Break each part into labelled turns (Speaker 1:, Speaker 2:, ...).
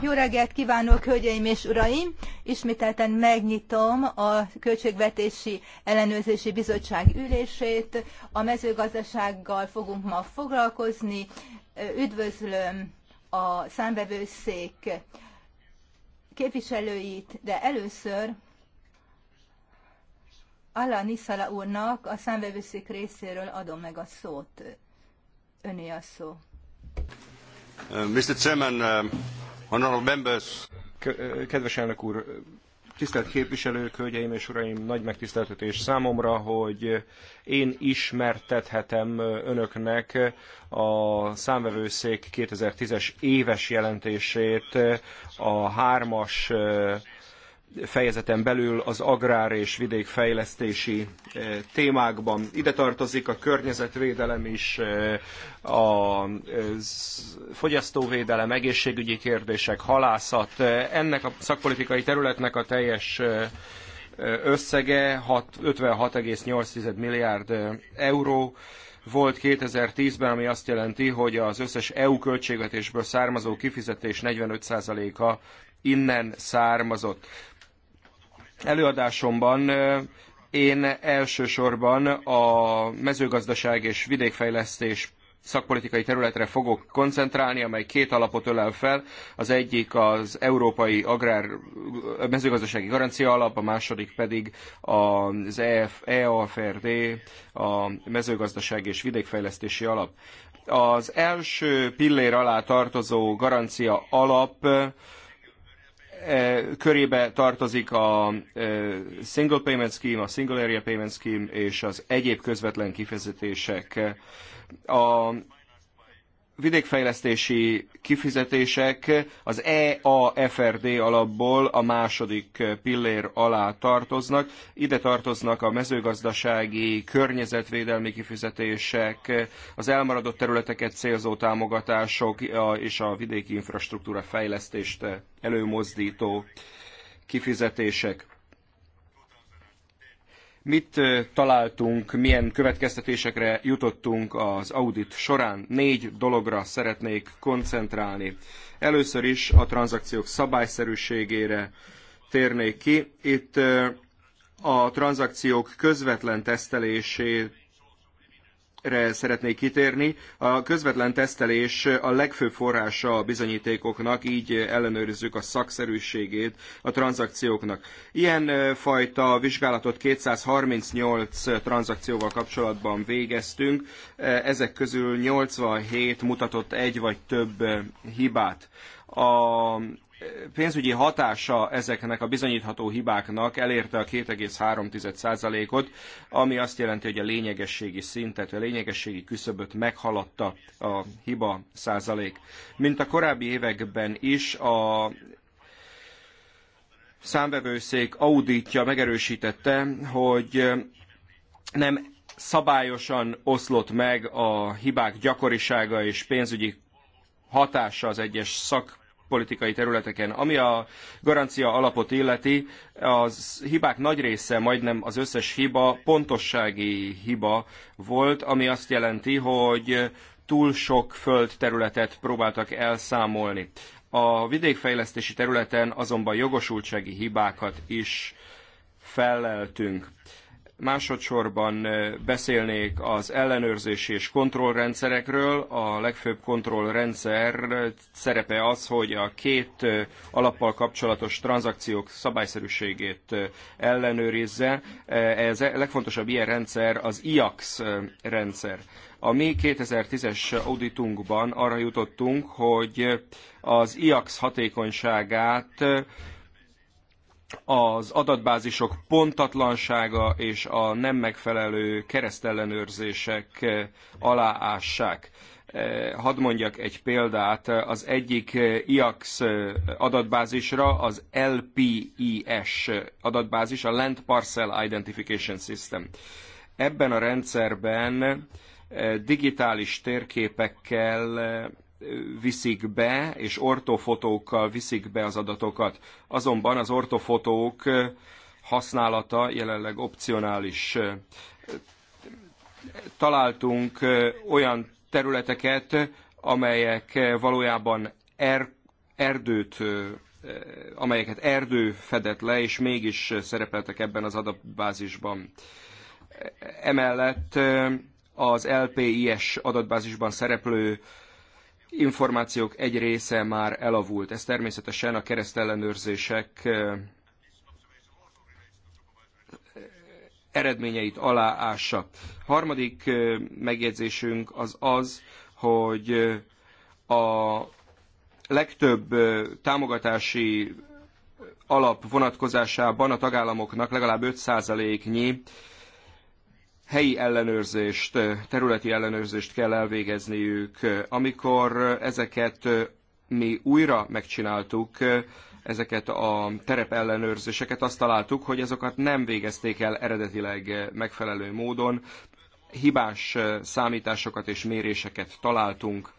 Speaker 1: Jó reggelt kívánok, hölgyeim és uraim! Ismételten megnyitom a Költségvetési Ellenőrzési Bizottság ülését. A mezőgazdasággal fogunk ma foglalkozni. Üdvözlöm a számvevőszék képviselőit, de először Alla Niszala úrnak a számvevőszék részéről adom meg a szót. Öné a szó.
Speaker 2: Uh, Mr. Chairman, uh, honorable members. Uh, kedves elnök úr, tisztelt képviselők, hölgyeim és uraim, nagy megtiszteltetés számomra, hogy én ismertethetem önöknek a számvevőszék 2010-es éves jelentését a hármas fejezeten belül az agrár és vidékfejlesztési eh, témákban. Ide tartozik a környezetvédelem is, eh, a fogyasztóvédelem, egészségügyi kérdések, halászat. Eh, ennek a szakpolitikai területnek a teljes összege 56,8 milliárd euró volt 2010-ben, ami azt jelenti, hogy az összes EU költségvetésből származó kifizetés 45%-a innen származott. Előadásomban én elsősorban a mezőgazdaság és vidékfejlesztés szakpolitikai területre fogok koncentrálni, amely két alapot ölel fel. Az egyik az Európai Agrár Mezőgazdasági Garancia Alap, a második pedig az EF, EAFRD, a Mezőgazdasági és Vidékfejlesztési Alap. Az első pillér alá tartozó garancia alap E, körébe tartozik a e, single payment scheme, a single area payment scheme és az egyéb közvetlen kifizetések. A vidékfejlesztési kifizetések az EAFRD alapból a második pillér alá tartoznak. Ide tartoznak a mezőgazdasági, környezetvédelmi kifizetések, az elmaradott területeket célzó támogatások és a vidéki infrastruktúra fejlesztést előmozdító kifizetések. Mit találtunk, milyen következtetésekre jutottunk az audit során? Négy dologra szeretnék koncentrálni. Először is a tranzakciók szabályszerűségére térnék ki. Itt a tranzakciók közvetlen tesztelését re szeretnék kitérni. A közvetlen tesztelés a legfőbb forrása a bizonyítékoknak, így ellenőrizzük a szakszerűségét a tranzakcióknak. Ilyen fajta vizsgálatot 238 tranzakcióval kapcsolatban végeztünk, ezek közül 87 mutatott egy vagy több hibát. A pénzügyi hatása ezeknek a bizonyítható hibáknak elérte a 2,3%-ot, ami azt jelenti, hogy a lényegességi szintet, a lényegességi küszöböt meghaladta a hiba százalék. Mint a korábbi években is a számvevőszék auditja megerősítette, hogy nem szabályosan oszlott meg a hibák gyakorisága és pénzügyi hatása az egyes szak politikai területeken. Ami a garancia alapot illeti, az hibák nagy része, majdnem az összes hiba pontossági hiba volt, ami azt jelenti, hogy túl sok földterületet próbáltak elszámolni. A vidékfejlesztési területen azonban jogosultsági hibákat is felleltünk. Másodszorban eh, beszélnék az ellenőrzési és kontrollrendszerekről. A legfőbb kontrollrendszer eh, szerepe az, hogy a két eh, alappal kapcsolatos tranzakciók szabályszerűségét ellenőrizze. Ez a e, legfontosabb ilyen rendszer az IAX rendszer. A mi 2010-es auditunkban arra jutottunk, hogy az IAX hatékonyságát az adatbázisok pontatlansága és a nem megfelelő keresztellenőrzések eh, aláássák. Eh, hadd mondjak egy példát, az egyik eh, IAX adatbázisra az LPIS adatbázis, a Land Parcel Identification System. Ebben a rendszerben digitális térképekkel viszik be, és ortofotókkal viszik be az adatokat. Azonban az ortofotók használata jelenleg opcionális. Találtunk olyan területeket, amelyek valójában er, erdőt amelyeket erdő fedett le, és mégis szerepeltek ebben az adatbázisban. Emellett az LPIS adatbázisban szereplő információk egy része már elavult. Ez természetesen a keresztellenőrzések eredményeit aláássa. Harmadik megjegyzésünk az az, hogy a legtöbb támogatási alap vonatkozásában a tagállamoknak legalább 5%-nyi helyi ellenőrzést, területi ellenőrzést kell elvégezniük. Amikor ezeket mi újra megcsináltuk, ezeket a terepellenőrzéseket, azt találtuk, hogy azokat nem végezték el eredetileg megfelelő módon. Hibás számításokat és méréseket találtunk,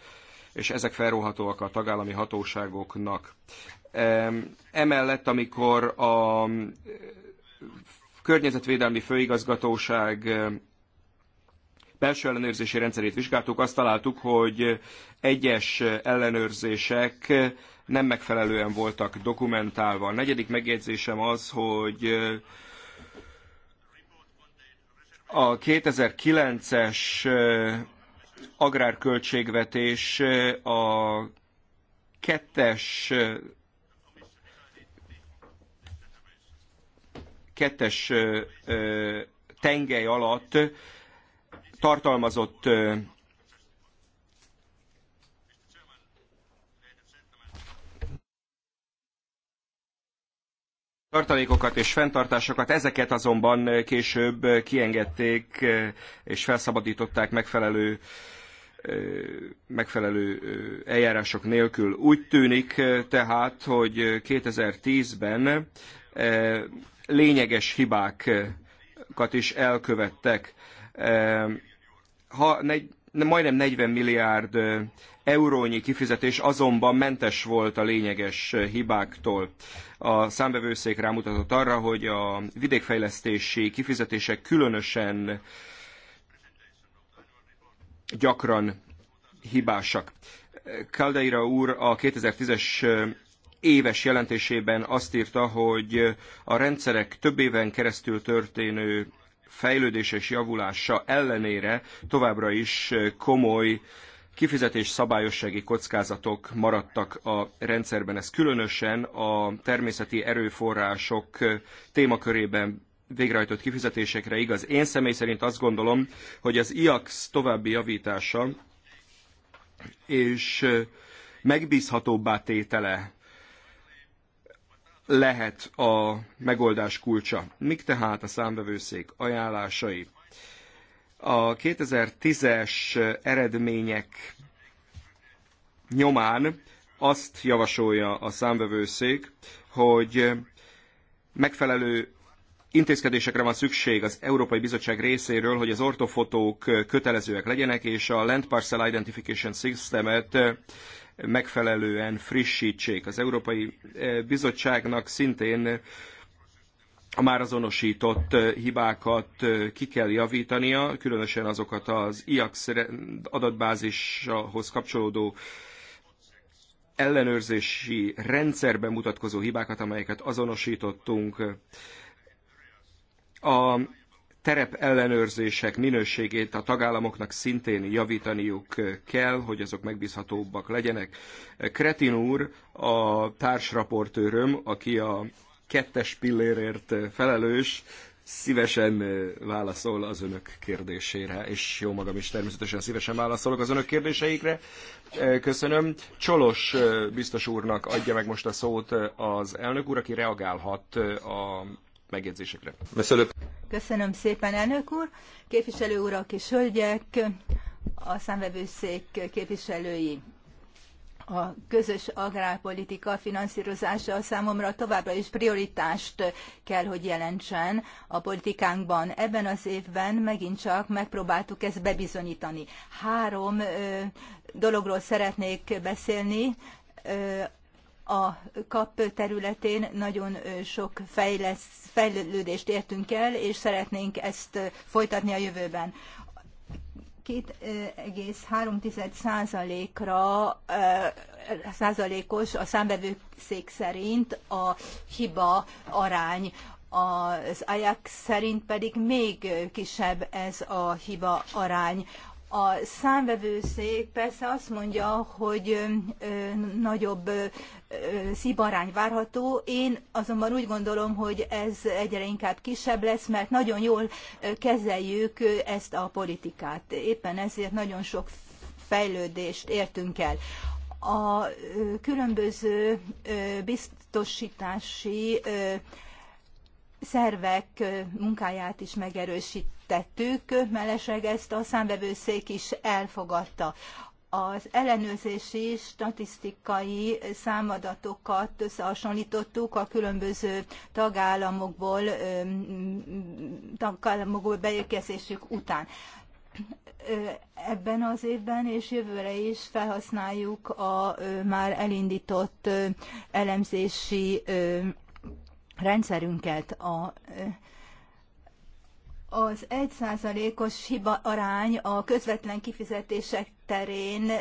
Speaker 2: és ezek felróhatóak a tagállami hatóságoknak. Emellett, amikor a környezetvédelmi főigazgatóság eh, belső ellenőrzési rendszerét vizsgáltuk, azt találtuk, hogy egyes ellenőrzések nem megfelelően voltak dokumentálva. A negyedik megjegyzésem az, hogy eh, a 2009-es eh, agrárköltségvetés a kettes kettes tengely alatt tartalmazott tartalékokat és fenntartásokat, ezeket azonban később kiengedték és felszabadították megfelelő megfelelő eljárások nélkül. Úgy tűnik tehát, hogy 2010-ben lényeges hibákat is elkövettek. Ha negy, majdnem 40 milliárd eurónyi kifizetés azonban mentes volt a lényeges hibáktól. A számbevőszék rámutatott arra, hogy a vidékfejlesztési kifizetések különösen gyakran hibásak. Kaldeira úr a 2010-es éves jelentésében azt írta, hogy a rendszerek több éven keresztül történő fejlődés és javulása ellenére továbbra is komoly kifizetés szabályossági kockázatok maradtak a rendszerben. Ez különösen a természeti erőforrások témakörében végrehajtott kifizetésekre igaz. Én személy szerint azt gondolom, hogy az IAX további javítása és megbízhatóbbá tétele lehet a megoldás kulcsa. Mik tehát a számbevőszék ajánlásai? A 2010-es eredmények nyomán azt javasolja a számbevőszék, hogy megfelelő intézkedésekre van szükség az Európai Bizottság részéről, hogy az ortofotók kötelezőek legyenek, és a Land Parcel Identification System-et megfelelően frissítsék. Az Európai eh, Bizottságnak szintén a már azonosított eh, hibákat eh, ki kell javítania, különösen azokat az IAX adatbázishoz kapcsolódó ellenőrzési rendszerben mutatkozó hibákat, amelyeket azonosítottunk. A terepellenőrzések minőségét a tagállamoknak szintén javítaniuk kell, hogy azok megbízhatóbbak legyenek. Kretin úr, a társraportőröm, aki a kettes pillérért felelős, szívesen válaszol az önök kérdésére, és jó magam is természetesen szívesen válaszolok az önök kérdéseikre. Köszönöm. Csolos biztos úrnak adja meg most a szót az elnök úr, aki reagálhat a megjegyzésekre.
Speaker 1: Köszönöm szépen, elnök úr, képviselő urak és hölgyek, a számvevőszék képviselői. A közös agrárpolitika finanszírozása számomra továbbra is prioritást kell, hogy jelentsen a politikánkban. Ebben az évben megint csak megpróbáltuk ezt bebizonyítani. Három ö, dologról szeretnék beszélni a kap területén nagyon sok fejlesz, fejlődést értünk el, és szeretnénk ezt folytatni a jövőben. 2,3%-ra százalékos a számbevőszék szerint a hiba arány. Az Ajax szerint pedig még kisebb ez a hiba arány. A számvevőszék persze azt mondja, hogy nagyobb szibarány várható. Én azonban úgy gondolom, hogy ez egyre inkább kisebb lesz, mert nagyon jól kezeljük ezt a politikát. Éppen ezért nagyon sok fejlődést értünk el. A különböző biztosítási szervek munkáját is megerősítettük, mellesleg ezt a számvevőszék is elfogadta. Az ellenőrzési statisztikai számadatokat összehasonlítottuk a különböző tagállamokból, tagállamokból beérkezésük után. Ebben az évben és jövőre is felhasználjuk a már elindított elemzési rendszerünket. A, az 1%-os hiba arány a közvetlen kifizetések terén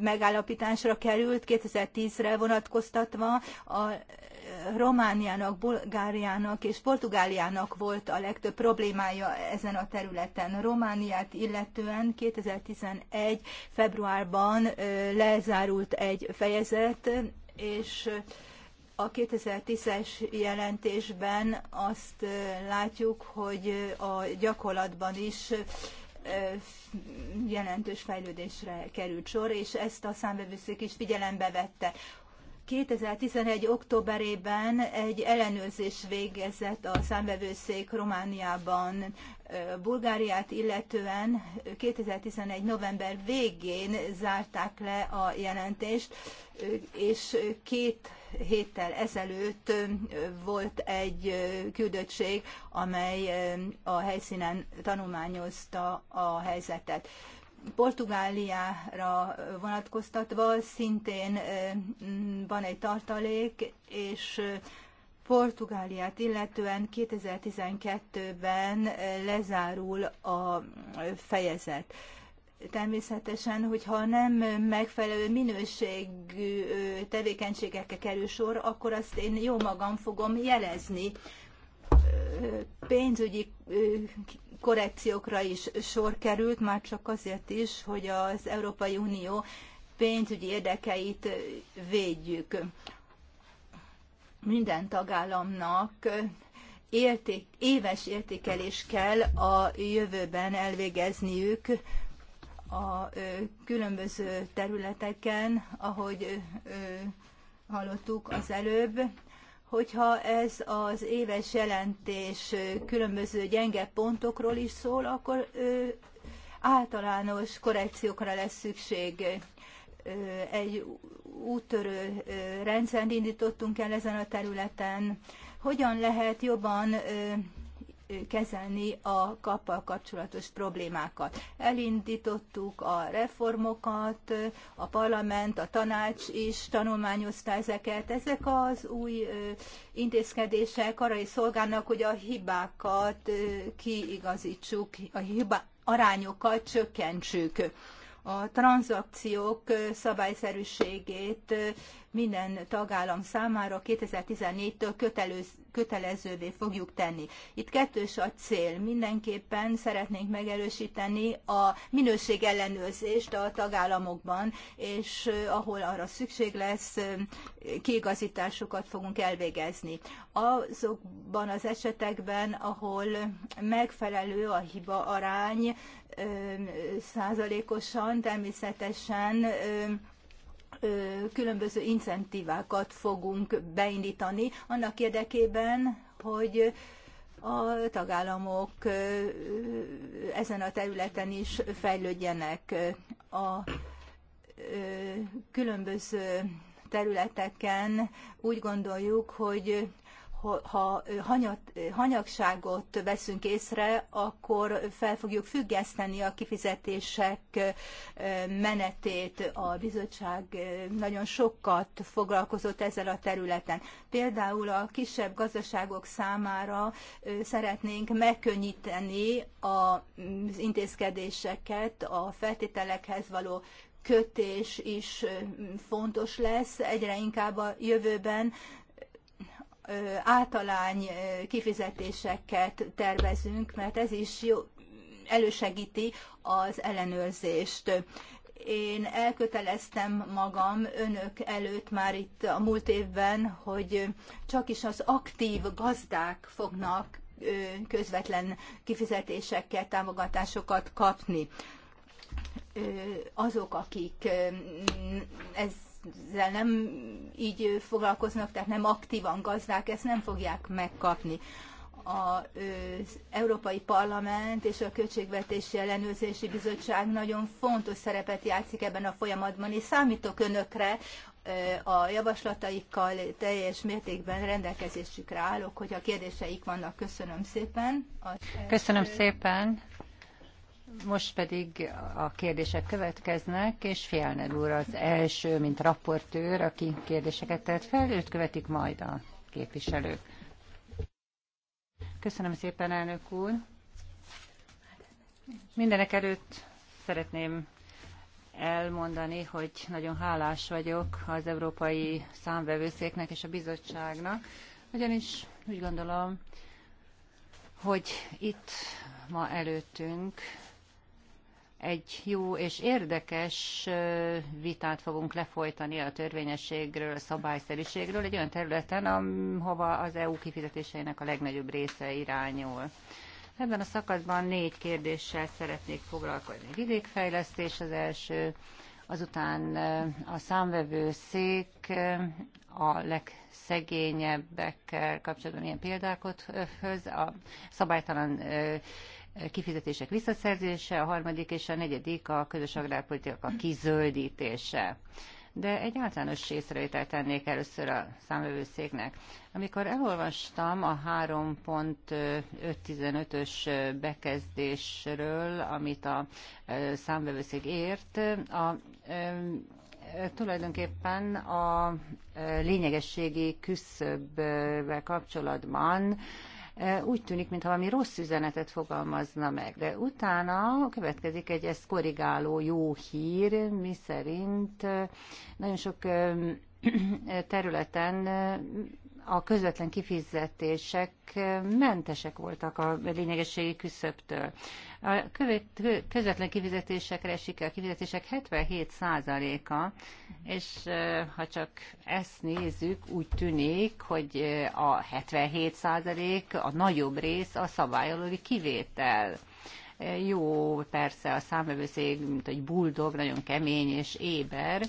Speaker 1: megállapításra került 2010-re vonatkoztatva. A Romániának, Bulgáriának és Portugáliának volt a legtöbb problémája ezen a területen. Romániát illetően 2011. februárban lezárult egy fejezet, és a 2010-es jelentésben azt látjuk, hogy a gyakorlatban is jelentős fejlődésre került sor, és ezt a számbevőszék is figyelembe vette. 2011. októberében egy ellenőrzés végezett a számbevőszék Romániában, Bulgáriát illetően 2011. november végén zárták le a jelentést, és két héttel ezelőtt volt egy küldöttség, amely a helyszínen tanulmányozta a helyzetet. Portugáliára vonatkoztatva szintén van egy tartalék, és Portugáliát illetően 2012-ben lezárul a fejezet természetesen, hogyha nem megfelelő minőségű tevékenységekre kerül sor, akkor azt én jó magam fogom jelezni. Pénzügyi korrekciókra is sor került, már csak azért is, hogy az Európai Unió pénzügyi érdekeit védjük. Minden tagállamnak érték, éves értékelés kell a jövőben elvégezniük a különböző területeken, ahogy hallottuk az előbb, hogyha ez az éves jelentés különböző gyenge pontokról is szól, akkor általános korrekciókra lesz szükség. Egy úttörő rendszert indítottunk el ezen a területen. Hogyan lehet jobban kezelni a kappal kapcsolatos problémákat. Elindítottuk a reformokat, a parlament, a tanács is tanulmányozta ezeket. Ezek az új intézkedések arra is szolgálnak, hogy a hibákat kiigazítsuk, a hiba arányokat csökkentsük a tranzakciók szabályszerűségét minden tagállam számára 2014-től kötelezővé fogjuk tenni. Itt kettős a cél. Mindenképpen szeretnénk megerősíteni a ellenőrzést a tagállamokban, és ahol arra szükség lesz, kiigazításokat fogunk elvégezni. Azokban az esetekben, ahol megfelelő a hiba arány, százalékosan természetesen különböző incentívákat fogunk beindítani annak érdekében, hogy a tagállamok ezen a területen is fejlődjenek. A különböző területeken úgy gondoljuk, hogy ha hanyat, hanyagságot veszünk észre, akkor fel fogjuk függeszteni a kifizetések menetét. A bizottság nagyon sokat foglalkozott ezzel a területen. Például a kisebb gazdaságok számára szeretnénk megkönnyíteni az intézkedéseket, a feltételekhez való kötés is fontos lesz egyre inkább a jövőben, általány kifizetéseket tervezünk, mert ez is jó, elősegíti az ellenőrzést. Én elköteleztem magam önök előtt már itt a múlt évben, hogy csak is az aktív gazdák fognak közvetlen kifizetéseket, támogatásokat kapni azok, akik ez ezzel nem így foglalkoznak, tehát nem aktívan gazdák, ezt nem fogják megkapni. Az Európai Parlament és a Költségvetési Ellenőrzési Bizottság nagyon fontos szerepet játszik ebben a folyamatban, és számítok önökre, a javaslataikkal teljes mértékben rendelkezésükre állok, hogyha kérdéseik vannak. Köszönöm szépen.
Speaker 3: Köszönöm szépen. Most pedig a kérdések következnek, és Fjellner úr az első, mint raportőr, aki kérdéseket tett fel, őt követik majd a képviselők. Köszönöm szépen, elnök úr! Mindenek előtt szeretném elmondani, hogy nagyon hálás vagyok az Európai Számvevőszéknek és a bizottságnak, ugyanis úgy gondolom, hogy itt ma előttünk egy jó és érdekes vitát fogunk lefolytani a törvényességről, a szabályszerűségről egy olyan területen, ahova az EU kifizetéseinek a legnagyobb része irányul. Ebben a szakaszban négy kérdéssel szeretnék foglalkozni. Vidékfejlesztés az első, azután a számvevőszék a legszegényebbekkel kapcsolatban ilyen példákat höz, a szabálytalan kifizetések visszaszerzése, a harmadik és a negyedik a közös agrárpolitika kizöldítése. De egy általános észrevételt tennék először a számövőszéknek. Amikor elolvastam a 3.515-ös bekezdésről, amit a számvevőszék ért, a tulajdonképpen a lényegességi küszöbbel kapcsolatban úgy tűnik, mintha valami rossz üzenetet fogalmazna meg, de utána következik egy ezt korrigáló jó hír, mi szerint nagyon sok területen a közvetlen kifizetések mentesek voltak a lényegességi küszöbtől. A közvetlen kifizetésekre esik a kifizetések 77%-a, és ha csak ezt nézzük, úgy tűnik, hogy a 77% a nagyobb rész a szabályolói kivétel jó, persze a számövőszék, mint egy buldog, nagyon kemény és éber,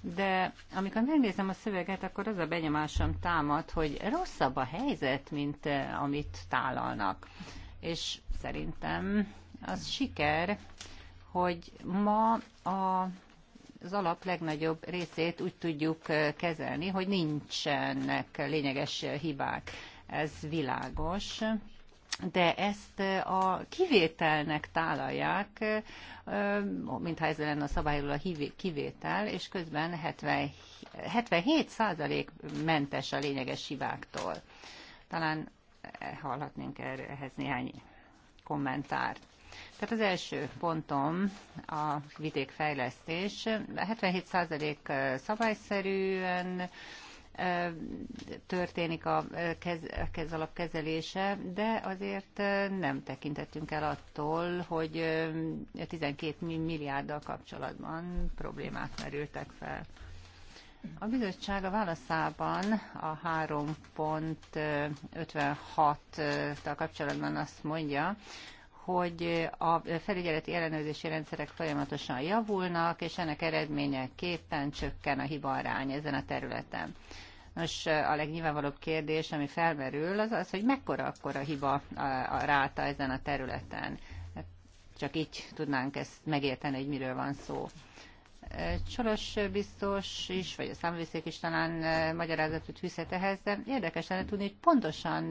Speaker 3: de amikor megnézem a szöveget, akkor az a benyomásom támad, hogy rosszabb a helyzet, mint eh, amit tálalnak. És szerintem az siker, hogy ma a az alap legnagyobb részét úgy tudjuk eh, kezelni, hogy nincsenek lényeges hibák. Ez világos de ezt eh, a kivételnek tálalják, eh, mintha ez lenne a szabályról a kivétel, és közben 70, 77% mentes a lényeges hibáktól. Talán eh, hallhatnénk erre, ehhez néhány kommentárt. Tehát az első pontom a vidékfejlesztés. 77% szabályszerűen történik a kezalap kezelése, de azért nem tekintettünk el attól, hogy 12 milliárddal kapcsolatban problémák merültek fel. A bizottság a válaszában a 3.56-tal kapcsolatban azt mondja, hogy a felügyeleti ellenőrzési rendszerek folyamatosan javulnak, és ennek eredményeképpen csökken a hibarány ezen a területen. Nos, a legnyilvánvalóbb kérdés, ami felmerül, az az, hogy mekkora akkor a hiba a ráta ezen a területen. Hát csak így tudnánk ezt megérteni, hogy miről van szó. Csoros biztos is, vagy a számvészék is talán magyarázatot hűszet ehhez, de érdekes lenne tudni, hogy pontosan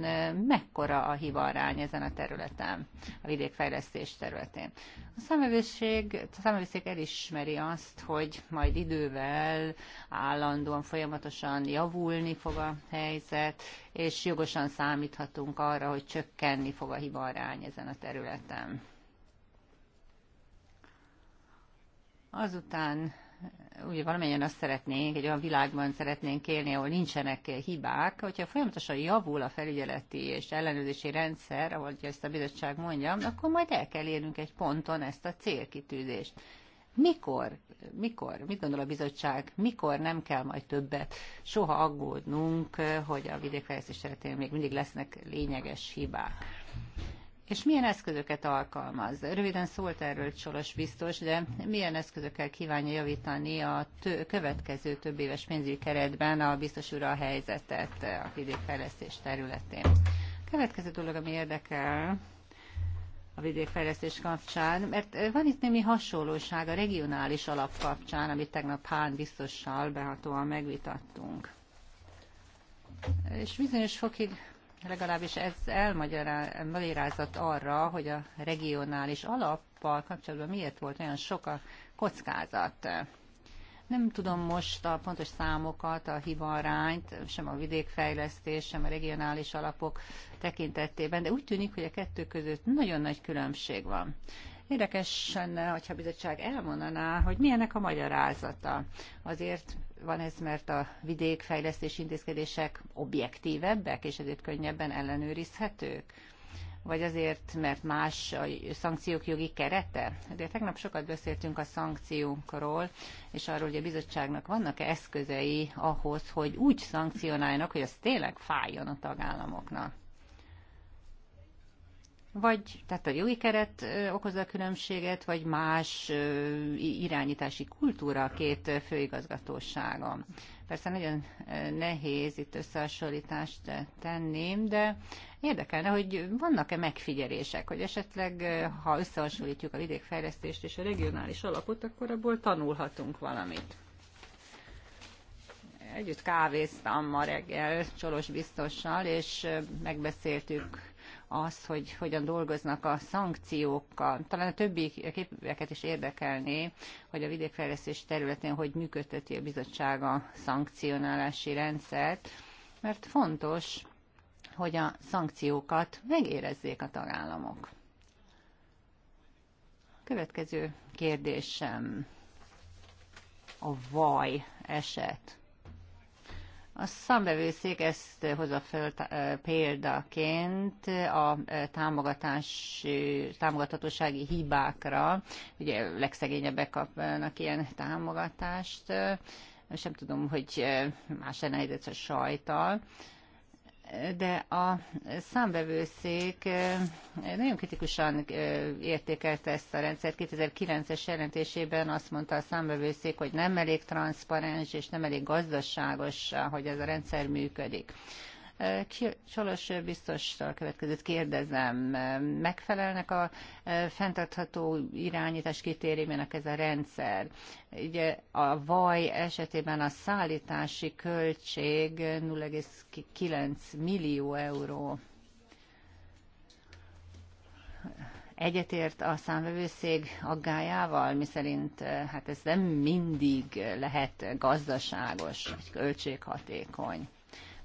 Speaker 3: mekkora a hibarány ezen a területen, a vidékfejlesztés területén. A számvészék, a számvészék elismeri azt, hogy majd idővel állandóan, folyamatosan javulni fog a helyzet, és jogosan számíthatunk arra, hogy csökkenni fog a hibarány ezen a területen. azután ugye valamennyien azt szeretnénk, egy olyan világban szeretnénk élni, ahol nincsenek hibák, hogyha folyamatosan javul a felügyeleti és ellenőrzési rendszer, ahogy ezt a bizottság mondja, akkor majd el kell érnünk egy ponton ezt a célkitűzést. Mikor, mikor, mit gondol a bizottság, mikor nem kell majd többet soha aggódnunk, hogy a vidékfejlesztés területén még mindig lesznek lényeges hibák? És milyen eszközöket alkalmaz? Röviden szólt erről Csolos biztos, de milyen eszközökkel kívánja javítani a tő, következő több éves pénzügyi keretben a biztos ura a helyzetet eh, a vidékfejlesztés területén? A következő dolog, ami érdekel, a vidékfejlesztés kapcsán, mert eh, van itt némi hasonlóság a regionális alap kapcsán, amit tegnap Hán biztossal behatóan megvitattunk. És bizonyos fokig legalábbis ez elmagyarázat arra, hogy a regionális alappal kapcsolatban miért volt olyan sok a kockázat. Nem tudom most a pontos számokat, a hibarányt, sem a vidékfejlesztés, sem a regionális alapok tekintetében, de úgy tűnik, hogy a kettő között nagyon nagy különbség van. Érdekes lenne, hogyha a bizottság elmondaná, hogy milyenek a magyarázata. Azért van ez, mert a vidékfejlesztési intézkedések objektívebbek, és ezért könnyebben ellenőrizhetők? Vagy azért, mert más a szankciók jogi kerete? De tegnap sokat beszéltünk a szankciókról, és arról, hogy a bizottságnak vannak-e eszközei ahhoz, hogy úgy szankcionáljanak, hogy az tényleg fájjon a tagállamoknak. Vagy tehát a jogi keret okozza a különbséget, vagy más irányítási kultúra a két főigazgatósága. Persze nagyon nehéz itt összehasonlítást tenni, de érdekelne, hogy vannak-e megfigyelések, hogy esetleg, ha összehasonlítjuk a vidékfejlesztést és a regionális alapot, akkor abból tanulhatunk valamit. Együtt kávéztam ma reggel Csolos biztossal, és megbeszéltük az, hogy hogyan dolgoznak a szankciókkal. Talán a többi képviselőket is érdekelné, hogy a vidékfejlesztés területén hogy működteti a bizottság a szankcionálási rendszert, mert fontos, hogy a szankciókat megérezzék a tagállamok. Következő kérdésem a vaj eset. A számbevőszék ezt hozza föl példaként a támogatás, támogatatósági hibákra. Ugye legszegényebbek kapnak ilyen támogatást. és nem tudom, hogy más lenne a sajtal de a számvevőszék nagyon kritikusan értékelte ezt a rendszert. 2009-es jelentésében azt mondta a számvevőszék, hogy nem elég transzparens és nem elég gazdaságos, hogy ez a rendszer működik. Csolos biztosra következőt kérdezem, megfelelnek a e, fenntartható irányítás kritériumának ez a rendszer? Ugye a vaj esetében a szállítási költség 0,9 millió euró egyetért a számvevőszég aggájával, miszerint e, hát ez nem mindig lehet gazdaságos, egy költséghatékony.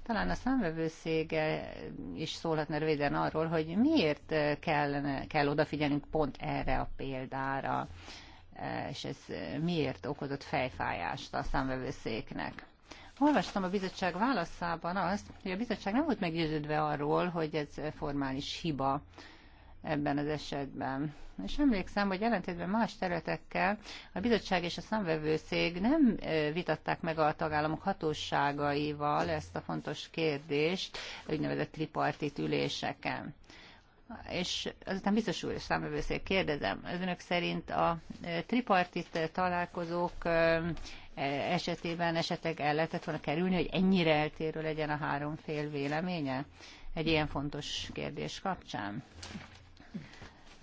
Speaker 3: Talán a számvevőszége is szólhatna röviden arról, hogy miért kellene, kell odafigyelnünk pont erre a példára, és ez miért okozott fejfájást a számvevőszéknek. Olvastam a bizottság válaszában azt, hogy a bizottság nem volt meggyőződve arról, hogy ez formális hiba, ebben az esetben. És emlékszem, hogy ellentétben más területekkel a bizottság és a számvevőszég nem vitatták meg a tagállamok hatóságaival ezt a fontos kérdést úgynevezett tripartit üléseken. És azután biztos úr, számövőszék kérdezem, az önök szerint a tripartit találkozók e, esetében esetleg el lehetett volna kerülni, hogy ennyire eltérő legyen a három fél véleménye egy ilyen fontos kérdés kapcsán?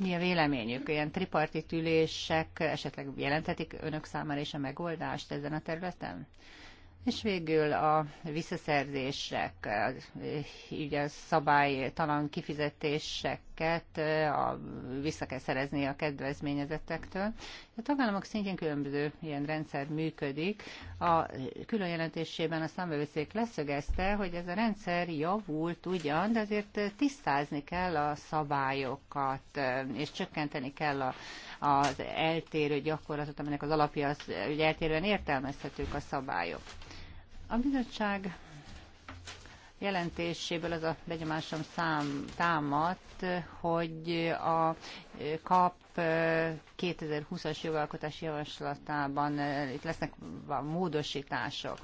Speaker 3: mi a véleményük? Ilyen tripartit ülések esetleg jelenthetik önök számára is a megoldást ezen a területen? És végül a visszaszerzések, így a szabálytalan kifizetéseket a, vissza kell szerezni a kedvezményezettektől. A tagállamok szintjén különböző ilyen rendszer működik. A külön jelentésében a számbevőszék leszögezte, hogy ez a rendszer javult ugyan, de azért tisztázni kell a szabályokat, és csökkenteni kell a, az eltérő gyakorlatot, aminek az alapja az, hogy eltérően értelmezhetők a szabályok. A bizottság jelentéséből az a benyomásom szám, támadt, hogy a KAP 2020-as jogalkotási javaslatában eh, itt lesznek módosítások.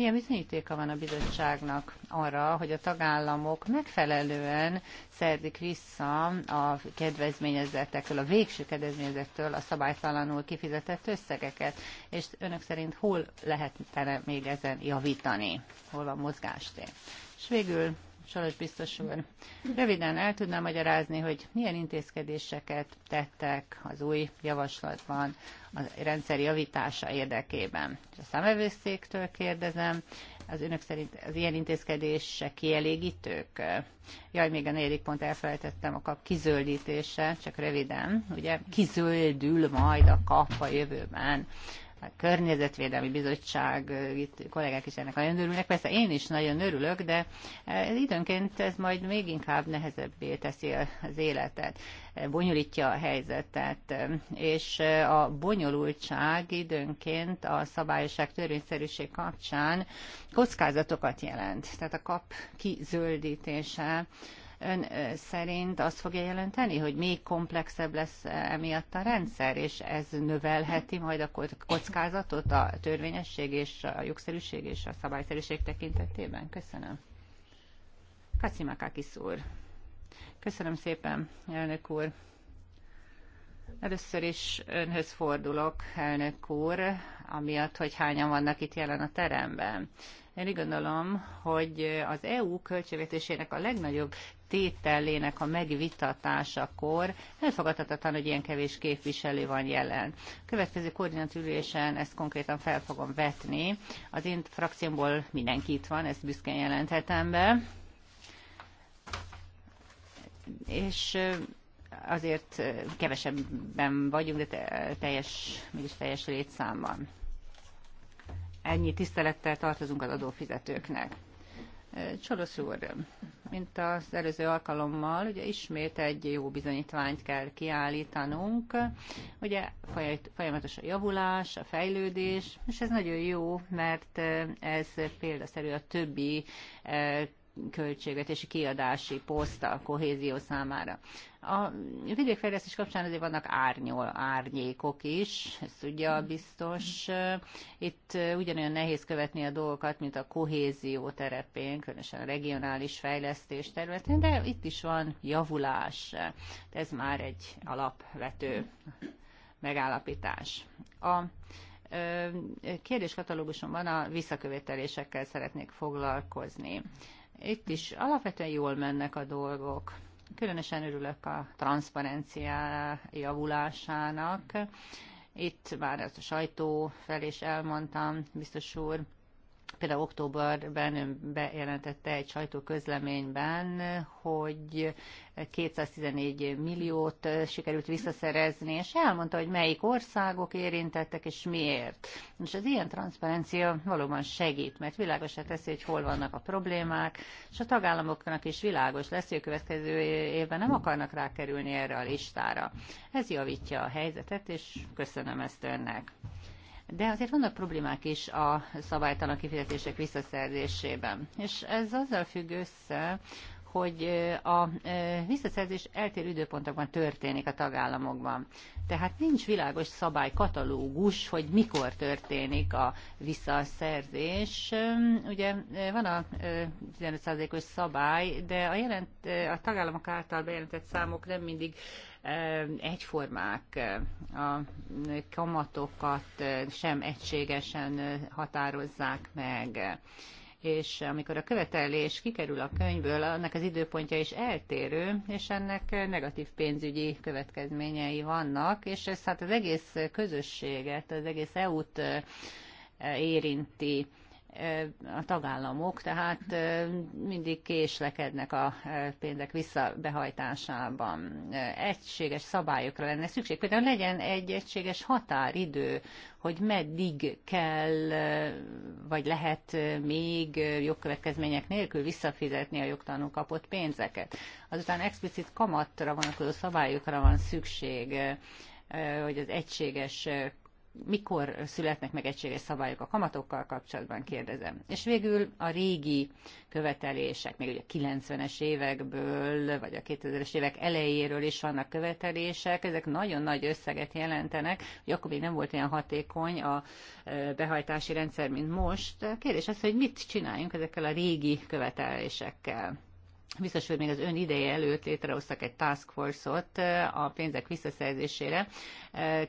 Speaker 3: Milyen bizonyítéka van a bizottságnak arra, hogy a tagállamok megfelelően szerzik vissza a kedvezményezettektől, a végső kedvezményezettől a szabálytalanul kifizetett összegeket, és önök szerint hol lehetne még ezen javítani, hol van mozgástér. És végül Soros biztos úr. Röviden el tudnám magyarázni, hogy milyen intézkedéseket tettek az új javaslatban a rendszer javítása érdekében. És a számövőszéktől kérdezem, az önök szerint az ilyen intézkedések kielégítők? Jaj, még a negyedik pont elfelejtettem, a kap kizöldítése, csak röviden, ugye kizöldül majd a kap a jövőben a Környezetvédelmi Bizottság eh, itt kollégák is ennek nagyon örülnek. Persze én is nagyon örülök, de eh, időnként ez majd még inkább nehezebbé teszi az életet, eh, bonyolítja a helyzetet, és a bonyolultság időnként a szabályosság törvényszerűség kapcsán kockázatokat jelent. Tehát a kap kizöldítése ön szerint azt fogja jelenteni, hogy még komplexebb lesz emiatt a rendszer, és ez növelheti majd a kockázatot a törvényesség és a jogszerűség és a szabályszerűség tekintetében? Köszönöm. Kacimakakis úr. Köszönöm szépen, elnök úr. Először is önhöz fordulok, elnök úr, amiatt, hogy hányan vannak itt jelen a teremben. Én úgy gondolom, hogy az EU költségvetésének a legnagyobb tételének a megvitatásakor elfogadhatatlan, hogy ilyen kevés képviselő van jelen. A következő ülésen ezt konkrétan fel fogom vetni. Az én frakciómból mindenki itt van, ezt büszkén jelenthetem be. És azért kevesebben vagyunk, de teljes, mégis teljes létszámban. Ennyi tisztelettel tartozunk az adófizetőknek. Csodos úr, mint az előző alkalommal, ugye ismét egy jó bizonyítványt kell kiállítanunk. Ugye folyamatos a javulás, a fejlődés, és ez nagyon jó, mert ez példaszerű a többi eh, költségvetési kiadási poszt a kohézió számára. A vidékfejlesztés kapcsán azért vannak árnyol, árnyékok is, ez ugye biztos. Itt ugyanolyan nehéz követni a dolgokat, mint a kohézió terepén, különösen a regionális fejlesztés területén, de itt is van javulás. ez már egy alapvető megállapítás. A kérdéskatalógusomban a visszakövetelésekkel szeretnék foglalkozni. Itt is alapvetően jól mennek a dolgok. Különösen örülök a transzparencia javulásának. Itt már ezt a sajtó fel is elmondtam, biztos úr, Például októberben ön bejelentette egy sajtóközleményben, hogy 214 milliót sikerült visszaszerezni, és elmondta, hogy melyik országok érintettek, és miért. És az ilyen transzparencia valóban segít, mert világosá teszi, hogy hol vannak a problémák, és a tagállamoknak is világos lesz, hogy a következő évben nem akarnak rákerülni erre a listára. Ez javítja a helyzetet, és köszönöm ezt önnek. De azért vannak problémák is a szabálytalan kifizetések visszaszerzésében. És ez azzal függ össze, hogy a visszaszerzés eltérő időpontokban történik a tagállamokban. Tehát nincs világos szabálykatalógus, hogy mikor történik a visszaszerzés. Ugye van a 15%-os szabály, de a, jelent, a tagállamok által bejelentett számok nem mindig egyformák, a kamatokat sem egységesen határozzák meg és amikor a követelés kikerül a könyvből, annak az időpontja is eltérő, és ennek negatív pénzügyi következményei vannak, és ez hát az egész közösséget, az egész EU-t érinti a tagállamok, tehát mindig késlekednek a pénzek visszabehajtásában. Egységes szabályokra lenne szükség. Például legyen egy egységes határidő, hogy meddig kell, vagy lehet még jogkövetkezmények nélkül visszafizetni a jogtanul kapott pénzeket. Azután explicit kamatra vonatkozó szabályokra van szükség hogy az egységes mikor születnek meg egységes szabályok a kamatokkal kapcsolatban, kérdezem. És végül a régi követelések, még ugye a 90-es évekből, vagy a 2000-es évek elejéről is vannak követelések, ezek nagyon nagy összeget jelentenek, hogy akkor még nem volt olyan hatékony a e, behajtási rendszer, mint most. A kérdés az, hogy mit csináljunk ezekkel a régi követelésekkel biztos, hogy még az ön ideje előtt létrehoztak egy task force-ot a pénzek visszaszerzésére.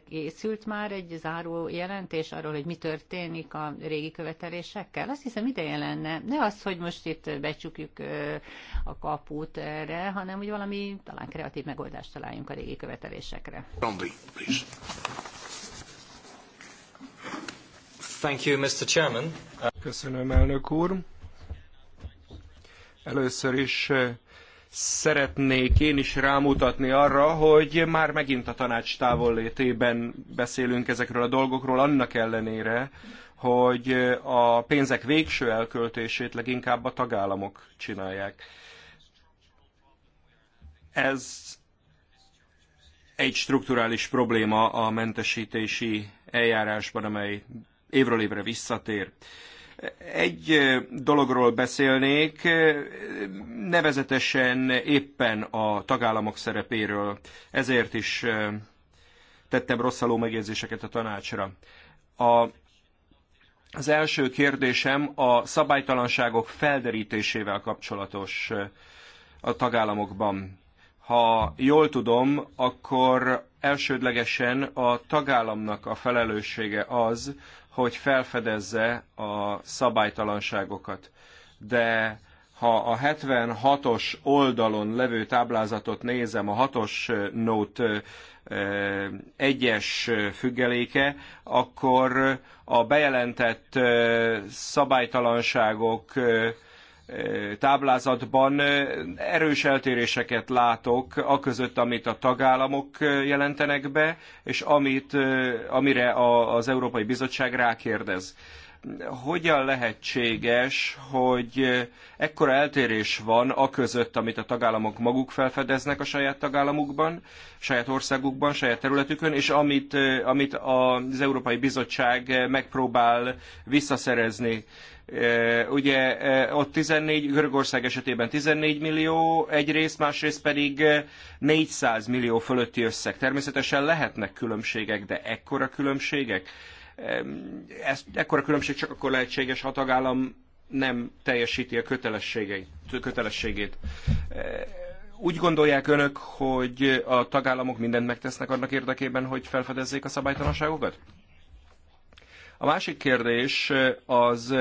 Speaker 3: Készült már egy záró jelentés arról, hogy mi történik a régi követelésekkel? Azt hiszem ideje lenne. Ne az, hogy most itt becsukjuk a kaput erre, hanem hogy valami talán kreatív megoldást találjunk a régi követelésekre.
Speaker 2: Rondi, please. Thank you, Mr. Chairman. Köszönöm, elnök úr. Először is eh, szeretnék én is rámutatni arra, hogy már megint a tanács távollétében beszélünk ezekről a dolgokról, annak ellenére, hogy eh, a pénzek végső elköltését leginkább a tagállamok csinálják. Ez egy strukturális probléma a mentesítési eljárásban, amely évről évre visszatér. Egy dologról beszélnék, nevezetesen éppen a tagállamok szerepéről. Ezért is tettem rosszaló megjegyzéseket a tanácsra. A, az első kérdésem a szabálytalanságok felderítésével kapcsolatos a tagállamokban. Ha jól tudom, akkor elsődlegesen a tagállamnak a felelőssége az, hogy felfedezze a szabálytalanságokat. De ha a 76-os oldalon levő táblázatot nézem, a 6-os note egyes függeléke, akkor a bejelentett szabálytalanságok táblázatban erős eltéréseket látok a között, amit a tagállamok jelentenek be, és amit, amire az Európai Bizottság rákérdez. Hogyan lehetséges, hogy ekkora eltérés van a között, amit a tagállamok maguk felfedeznek a saját tagállamukban, saját országukban, saját területükön, és amit, amit az Európai Bizottság megpróbál visszaszerezni? Eh, ugye eh, ott 14, Görögország esetében 14 millió egyrészt, másrészt pedig 400 eh, millió fölötti összeg. Természetesen lehetnek különbségek, de ekkora különbségek? Ez, ekkora különbség csak akkor lehetséges, ha a tagállam nem teljesíti a kötelességét. Úgy gondolják önök, hogy a tagállamok mindent megtesznek annak érdekében, hogy felfedezzék a szabálytalanságokat? A másik kérdés az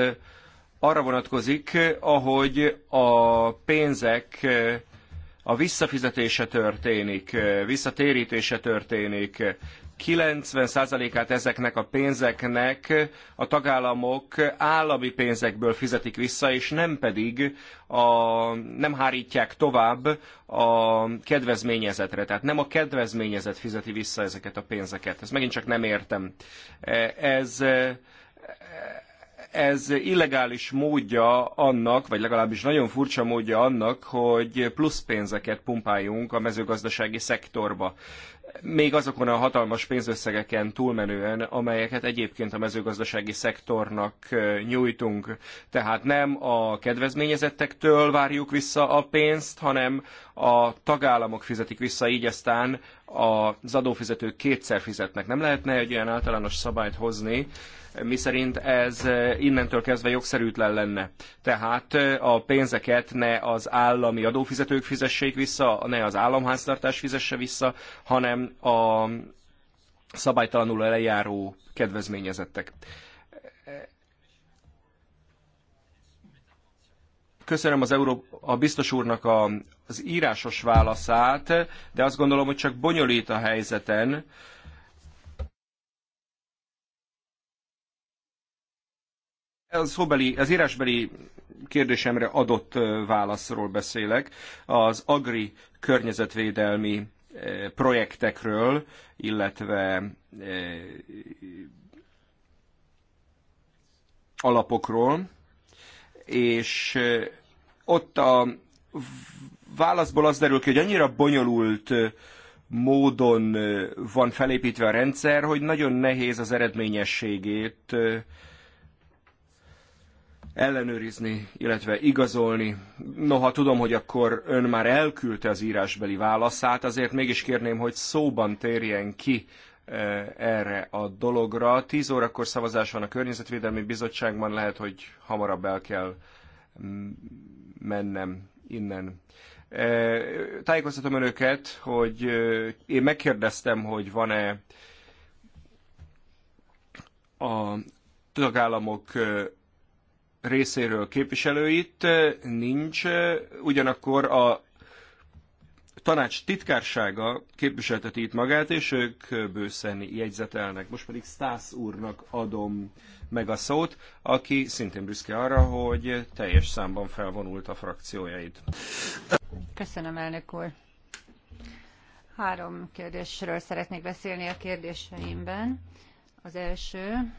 Speaker 2: arra vonatkozik, ahogy a pénzek a visszafizetése történik, visszatérítése történik. 90%-át ezeknek a pénzeknek a tagállamok állami pénzekből fizetik vissza, és nem pedig a, nem hárítják tovább a kedvezményezetre. Tehát nem a kedvezményezet fizeti vissza ezeket a pénzeket. Ezt megint csak nem értem. Ez ez illegális módja annak, vagy legalábbis nagyon furcsa módja annak, hogy plusz pénzeket pumpáljunk a mezőgazdasági szektorba. Még azokon a hatalmas pénzösszegeken túlmenően, amelyeket egyébként a mezőgazdasági szektornak nyújtunk. Tehát nem a kedvezményezettektől várjuk vissza a pénzt, hanem a tagállamok fizetik vissza, így aztán az adófizetők kétszer fizetnek. Nem lehetne egy olyan általános szabályt hozni, miszerint ez eh, innentől kezdve jogszerűtlen lenne. Tehát eh, a pénzeket ne az állami adófizetők fizessék vissza, ne az államháztartás fizesse vissza, hanem a szabálytalanul eljáró kedvezményezettek. köszönöm az Euró a biztos úrnak a, az írásos válaszát, de azt gondolom, hogy csak bonyolít a helyzeten, A szóbeli, az írásbeli kérdésemre adott válaszról beszélek. Az agri környezetvédelmi projektekről, illetve alapokról, és ott a válaszból az derül ki, hogy annyira bonyolult módon van felépítve a rendszer, hogy nagyon nehéz az eredményességét ellenőrizni, illetve igazolni. Noha tudom, hogy akkor ön már elküldte az írásbeli válaszát, azért mégis kérném, hogy szóban térjen ki e, erre a dologra. Tíz órakor szavazás van a Környezetvédelmi Bizottságban, lehet, hogy hamarabb el kell mennem innen. E, tájékoztatom önöket, hogy e, én megkérdeztem, hogy van-e a tagállamok részéről képviselőit nincs, ugyanakkor a tanács titkársága képviselteti itt magát, és ők bőszen jegyzetelnek. Most pedig Stász úrnak adom meg a szót, aki szintén büszke arra, hogy teljes számban felvonult a frakciójaid.
Speaker 3: Köszönöm, elnök úr. Három kérdésről szeretnék beszélni a kérdéseimben. Az első,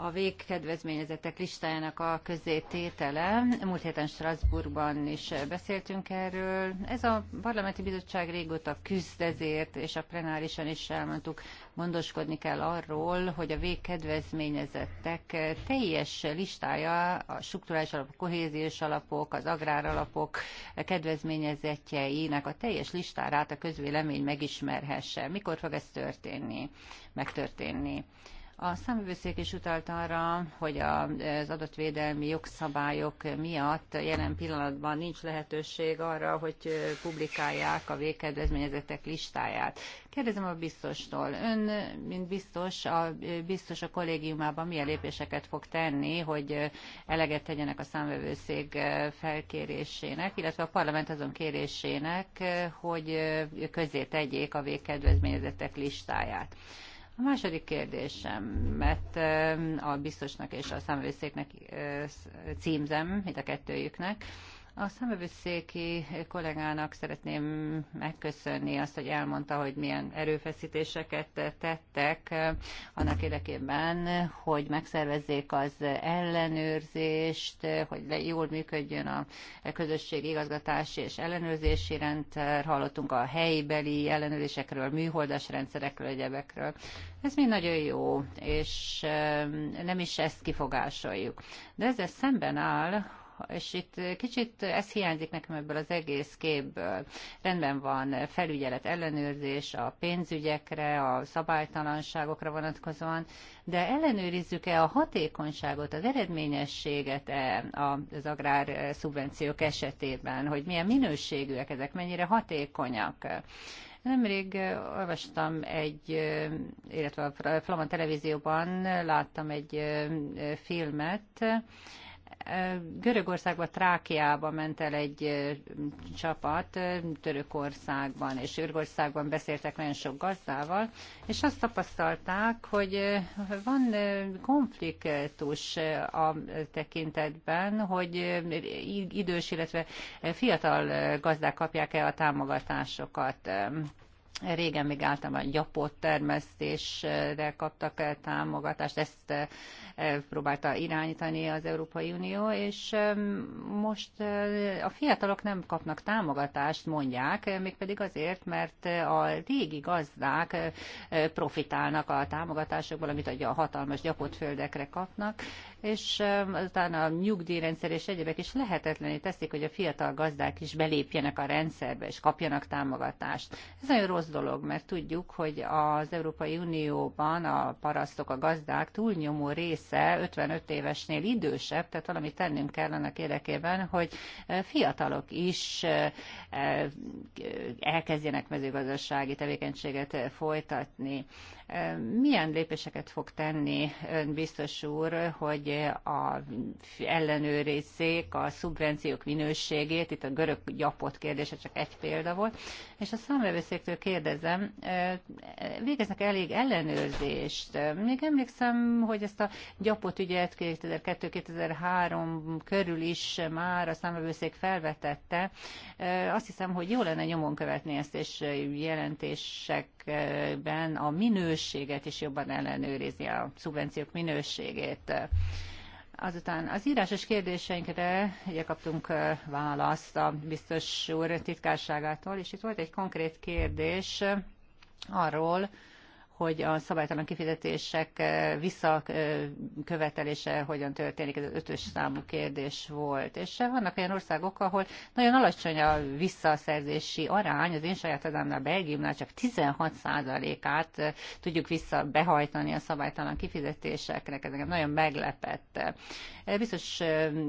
Speaker 3: a végkedvezményezetek listájának a közzététele. Múlt héten Strasbourgban is beszéltünk erről. Ez a parlamenti bizottság régóta küzd ezért, és a plenárisan is elmondtuk, gondoskodni kell arról, hogy a végkedvezményezettek teljes listája a strukturális alapok, kohéziós alapok, az agrár alapok kedvezményezetjeinek a teljes listárát a közvélemény megismerhesse. Mikor fog ez történni, megtörténni? A számvevőszék is utalt arra, hogy az adatvédelmi jogszabályok miatt jelen pillanatban nincs lehetőség arra, hogy publikálják a végkedvezményezetek listáját. Kérdezem a biztostól, ön, mint biztos, a biztos a kollégiumában milyen lépéseket fog tenni, hogy eleget tegyenek a számvevőszék felkérésének, illetve a parlament azon kérésének, hogy közé tegyék a végkedvezményezetek listáját. A második kérdésem, mert a biztosnak és a számvészéknek címzem, mind a kettőjüknek, a szemövőszéki kollégának szeretném megköszönni azt, hogy elmondta, hogy milyen erőfeszítéseket tettek eh, annak érdekében, hogy megszervezzék az ellenőrzést, eh, hogy jól működjön a közösség igazgatási és ellenőrzési rendszer. Hallottunk a helybeli ellenőrzésekről, műholdas rendszerekről, egyebekről. Ez mind nagyon jó, és eh, nem is ezt kifogásoljuk. De ezzel szemben áll, és itt eh, kicsit ez hiányzik nekem ebből az egész képből. Rendben van eh, felügyelet ellenőrzés a pénzügyekre, a szabálytalanságokra vonatkozóan, de ellenőrizzük-e a hatékonyságot, az eredményességet -e az agrár eh, szubvenciók esetében, hogy milyen minőségűek ezek, mennyire hatékonyak. Nemrég olvastam egy, illetve a Flaman televízióban láttam egy filmet, Görögországba, Trákiába ment el egy csapat, Törökországban, és Örgországban beszéltek nagyon sok gazdával, és azt tapasztalták, hogy van konfliktus a tekintetben, hogy idős, illetve fiatal gazdák kapják-e a támogatásokat. Régen még általában gyapott termesztésre kaptak támogatást, ezt próbálta irányítani az Európai Unió, és most a fiatalok nem kapnak támogatást, mondják, mégpedig azért, mert a régi gazdák profitálnak a támogatásokból, amit a hatalmas gyapotföldekre kapnak, és azután a nyugdíjrendszer és egyebek is lehetetlené teszik, hogy a fiatal gazdák is belépjenek a rendszerbe, és kapjanak támogatást. Ez nagyon rossz dolog, mert tudjuk, hogy az Európai Unióban a parasztok, a gazdák túlnyomó rész része 55 évesnél idősebb, tehát valamit tennünk kell annak érdekében, hogy e, fiatalok is e, e, elkezdjenek mezőgazdasági tevékenységet folytatni. Milyen lépéseket fog tenni ön biztos úr, hogy a ellenőrizzék a szubvenciók minőségét, itt a görög gyapot kérdése csak egy példa volt, és a számlevőszéktől kérdezem, végeznek elég ellenőrzést? Még emlékszem, hogy ezt a gyapot ügyet 2002-2003 körül is már a számövőszék felvetette. Azt hiszem, hogy jó lenne nyomon követni ezt, és jelentésekben a minőséget is jobban ellenőrizni, a szubvenciók minőségét. Azután az írásos kérdéseinkre ugye kaptunk választ a biztos úr titkárságától, és itt volt egy konkrét kérdés arról, hogy a szabálytalan kifizetések eh, visszakövetelése hogyan történik, ez az ötös számú kérdés volt. És vannak olyan országok, ahol nagyon alacsony a visszaszerzési arány, az én saját hazámnál, Belgiumnál csak 16%-át eh, tudjuk vissza behajtani a szabálytalan kifizetéseknek, ez engem nagyon meglepett. Eh, biztos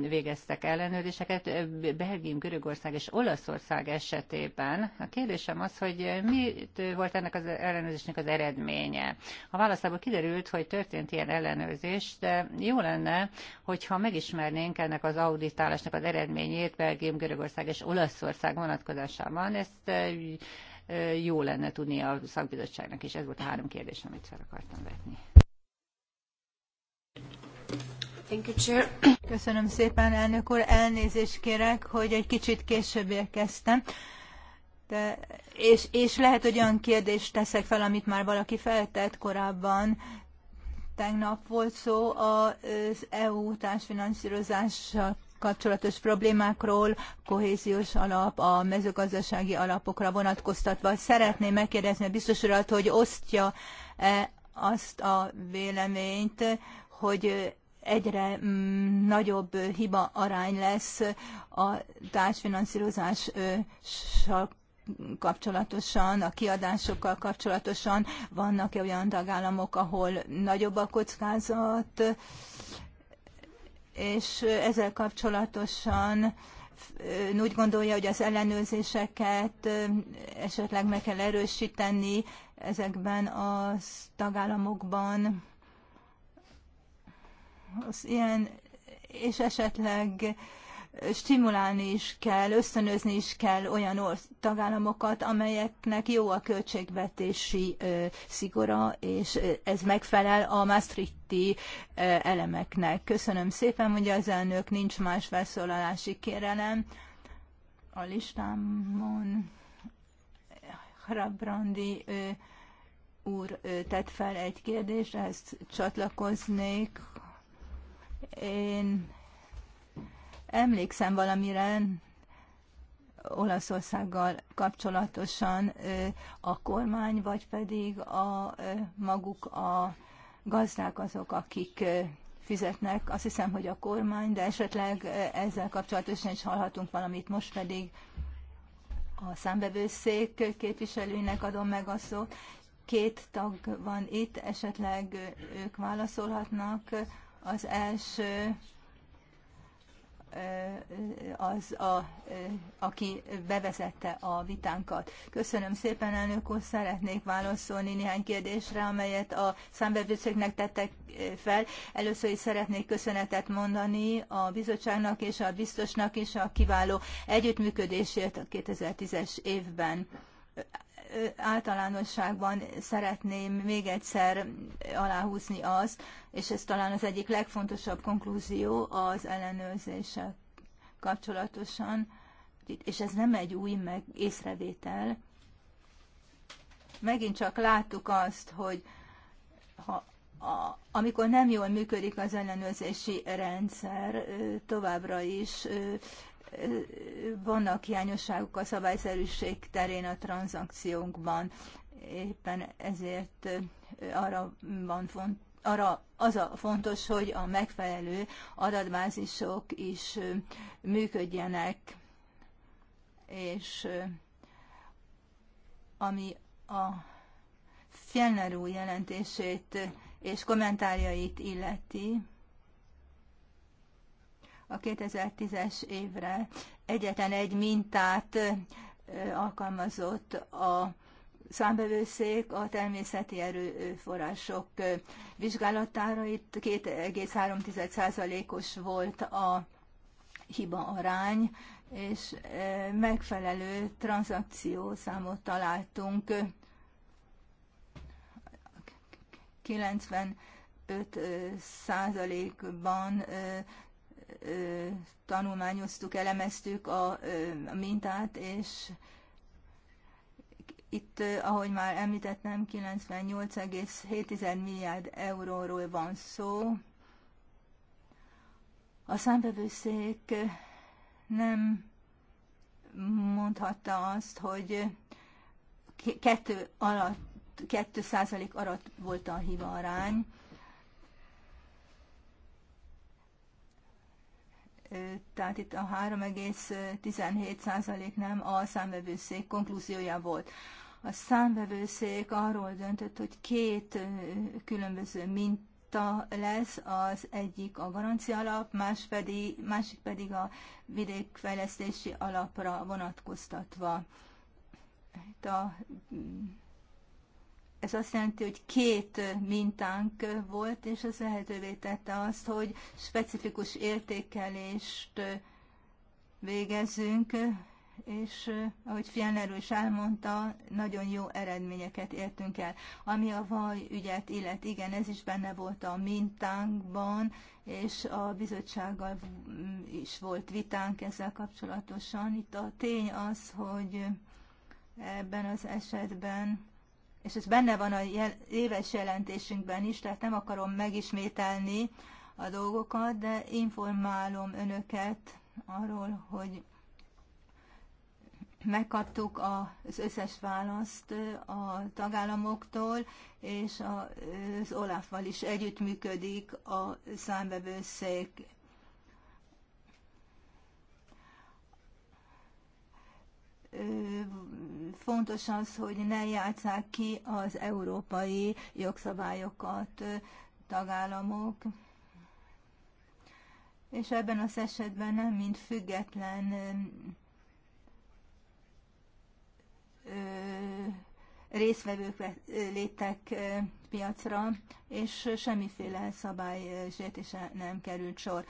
Speaker 3: végeztek ellenőrzéseket Belgium, Görögország és Olaszország esetében. A kérdésem az, hogy mi volt ennek az ellenőrzésnek az eredmény? véleménye. A válaszából kiderült, hogy történt ilyen ellenőrzés, de jó lenne, hogyha megismernénk ennek az auditálásnak az eredményét Belgium, Görögország és Olaszország vonatkozásában. Ezt jó lenne tudni a szakbizottságnak is. Ez volt a három kérdés, amit fel akartam vetni.
Speaker 1: Köszönöm szépen, elnök úr. Elnézést kérek, hogy egy kicsit később érkeztem. De, és, és lehet, hogy olyan kérdést teszek fel, amit már valaki feltett korábban. Tegnap volt szó az EU társfinanszírozással kapcsolatos problémákról, kohéziós alap, a mezőgazdasági alapokra vonatkoztatva. Szeretném megkérdezni a biztos urat, hogy osztja -e azt a véleményt, hogy egyre mm, nagyobb hiba arány lesz a társfinanszírozással kapcsolatosan, a kiadásokkal kapcsolatosan? Vannak -e olyan tagállamok, ahol nagyobb a kockázat, és ezzel kapcsolatosan úgy gondolja, hogy az ellenőrzéseket esetleg meg kell erősíteni ezekben a tagállamokban, az ilyen, és esetleg stimulálni is kell, ösztönözni is kell olyan tagállamokat, amelyeknek jó a költségvetési szigora, és ez megfelel a Maastrichti elemeknek. Köszönöm szépen, hogy az elnök nincs más felszólalási kérelem a listámon. Hrabrandi úr tett fel egy kérdést, ehhez csatlakoznék. Én Emlékszem valamire Olaszországgal kapcsolatosan a kormány, vagy pedig a maguk a gazdák azok, akik fizetnek. Azt hiszem, hogy a kormány, de esetleg ezzel kapcsolatosan is hallhatunk valamit. Most pedig a számbevőszék képviselőinek adom meg a szót. Két tag van itt, esetleg ők válaszolhatnak. Az első az, a, aki bevezette a vitánkat. Köszönöm szépen, elnök úr, szeretnék válaszolni néhány kérdésre, amelyet a számbevőszöknek tettek fel. Először is szeretnék köszönetet mondani a bizottságnak és a biztosnak is a kiváló együttműködésért a 2010-es évben általánosságban szeretném még egyszer aláhúzni azt, és ez talán az egyik legfontosabb konklúzió az ellenőrzések kapcsolatosan, és ez nem egy új meg észrevétel. Megint csak láttuk azt, hogy ha a, amikor nem jól működik az ellenőrzési rendszer, továbbra is vannak hiányosságok a szabályszerűség terén a tranzakciókban. Éppen ezért arra van font, arra az a fontos, hogy a megfelelő adatbázisok is működjenek, és ami a Fjellner jelentését és kommentárjait illeti, a 2010-es évre egyetlen egy mintát alkalmazott a számbevőszék a természeti erőforrások vizsgálatára. Itt 2,3%-os volt a hiba arány, és megfelelő tranzakció számot találtunk. 95 százalékban tanulmányoztuk, elemeztük a, a mintát, és itt, ahogy már említettem, 98,7 milliárd euróról van szó. A számbevőszék nem mondhatta azt, hogy kettő alatt, kettő százalék alatt volt a hiba arány. tehát itt a 3,17% nem a számvevőszék konklúziója volt. A számvevőszék arról döntött, hogy két különböző minta lesz, az egyik a garancia alap, más pedig, másik pedig a vidékfejlesztési alapra vonatkoztatva. Itt hát a ez azt jelenti, hogy két mintánk volt, és ez lehetővé tette azt, hogy specifikus értékelést végezzünk, és ahogy Fjellner is elmondta, nagyon jó eredményeket értünk el. Ami a vaj ügyet illet, igen, ez is benne volt a mintánkban, és a bizottsággal is volt vitánk ezzel kapcsolatosan. Itt a tény az, hogy ebben az esetben és ez benne van a jel- éves jelentésünkben is, tehát nem akarom megismételni a dolgokat, de informálom önöket arról, hogy megkaptuk az összes választ a tagállamoktól, és az Olafval is együttműködik a számbevőszék fontos az, hogy ne játsszák ki az európai jogszabályokat tagállamok, és ebben az esetben nem mint független részvevők léptek piacra, és semmiféle sértése nem került sor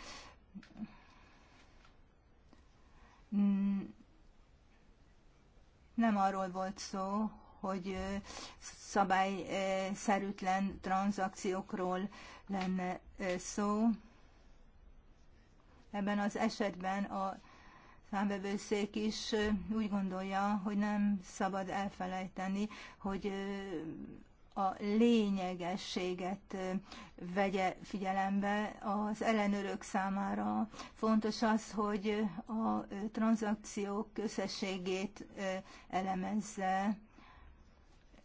Speaker 1: nem arról volt szó, hogy szabályszerűtlen tranzakciókról lenne szó. Ebben az esetben a számbevőszék is úgy gondolja, hogy nem szabad elfelejteni, hogy a lényegességet vegye figyelembe az ellenőrök számára. Fontos az, hogy a tranzakciók összességét elemezze,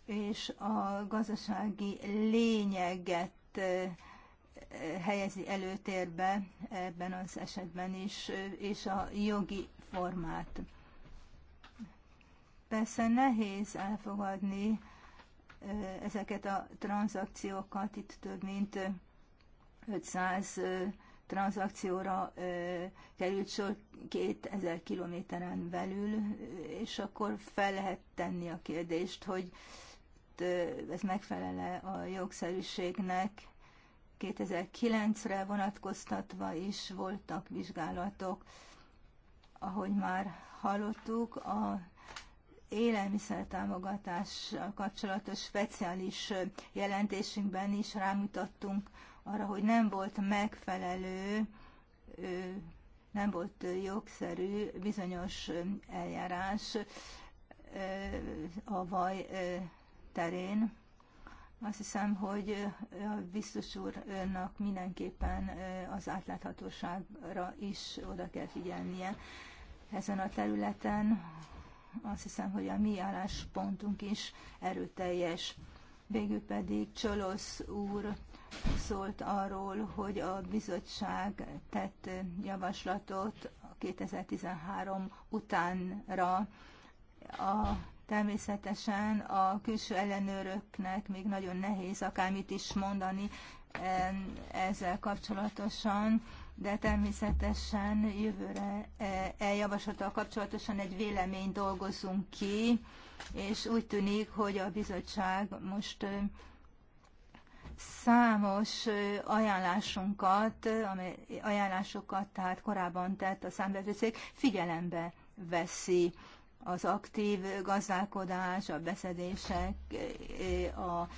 Speaker 1: és a gazdasági lényeget helyezi előtérbe ebben az esetben is, és a jogi formát. Persze nehéz elfogadni ezeket a tranzakciókat, itt több mint 500 tranzakcióra került sor 2000 kilométeren belül, és akkor fel lehet tenni a kérdést, hogy ez megfelele a jogszerűségnek. 2009-re vonatkoztatva is voltak vizsgálatok, ahogy már hallottuk, a élelmiszer-támogatás kapcsolatos speciális jelentésünkben is rámutattunk arra, hogy nem volt megfelelő, nem volt jogszerű bizonyos eljárás a vaj terén. Azt hiszem, hogy a biztos úrnak mindenképpen az átláthatóságra is oda kell figyelnie ezen a területen, azt hiszem, hogy a mi álláspontunk is erőteljes. Végül pedig Csolosz úr szólt arról, hogy a bizottság tett javaslatot 2013 utánra a Természetesen a külső ellenőröknek még nagyon nehéz akármit is mondani ezzel kapcsolatosan de természetesen jövőre e, e a kapcsolatosan egy vélemény dolgozunk ki, és úgy tűnik, hogy a bizottság most számos ajánlásunkat, amely ajánlásokat tehát korábban tett a számbevőszék, figyelembe veszi az aktív gazdálkodás, a beszedések, a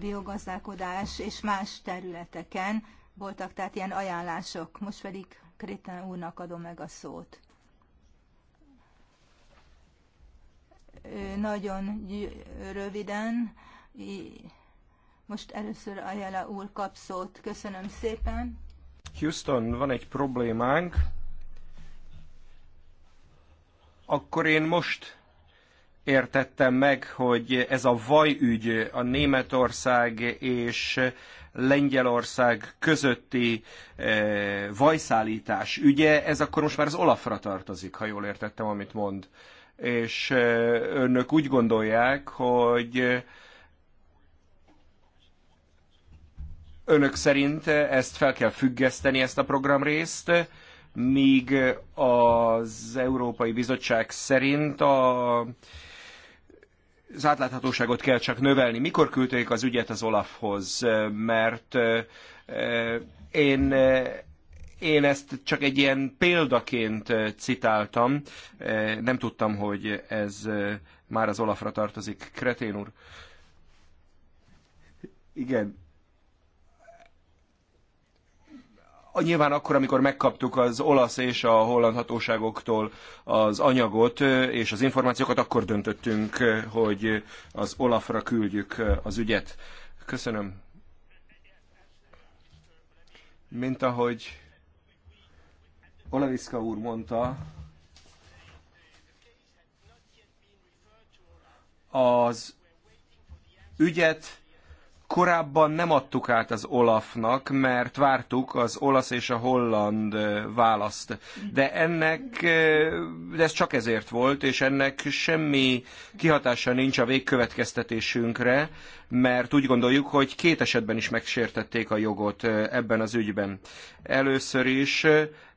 Speaker 1: biogazdálkodás és más területeken voltak tehát ilyen ajánlások. Most pedig Krétán úrnak adom meg a szót. Nagyon röviden, most először Ajala úr kap szót. Köszönöm szépen.
Speaker 2: Houston, van egy problémánk. Akkor én most értettem meg, hogy ez a vajügy a Németország és Lengyelország közötti eh, vajszállítás ügye, ez akkor most már az Olafra tartozik, ha jól értettem, amit mond. És eh, önök úgy gondolják, hogy eh, önök szerint ezt fel kell függeszteni, ezt a programrészt, míg az Európai Bizottság szerint a az átláthatóságot kell csak növelni. Mikor küldték az ügyet az Olafhoz? Mert én, én ezt csak egy ilyen példaként citáltam. Nem tudtam, hogy ez már az Olafra tartozik. Kretén úr. Igen, Nyilván akkor, amikor megkaptuk az olasz és a holland hatóságoktól az anyagot és az információkat, akkor döntöttünk, hogy az Olafra küldjük az ügyet. Köszönöm. Mint ahogy Olaviszka úr mondta, az ügyet korábban nem adtuk át az Olafnak, mert vártuk az olasz és a holland választ. De ennek, de ez csak ezért volt, és ennek semmi kihatása nincs a végkövetkeztetésünkre, mert úgy gondoljuk, hogy két esetben is megsértették a jogot ebben az ügyben. Először is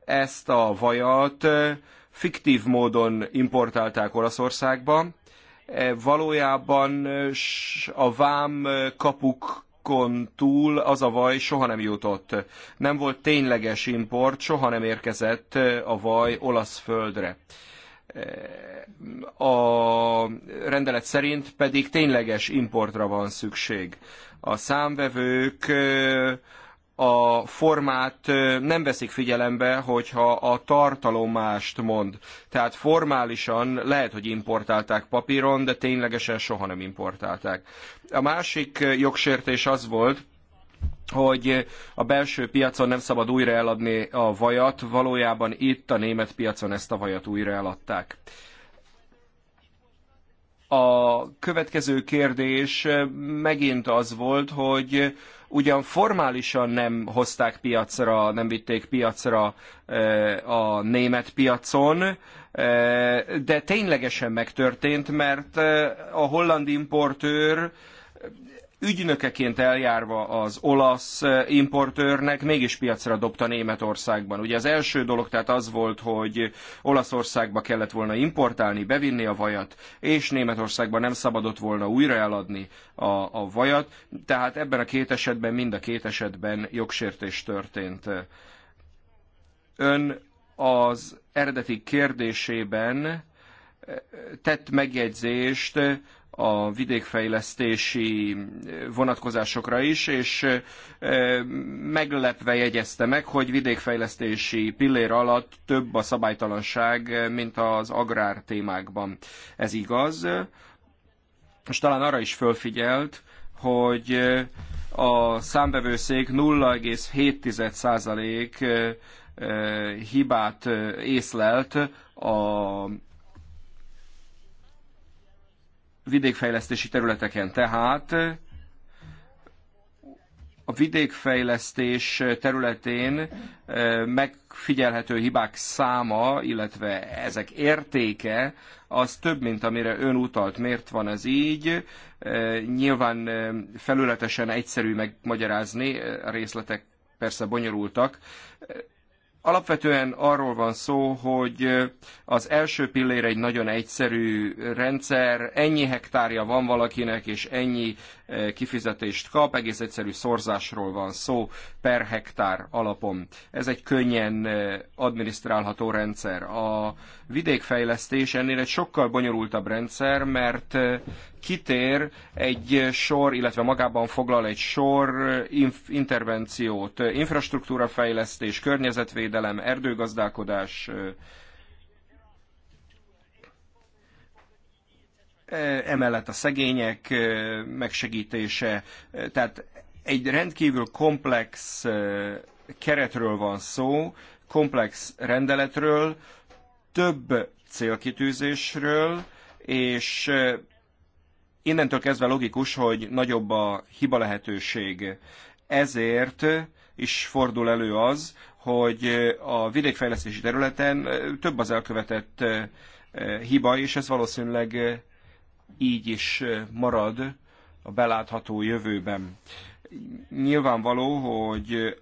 Speaker 2: ezt a vajat fiktív módon importálták Olaszországba, E, valójában e, a vám e, kapuk túl az a vaj soha nem jutott. Nem volt tényleges import, soha nem érkezett a vaj olasz földre a rendelet szerint pedig tényleges importra van szükség. A számvevők a formát nem veszik figyelembe, hogyha a tartalomást mond. Tehát formálisan lehet, hogy importálták papíron, de ténylegesen soha nem importálták. A másik jogsértés az volt, hogy a belső piacon nem szabad újra eladni a vajat, valójában itt a német piacon ezt a vajat újra eladták. A következő kérdés megint az volt, hogy ugyan formálisan nem hozták piacra, nem vitték piacra e, a német piacon, e, de ténylegesen megtörtént, mert e, a holland importőr ügynökeként eljárva az olasz eh, importőrnek mégis piacra dobta Németországban. Ugye az első dolog tehát az volt, hogy Olaszországba kellett volna importálni, bevinni a vajat, és Németországban nem szabadott volna újra eladni a, a vajat, tehát ebben a két esetben, mind a két esetben jogsértés történt. Ön az eredeti kérdésében eh, tett megjegyzést a vidékfejlesztési vonatkozásokra is, és meglepve jegyezte meg, hogy vidékfejlesztési pillér alatt több a szabálytalanság, mint az agrár témákban. Ez igaz. És talán arra is fölfigyelt, hogy a számbevőszék 0,7% hibát észlelt a vidékfejlesztési területeken. Tehát a vidékfejlesztés területén e, megfigyelhető hibák száma, illetve ezek értéke, az több, mint amire ön utalt. Miért van ez így? E, nyilván e, felületesen egyszerű megmagyarázni, a részletek persze bonyolultak. Alapvetően arról van szó, hogy az első pillér egy nagyon egyszerű rendszer, ennyi hektárja van valakinek, és ennyi kifizetést kap, egész egyszerű szorzásról van szó per hektár alapon. Ez egy könnyen eh, adminisztrálható rendszer. A vidékfejlesztés ennél egy sokkal bonyolultabb rendszer, mert eh, kitér egy sor, illetve magában foglal egy sor eh, intervenciót, infrastruktúrafejlesztés, környezetvédelem, erdőgazdálkodás, emellett a szegények megsegítése, tehát egy rendkívül komplex keretről van szó, komplex rendeletről, több célkitűzésről, és innentől kezdve logikus, hogy nagyobb a hiba lehetőség. Ezért is fordul elő az, hogy a vidékfejlesztési területen több az elkövetett hiba, és ez valószínűleg így is marad a belátható jövőben. Nyilvánvaló, hogy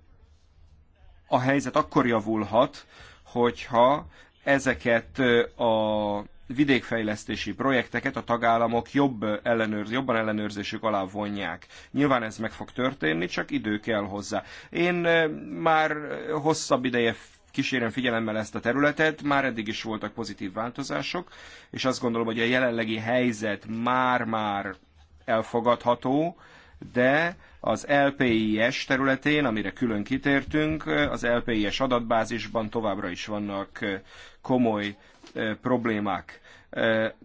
Speaker 2: a helyzet akkor javulhat, hogyha ezeket a vidékfejlesztési projekteket a tagállamok jobb ellenőrz, jobban ellenőrzésük alá vonják. Nyilván ez meg fog történni, csak idő kell hozzá. Én már hosszabb ideje kísérem figyelemmel ezt a területet. Már eddig is voltak pozitív változások, és azt gondolom, hogy a jelenlegi helyzet már-már elfogadható, de az LPIS területén, amire külön kitértünk, az LPIS adatbázisban továbbra is vannak komoly problémák.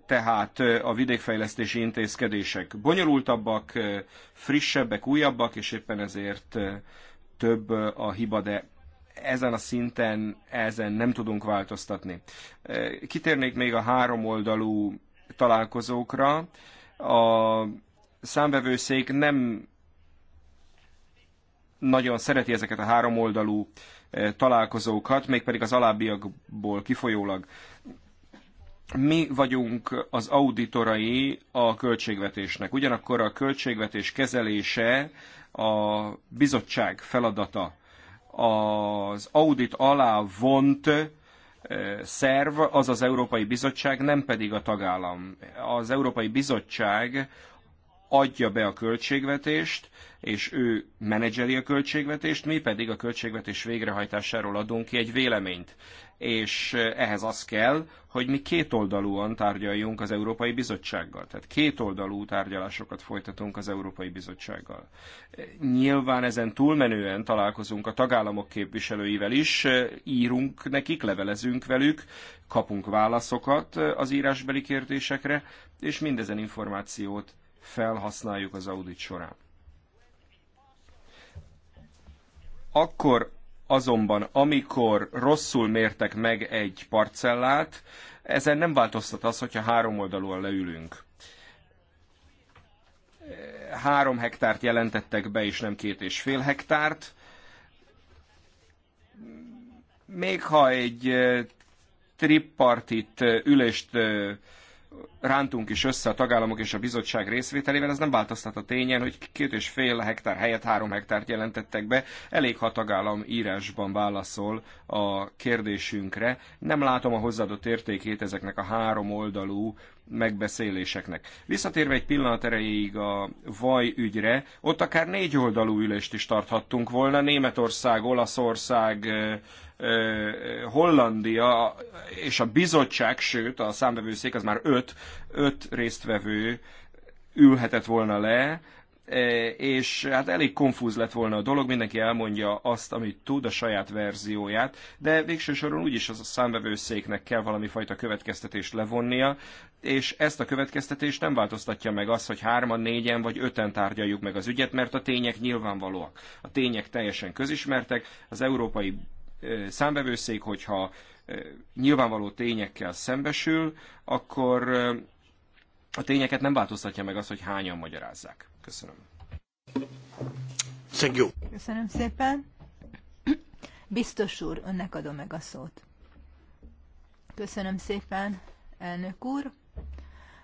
Speaker 2: Tehát a vidékfejlesztési intézkedések bonyolultabbak, frissebbek, újabbak, és éppen ezért több a hiba, de ezen a szinten ezen nem tudunk változtatni. Kitérnék még a háromoldalú találkozókra. A számvevőszék nem nagyon szereti ezeket a háromoldalú találkozókat, mégpedig az alábbiakból kifolyólag. Mi vagyunk az auditorai a költségvetésnek. Ugyanakkor a költségvetés kezelése a bizottság feladata az audit alá vont szerv az az Európai Bizottság, nem pedig a tagállam. Az Európai Bizottság adja be a költségvetést, és ő menedzseli a költségvetést, mi pedig a költségvetés végrehajtásáról adunk ki egy véleményt. És eh, ehhez az kell, hogy mi kétoldalúan tárgyaljunk az Európai Bizottsággal. Tehát kétoldalú tárgyalásokat folytatunk az Európai Bizottsággal. Eh, nyilván ezen túlmenően találkozunk a tagállamok képviselőivel is, eh, írunk nekik, levelezünk velük, kapunk válaszokat az írásbeli kérdésekre, és mindezen információt felhasználjuk az audit során. Akkor azonban, amikor rosszul mértek meg egy parcellát, ezen nem változtat az, hogyha három oldalúan leülünk. Három hektárt jelentettek be, és nem két és fél hektárt. Még ha egy eh, tripartit eh, ülést eh, rántunk is össze a tagállamok és a bizottság részvételével, ez nem változtat a tényen, hogy két és fél hektár helyett három hektárt jelentettek be. Elég, ha tagállam írásban válaszol a kérdésünkre. Nem látom a hozzáadott értékét ezeknek a három oldalú megbeszéléseknek. Visszatérve egy pillanat erejéig a vaj ügyre, ott akár négy oldalú ülést is tarthattunk volna. Németország, Olaszország, Hollandia és a bizottság, sőt a számvevőszék az már öt, öt résztvevő ülhetett volna le, és hát elég konfúz lett volna a dolog, mindenki elmondja azt, amit tud, a saját verzióját, de végső soron úgyis az a számvevőszéknek kell valami fajta következtetést levonnia, és ezt a következtetést nem változtatja meg az, hogy hárman, négyen vagy öten tárgyaljuk meg az ügyet, mert a tények nyilvánvalóak. A tények teljesen közismertek, az Európai számbevőszék, hogyha nyilvánvaló tényekkel szembesül, akkor a tényeket nem változtatja meg az, hogy hányan magyarázzák. Köszönöm. Thank you.
Speaker 1: Köszönöm szépen. Biztos úr, önnek adom meg a szót. Köszönöm szépen, elnök úr.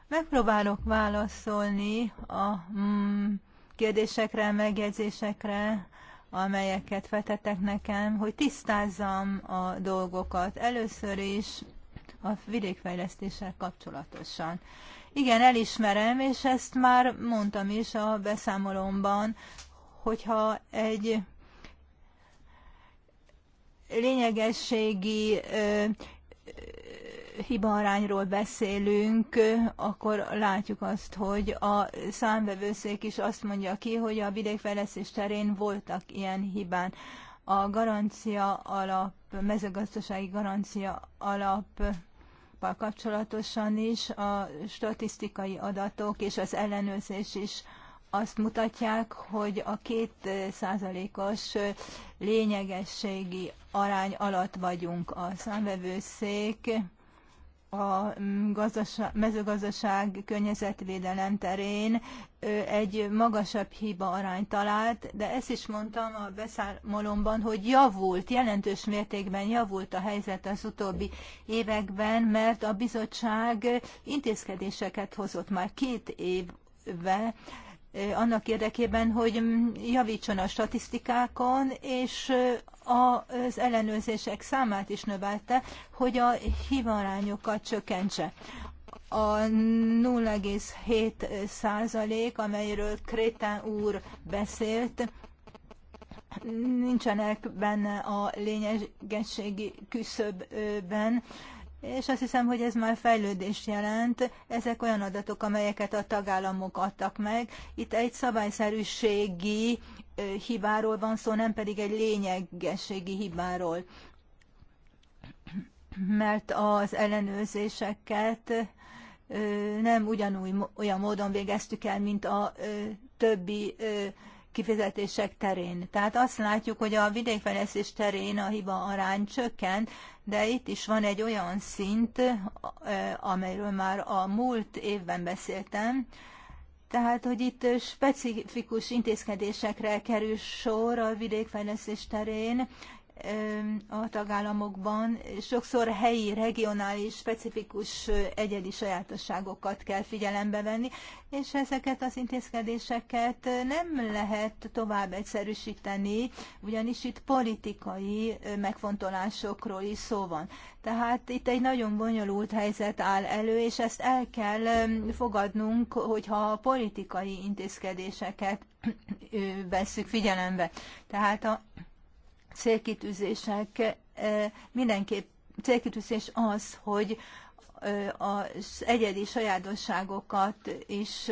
Speaker 1: Megpróbálok válaszolni a mm, kérdésekre, megjegyzésekre, amelyeket vetettek nekem, hogy tisztázzam a dolgokat. Először is a vidékfejlesztéssel kapcsolatosan. Igen, elismerem, és ezt már mondtam is a beszámolomban, hogyha egy lényegességi hibaarányról beszélünk, akkor látjuk azt, hogy a számvevőszék is azt mondja ki, hogy a vidékfejlesztés terén voltak ilyen hibán. A garancia alap, mezőgazdasági garancia alap kapcsolatosan is a statisztikai adatok és az ellenőrzés is azt mutatják, hogy a két százalékos lényegességi arány alatt vagyunk. A számvevőszék a mm, gazdaság, mezőgazdaság környezetvédelem terén egy magasabb hiba arány talált, de ezt is mondtam a beszámolomban, hogy javult, jelentős mértékben javult a helyzet az utóbbi években, mert a bizottság intézkedéseket hozott már két évve annak érdekében, hogy javítson a statisztikákon, és az ellenőrzések számát is növelte, hogy a hivarányokat csökkentse. A 0,7 százalék, amelyről Krétán úr beszélt, nincsenek benne a lényegességi küszöbben, és azt hiszem, hogy ez már fejlődés jelent. Ezek olyan adatok, amelyeket a tagállamok adtak meg. Itt egy szabályszerűségi hibáról van szó, nem pedig egy lényegességi hibáról. Mert az ellenőrzéseket nem ugyanúgy olyan módon végeztük el, mint a többi kifizetések terén. Tehát azt látjuk, hogy a vidékfejlesztés terén a hiba arány csökkent, de itt is van egy olyan szint, amelyről már a múlt évben beszéltem, tehát, hogy itt specifikus intézkedésekre kerül sor a vidékfejlesztés terén, a tagállamokban sokszor helyi, regionális, specifikus egyedi sajátosságokat kell figyelembe venni, és ezeket az intézkedéseket nem lehet tovább egyszerűsíteni, ugyanis itt politikai megfontolásokról is szó van. Tehát itt egy nagyon bonyolult helyzet áll elő, és ezt el kell fogadnunk, hogyha politikai intézkedéseket vesszük figyelembe. Tehát a célkitűzések mindenképp célkitűzés az, hogy az egyedi sajátosságokat is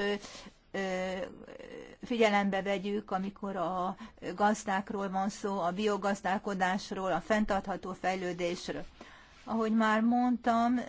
Speaker 1: figyelembe vegyük, amikor a gazdákról van szó, a biogazdálkodásról, a fenntartható fejlődésről. Ahogy már mondtam,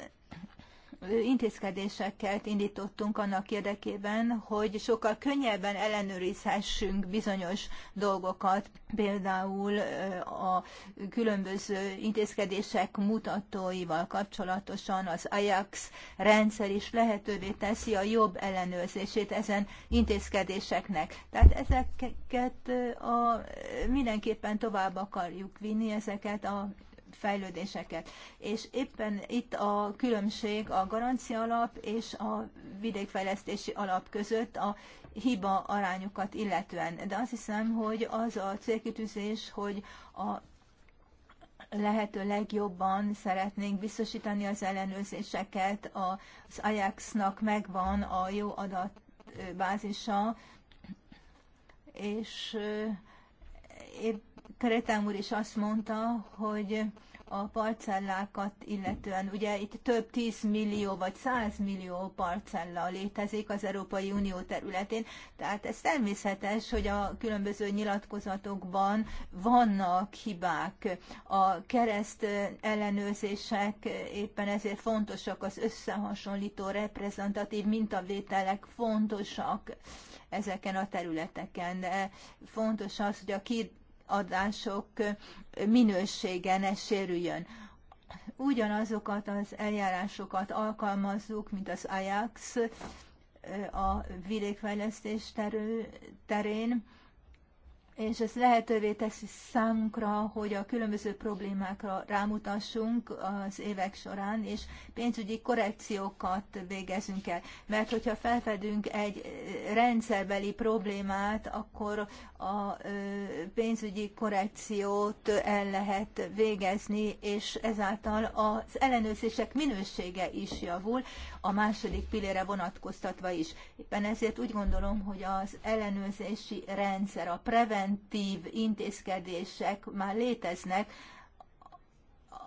Speaker 1: intézkedéseket indítottunk annak érdekében, hogy sokkal könnyebben ellenőrizhessünk bizonyos dolgokat, például a különböző intézkedések mutatóival kapcsolatosan az Ajax rendszer is lehetővé teszi a jobb ellenőrzését ezen intézkedéseknek. Tehát ezeket a, mindenképpen tovább akarjuk vinni ezeket a fejlődéseket. És éppen itt a különbség a garancia alap és a vidékfejlesztési alap között a hiba arányokat illetően. De azt hiszem, hogy az a célkitűzés, hogy a lehető legjobban szeretnénk biztosítani az ellenőrzéseket, az Ajax-nak megvan a jó adatbázisa, és épp Kretán úr is azt mondta, hogy a parcellákat illetően, ugye itt több 10 millió vagy 100 millió parcella létezik az Európai Unió területén, tehát ez természetes, hogy a különböző nyilatkozatokban vannak hibák. A kereszt ellenőrzések éppen ezért fontosak, az összehasonlító reprezentatív mintavételek fontosak ezeken a területeken, de fontos az, hogy a adások minősége ne sérüljön. Ugyanazokat az eljárásokat alkalmazzuk, mint az Ajax a vidékfejlesztés terén, és ez lehetővé teszi számunkra, hogy a különböző problémákra rámutassunk az évek során, és pénzügyi korrekciókat végezünk el. Mert hogyha felfedünk egy rendszerbeli problémát, akkor a pénzügyi korrekciót el lehet végezni, és ezáltal az ellenőrzések minősége is javul, a második pillére vonatkoztatva is. Éppen ezért úgy gondolom, hogy az ellenőrzési rendszer, a prevenció, preventív intézkedések már léteznek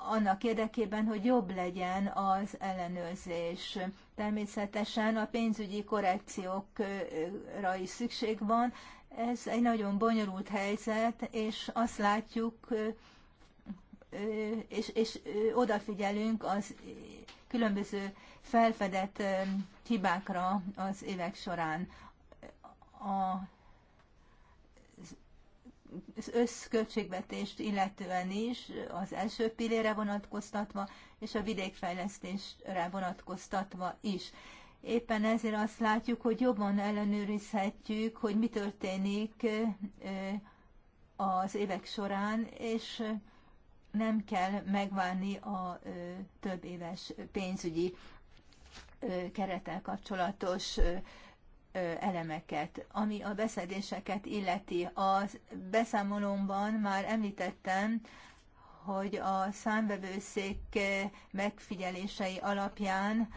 Speaker 1: annak érdekében, hogy jobb legyen az ellenőrzés. Természetesen a pénzügyi korrekciókra is szükség van. Ez egy nagyon bonyolult helyzet, és azt látjuk, és, és odafigyelünk az különböző felfedett hibákra az évek során. A az összköltségvetést illetően is, az első pillére vonatkoztatva, és a vidékfejlesztésre vonatkoztatva is. Éppen ezért azt látjuk, hogy jobban ellenőrizhetjük, hogy mi történik az évek során, és nem kell megvárni a több éves pénzügyi kerettel kapcsolatos elemeket. Ami a beszedéseket illeti, a beszámolómban már említettem, hogy a számbevőszék megfigyelései alapján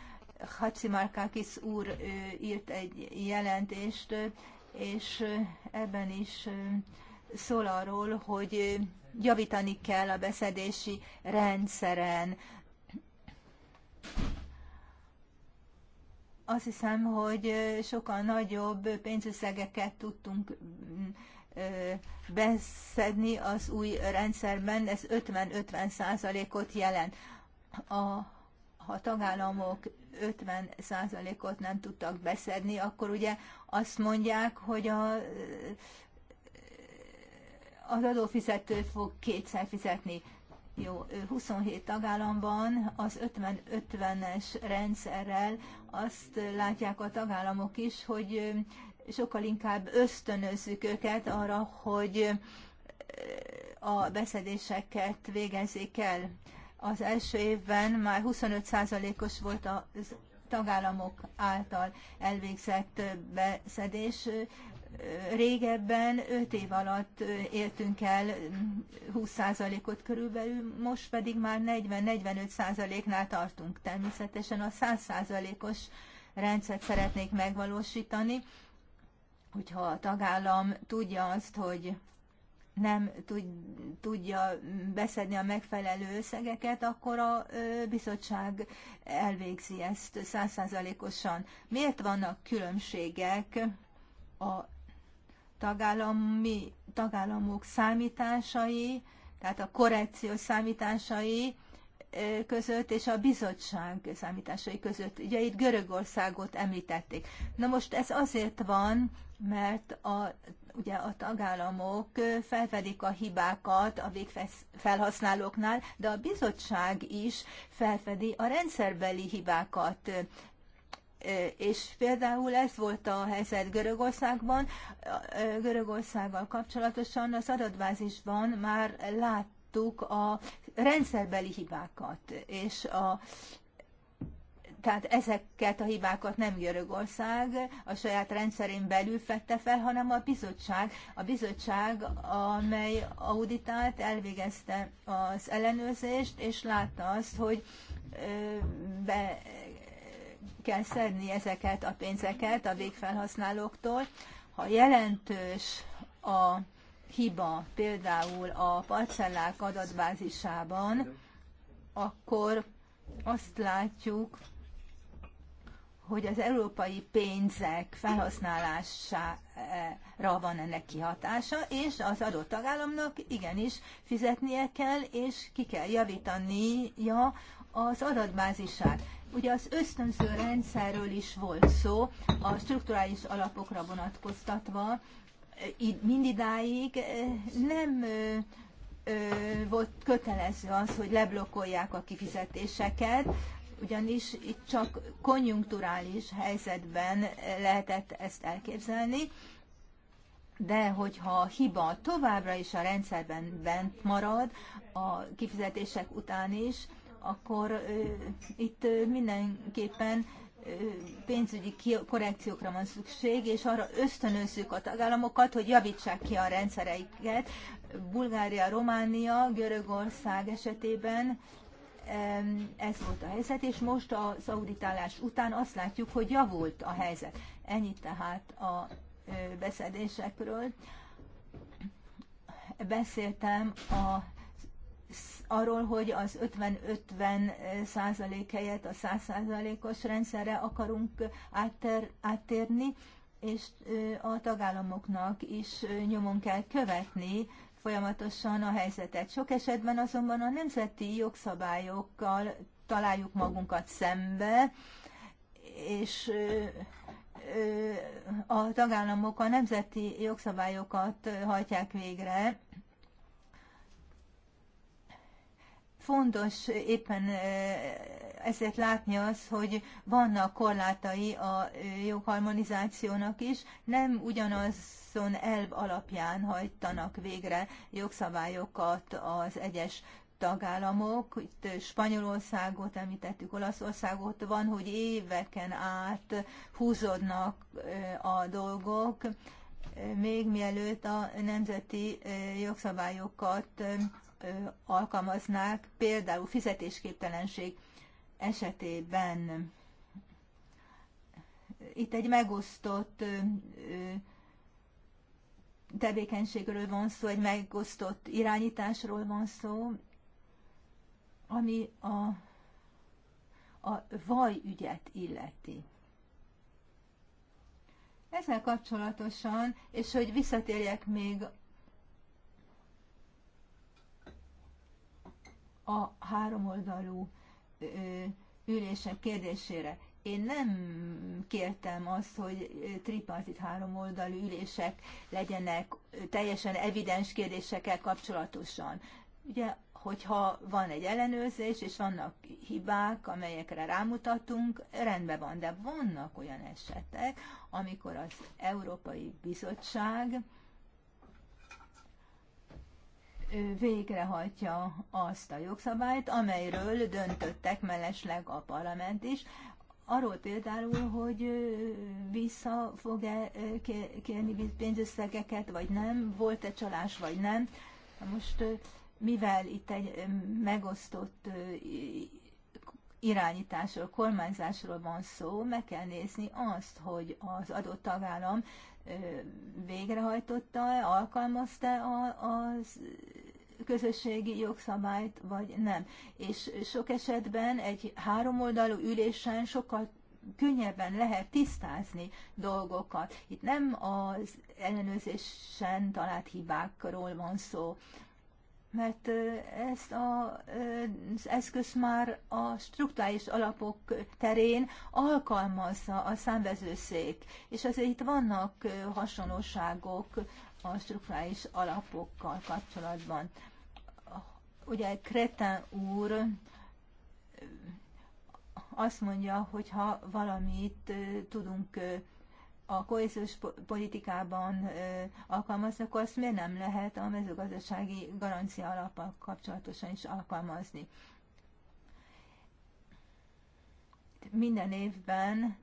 Speaker 1: Hatsimarkakis úr írt egy jelentést, és ebben is szól arról, hogy javítani kell a beszedési rendszeren. Azt hiszem, hogy sokkal nagyobb pénzösszegeket tudtunk mm, beszedni az új rendszerben, ez 50-50 százalékot jelent. A, ha tagállamok 50 százalékot nem tudtak beszedni, akkor ugye azt mondják, hogy a, az adófizető fog kétszer fizetni jó 27 tagállamban az 50-50-es rendszerrel azt látják a tagállamok is, hogy sokkal inkább ösztönözzük őket arra, hogy a beszedéseket végezzék el. Az első évben már 25%-os volt a tagállamok által elvégzett beszedés, régebben 5 év alatt éltünk el 20%-ot körülbelül, most pedig már 40-45%-nál tartunk. Természetesen a 100%-os rendszert szeretnék megvalósítani, hogyha a tagállam tudja azt, hogy nem tudja beszedni a megfelelő összegeket, akkor a bizottság elvégzi ezt százszázalékosan. Miért vannak különbségek a tagállami, tagállamok számításai, tehát a korrekció számításai között és a bizottság számításai között. Ugye itt Görögországot említették. Na most ez azért van, mert a, ugye a tagállamok felfedik a hibákat a végfelhasználóknál, de a bizottság is felfedi a rendszerbeli hibákat és például ez volt a helyzet Görögországban, Görögországgal kapcsolatosan az adatbázisban már láttuk a rendszerbeli hibákat, és a tehát ezeket a hibákat nem Görögország a saját rendszerén belül fette fel, hanem a bizottság. A bizottság, amely auditált, elvégezte az ellenőrzést, és látta azt, hogy be kell szedni ezeket a pénzeket a végfelhasználóktól. Ha jelentős a hiba például a parcellák adatbázisában, akkor azt látjuk, hogy az európai pénzek felhasználására van ennek kihatása, és az adott tagállamnak igenis fizetnie kell, és ki kell javítania az adatbázisát. Ugye az ösztönző rendszerről is volt szó, a strukturális alapokra vonatkoztatva, mindidáig eh, nem volt kötelező az, hogy leblokkolják a kifizetéseket, ugyanis itt csak konjunkturális helyzetben eh, lehetett ezt elképzelni, de hogyha a hiba továbbra is a rendszerben bent marad, a kifizetések után is, akkor itt mindenképpen pénzügyi korrekciókra van szükség, és arra ösztönözzük a tagállamokat, hogy javítsák ki a rendszereiket. Bulgária, Románia, Görögország esetében ez volt a helyzet, és most az auditálás után azt látjuk, hogy javult a helyzet. Ennyit tehát a beszedésekről. Beszéltem a arról, hogy az 50-50 százalék -50 helyett a 100 százalékos rendszerre akarunk átter, áttérni, és a tagállamoknak is nyomon kell követni folyamatosan a helyzetet. Sok esetben azonban a nemzeti jogszabályokkal találjuk magunkat szembe, és a tagállamok a nemzeti jogszabályokat hajtják végre, fontos éppen ezért látni az, hogy vannak korlátai a jogharmonizációnak is, nem ugyanazon elv alapján hajtanak végre jogszabályokat az egyes tagállamok, itt Spanyolországot említettük, Olaszországot, van, hogy éveken át húzódnak a dolgok, még mielőtt a nemzeti jogszabályokat alkalmaznák, például fizetésképtelenség esetében. Itt egy megosztott tevékenységről van szó, egy megosztott irányításról van szó, ami a, a vaj ügyet illeti. Ezzel kapcsolatosan, és hogy visszatérjek még a háromoldalú ülések kérdésére. Én nem kértem azt, hogy tripartit háromoldalú ülések legyenek teljesen evidens kérdésekkel kapcsolatosan. Ugye, hogyha van egy ellenőrzés, és vannak hibák, amelyekre rámutatunk, rendben van, de vannak olyan esetek, amikor az Európai Bizottság végrehajtja azt a jogszabályt, amelyről döntöttek mellesleg a parlament is, arról például, hogy vissza fog-e kérni pénzösszegeket, vagy nem, volt-e csalás, vagy nem. Most mivel itt egy megosztott irányításról, kormányzásról van szó, meg kell nézni azt, hogy az adott tagállam végrehajtotta-e, alkalmazta -e az közösségi jogszabályt, vagy nem. És sok esetben egy háromoldalú ülésen sokkal könnyebben lehet tisztázni dolgokat. Itt nem az ellenőrzésen talált hibákról van szó, mert ezt a, az eszköz már a struktúrális alapok terén alkalmazza a számvezőszék, és azért itt vannak hasonlóságok a struktúrális alapokkal kapcsolatban. Ugye Kreten úr azt mondja, hogy ha valamit tudunk a kohéziós politikában alkalmazni, akkor azt miért nem lehet a mezőgazdasági garancia alappal kapcsolatosan is alkalmazni? Minden évben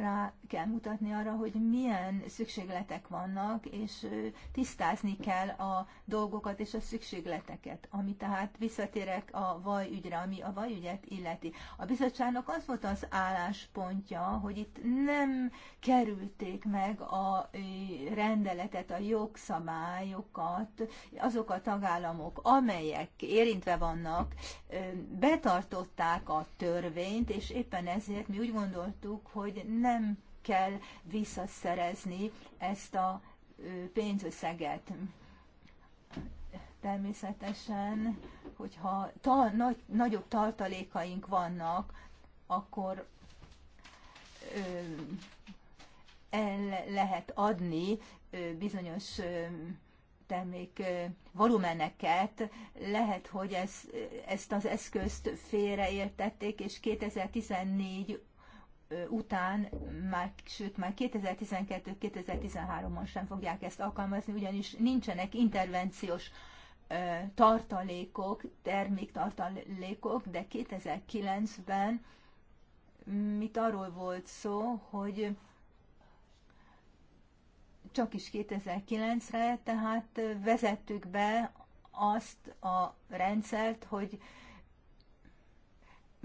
Speaker 1: rá kell mutatni arra, hogy milyen szükségletek vannak, és tisztázni kell a dolgokat és a szükségleteket, ami tehát visszatérek a vajügyre, ami a vajügyet illeti. A bizottságnak az volt az álláspontja, hogy itt nem kerülték meg a rendeletet, a jogszabályokat, azok a tagállamok, amelyek érintve vannak, betartották a törvényt, és éppen ezért mi úgy gondoltuk, hogy nem kell visszaszerezni ezt a pénzösszeget. Természetesen, hogyha ta, nagy, nagyobb tartalékaink vannak, akkor ö, el lehet adni ö, bizonyos ö, termék volumeneket, lehet, hogy ez, ezt az eszközt félreértették, és 2014 után, már, sőt már 2012-2013-ban sem fogják ezt alkalmazni, ugyanis nincsenek intervenciós tartalékok, terméktartalékok, de 2009-ben mit arról volt szó, hogy csak is 2009-re, tehát vezettük be azt a rendszert, hogy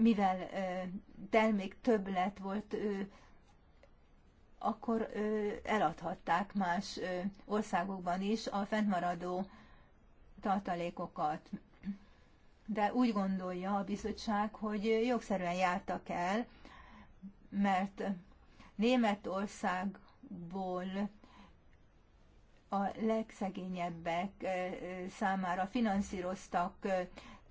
Speaker 1: mivel még több lett volt, akkor eladhatták más országokban is a fennmaradó tartalékokat. De úgy gondolja a bizottság, hogy jogszerűen jártak el, mert Németországból a legszegényebbek számára finanszíroztak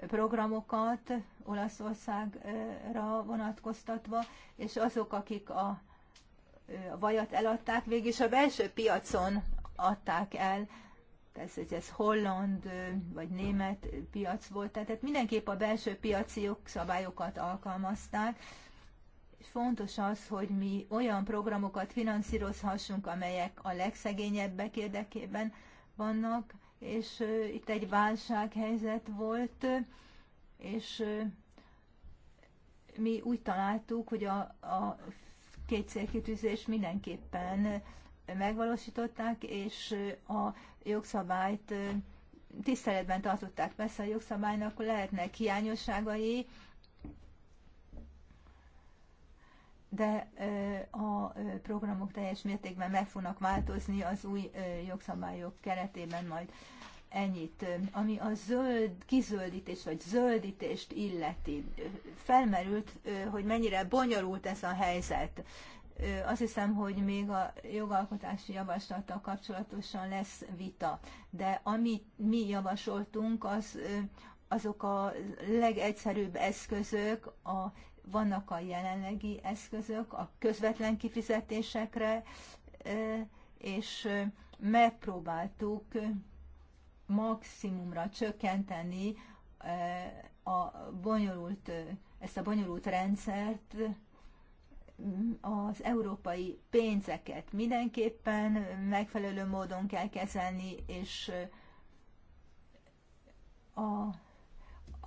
Speaker 1: programokat Olaszországra vonatkoztatva, és azok, akik a vajat eladták, végig a belső piacon adták el, ez, ez, ez holland vagy német piac volt, tehát mindenképp a belső piaci szabályokat alkalmazták, és fontos az, hogy mi olyan programokat finanszírozhassunk, amelyek a legszegényebbek érdekében vannak, és itt egy válsághelyzet volt, és mi úgy találtuk, hogy a, a két célkitűzés mindenképpen megvalósították, és a jogszabályt tiszteletben tartották. Persze a jogszabálynak lehetnek hiányosságai, de a programok teljes mértékben meg fognak változni az új jogszabályok keretében majd ennyit. Ami a zöld kizöldítés vagy zöldítést illeti, felmerült, hogy mennyire bonyolult ez a helyzet. Azt hiszem, hogy még a jogalkotási javaslattal kapcsolatosan lesz vita, de amit mi javasoltunk, az azok a legegyszerűbb eszközök a vannak a jelenlegi eszközök a közvetlen kifizetésekre, és megpróbáltuk maximumra csökkenteni a bonyolult, ezt a bonyolult rendszert, az európai pénzeket mindenképpen megfelelő módon kell kezelni, és a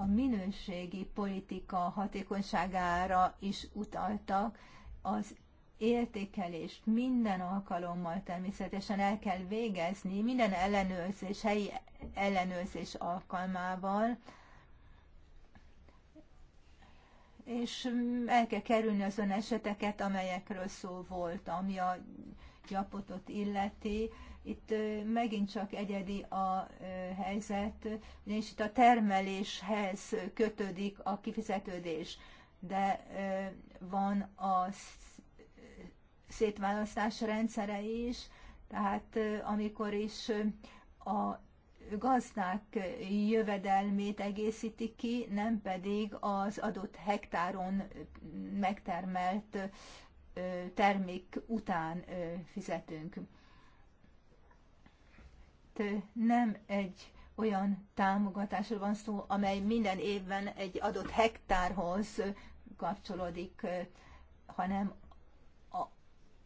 Speaker 1: a minőségi politika hatékonyságára is utaltak. Az értékelést minden alkalommal természetesen el kell végezni, minden ellenőrzés, helyi ellenőrzés alkalmával, és el kell kerülni azon eseteket, amelyekről szó volt, ami a gyapotot illeti. Itt megint csak egyedi a helyzet, ugyanis itt a termeléshez kötődik a kifizetődés, de van a szétválasztás rendszere is, tehát amikor is a gazdák jövedelmét egészíti ki, nem pedig az adott hektáron megtermelt termék után fizetünk itt eh, nem egy olyan támogatásról van szó, amely minden évben egy adott hektárhoz eh, kapcsolódik, eh, hanem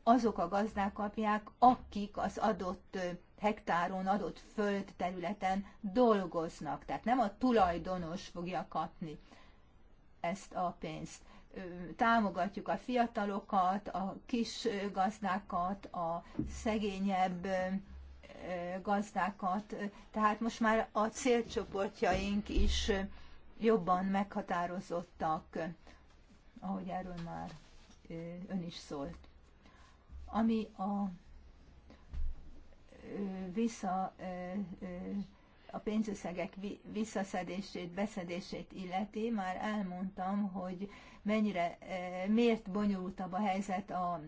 Speaker 1: azok a gazdák kapják, akik az adott hektáron, adott földterületen dolgoznak. Tehát nem a tulajdonos fogja kapni ezt a pénzt. Támogatjuk a fiatalokat, a kis gazdákat, a szegényebb gazdákat, tehát most már a célcsoportjaink is jobban meghatározottak, ahogy erről már ön is szólt. Ami a vissza a pénzösszegek visszaszedését, beszedését illeti, már elmondtam, hogy mennyire, miért bonyolultabb a helyzet a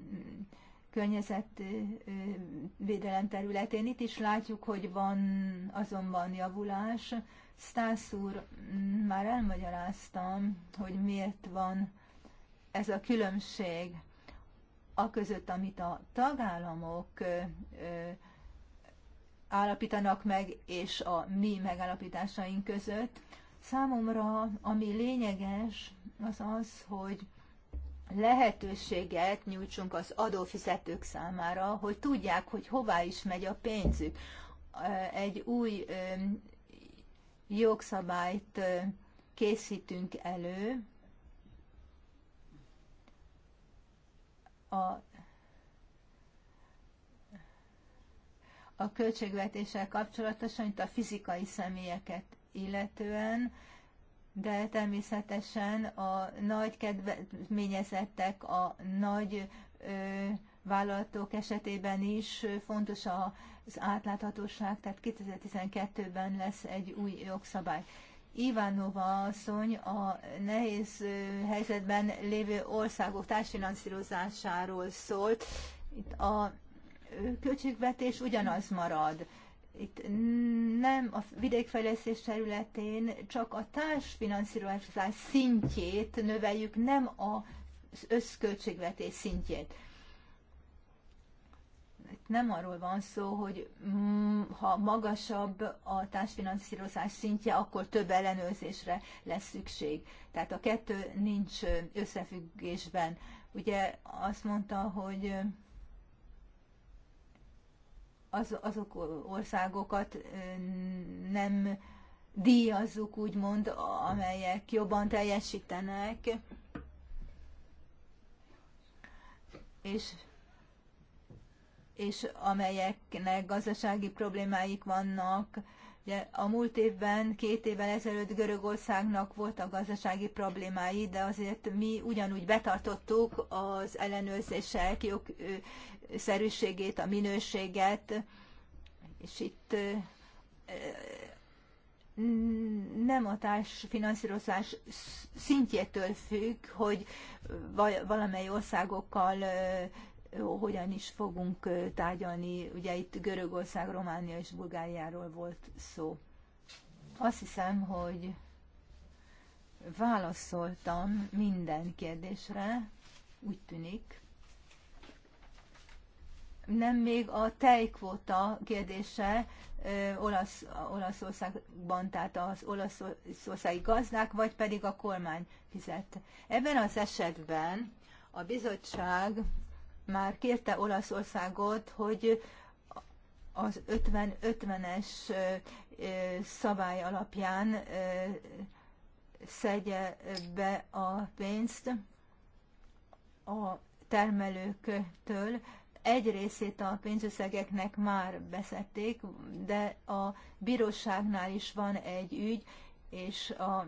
Speaker 1: környezetvédelem területén. Itt is látjuk, hogy van azonban javulás. Stász úr, már elmagyaráztam, hogy miért van ez a különbség a között, amit a tagállamok állapítanak meg, és a mi megállapításaink között. Számomra, ami lényeges, az az, hogy lehetőséget nyújtsunk az adófizetők számára, hogy tudják, hogy hová is megy a pénzük. Egy új jogszabályt készítünk elő a a költségvetéssel kapcsolatosan, itt a fizikai személyeket illetően de természetesen a nagy kedvezményezettek, a nagy ö, vállalatok esetében is fontos az átláthatóság, tehát 2012-ben lesz egy új jogszabály. Ivánova asszony a nehéz helyzetben lévő országok társfinanszírozásáról szólt. Itt a költségvetés ugyanaz marad. Itt nem a vidékfejlesztés területén csak a társfinanszírozás szintjét növeljük, nem az összköltségvetés szintjét. Itt nem arról van szó, hogy ha magasabb a társfinanszírozás szintje, akkor több ellenőrzésre lesz szükség. Tehát a kettő nincs összefüggésben. Ugye azt mondta, hogy az, azok országokat nem díjazzuk, úgymond, amelyek jobban teljesítenek, és, és amelyeknek gazdasági problémáik vannak, Ugye a múlt évben, két évvel ezelőtt Görögországnak voltak gazdasági problémái, de azért mi ugyanúgy betartottuk az ellenőrzések szerűségét, a minőséget, és itt nem a társfinanszírozás szintjétől függ, hogy valamely országokkal hogyan is fogunk tárgyalni. Ugye itt Görögország, Románia és Bulgáriáról volt szó. Azt hiszem, hogy válaszoltam minden kérdésre, úgy tűnik. Nem még a tejkvóta kérdése olasz, Olaszországban, tehát az olaszországi gazdák, vagy pedig a kormány fizet. Ebben az esetben a bizottság már kérte Olaszországot, hogy az 50-50-es szabály alapján szedje be a pénzt a termelőktől. Egy részét a pénzösszegeknek már beszették, de a bíróságnál is van egy ügy, és a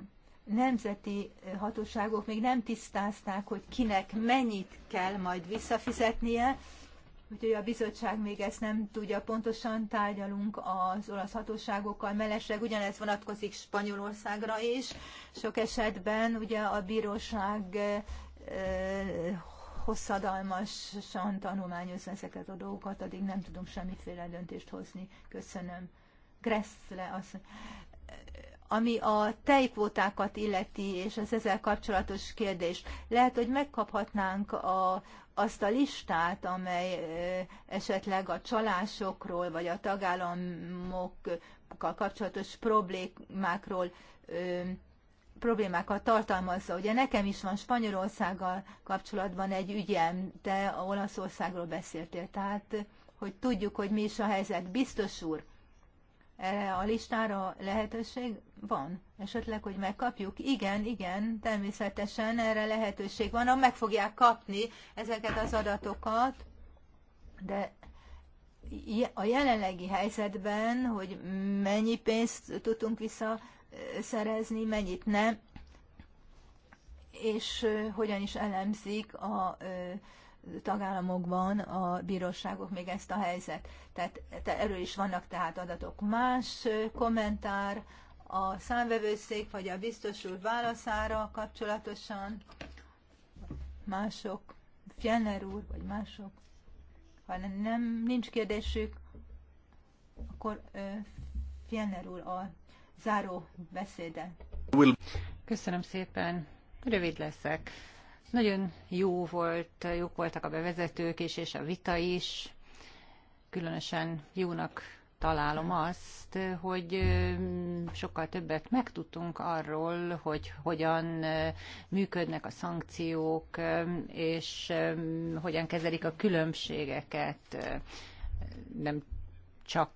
Speaker 1: nemzeti eh, hatóságok még nem tisztázták, hogy kinek mennyit kell majd visszafizetnie, úgyhogy a bizottság még ezt nem tudja pontosan, tárgyalunk az olasz hatóságokkal, mellesleg ugyanez vonatkozik Spanyolországra is, sok esetben ugye a bíróság eh, eh, hosszadalmasan tanulmányozza ezeket a dolgokat, addig nem tudunk semmiféle döntést hozni. Köszönöm. Gressle azt ami a tejkvótákat illeti, és az ezzel kapcsolatos kérdés lehet, hogy megkaphatnánk a, azt a listát, amely esetleg a csalásokról, vagy a tagállamokkal kapcsolatos problémákról problémákat tartalmazza. Ugye nekem is van Spanyolországgal kapcsolatban egy ügyem, te Olaszországról beszéltél, tehát hogy tudjuk, hogy mi is a helyzet. Biztos úr, erre a listára lehetőség van. Esetleg, hogy megkapjuk? Igen, igen, természetesen erre lehetőség van. Meg fogják kapni ezeket az adatokat, de a jelenlegi helyzetben, hogy mennyi pénzt tudtunk visszaszerezni, mennyit nem, és hogyan is elemzik a tagállamokban a bíróságok még ezt a helyzet. Tehát erről is vannak tehát adatok. Más kommentár a számvevőszék vagy a biztos úr válaszára kapcsolatosan, mások, Fjellner úr vagy mások, ha nem, nem nincs kérdésük, akkor ö, Fjellner úr a záró beszéde.
Speaker 3: Köszönöm szépen, rövid leszek. Nagyon jó volt, jók voltak a bevezetők is, és a vita is. Különösen jónak találom azt, hogy sokkal többet megtudtunk arról, hogy hogyan működnek a szankciók, és hogyan kezelik a különbségeket. Nem csak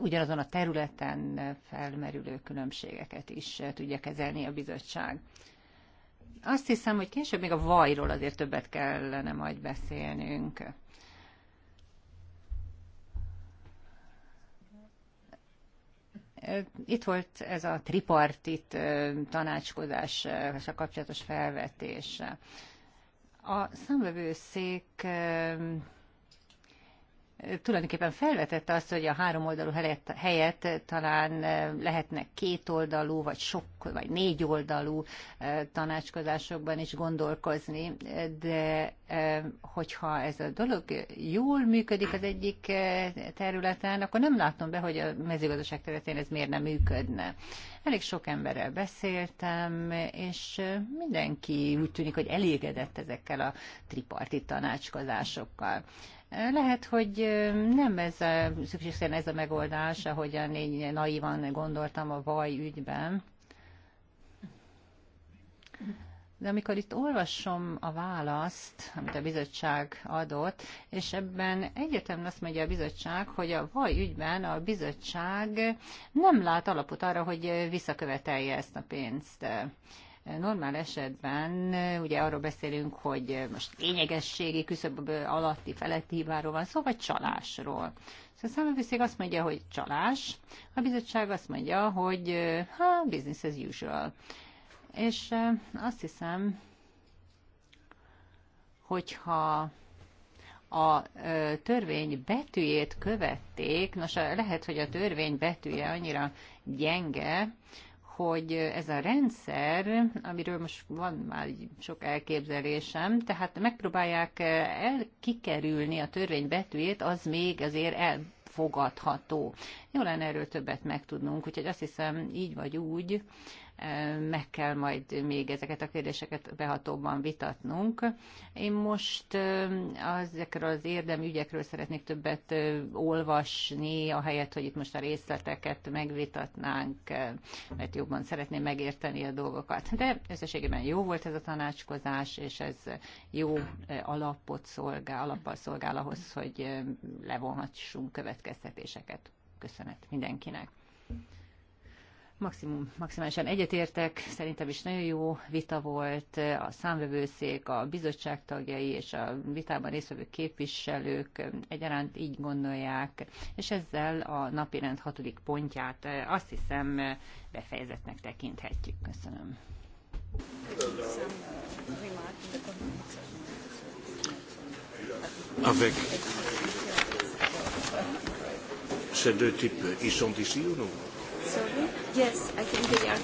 Speaker 3: ugyanazon a területen felmerülő különbségeket is tudja kezelni a bizottság. Azt hiszem, hogy később még a vajról azért többet kellene majd beszélnünk. Itt volt ez a tripartit a kapcsolatos felvetés. A számvevőszék tulajdonképpen felvetette azt, hogy a három oldalú helyett, helyett talán két kétoldalú, vagy sok, vagy négyoldalú tanácskozásokban is gondolkozni, de hogyha ez a dolog jól működik az egyik területen, akkor nem látom be, hogy a mezőgazdaság területén ez miért nem működne. Elég sok emberrel beszéltem, és mindenki úgy tűnik, hogy elégedett ezekkel a tripartit tanácskozásokkal. Lehet, hogy nem ez a, szükségszerűen ez a megoldás, ahogyan én naivan gondoltam a vaj ügyben. De amikor itt olvasom a választ, amit a bizottság adott, és ebben egyetem azt mondja a bizottság, hogy a vaj ügyben a bizottság nem lát alapot arra, hogy visszakövetelje ezt a pénzt. Normál esetben ugye arról beszélünk, hogy most lényegességi küszöb alatti feletti hibáról van szó, vagy csalásról. Szóval a számövőszék azt mondja, hogy csalás, a bizottság azt mondja, hogy ha, business as usual. És azt hiszem, hogyha a törvény betűjét követték, nos lehet, hogy a törvény betűje annyira gyenge, hogy ez a rendszer, amiről most van már sok elképzelésem, tehát megpróbálják eh, elkikerülni a törvény betűjét, az még azért elfogadható. Jó lenne erről többet megtudnunk, úgyhogy azt hiszem így vagy úgy, meg kell majd még ezeket a kérdéseket behatóban vitatnunk. Én most ezekről az érdemügyekről szeretnék többet olvasni, ahelyett, hogy itt most a részleteket megvitatnánk, mert jobban szeretném megérteni a dolgokat. De összességében jó volt ez a tanácskozás, és ez jó alapot szolgál, alappal szolgál ahhoz, hogy levonhassunk következtetéseket. Köszönet mindenkinek! Maximum, maximálisan egyetértek, szerintem is nagyon jó vita volt, a számvevőszék, a bizottság tagjai és a vitában résztvevő képviselők egyaránt így gondolják, és ezzel a napirend hatodik pontját eh, azt hiszem eh, befejezetnek tekinthetjük. Köszönöm. Avec
Speaker 2: ces deux types, ils sont ici ou non
Speaker 1: Sorry? Yes, I can
Speaker 2: hear you.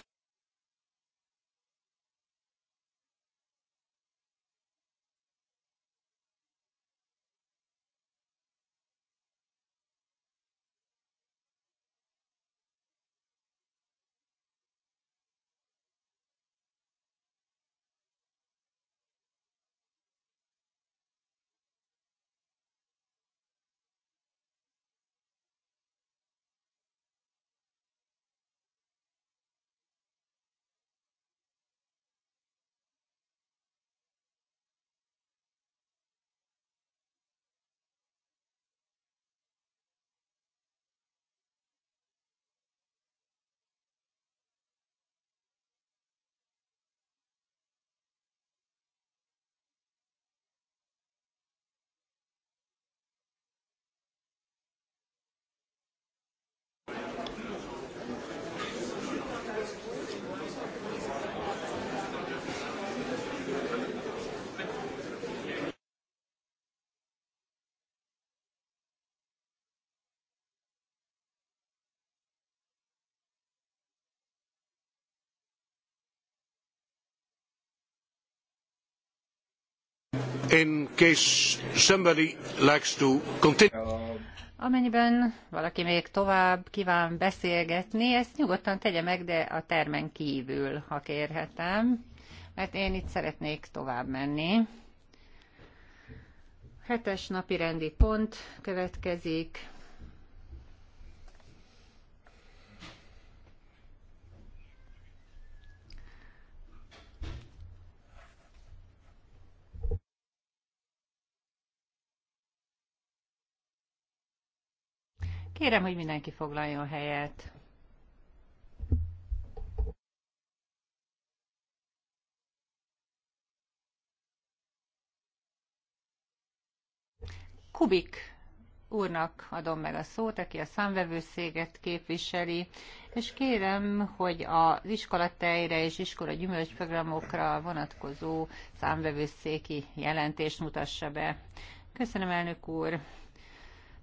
Speaker 2: In case somebody likes to continue.
Speaker 3: Amennyiben valaki még tovább kíván beszélgetni, ezt nyugodtan tegye meg, de a termen kívül, ha kérhetem, mert én itt szeretnék tovább menni. Hetes napi rendi pont következik. Kérem, hogy mindenki foglaljon helyet. Kubik úrnak adom meg a szót, aki a számvevőszéget képviseli, és kérem, hogy az tejre és iskola gyümölcsprogramokra vonatkozó számvevőszéki jelentést mutassa be. Köszönöm, elnök úr!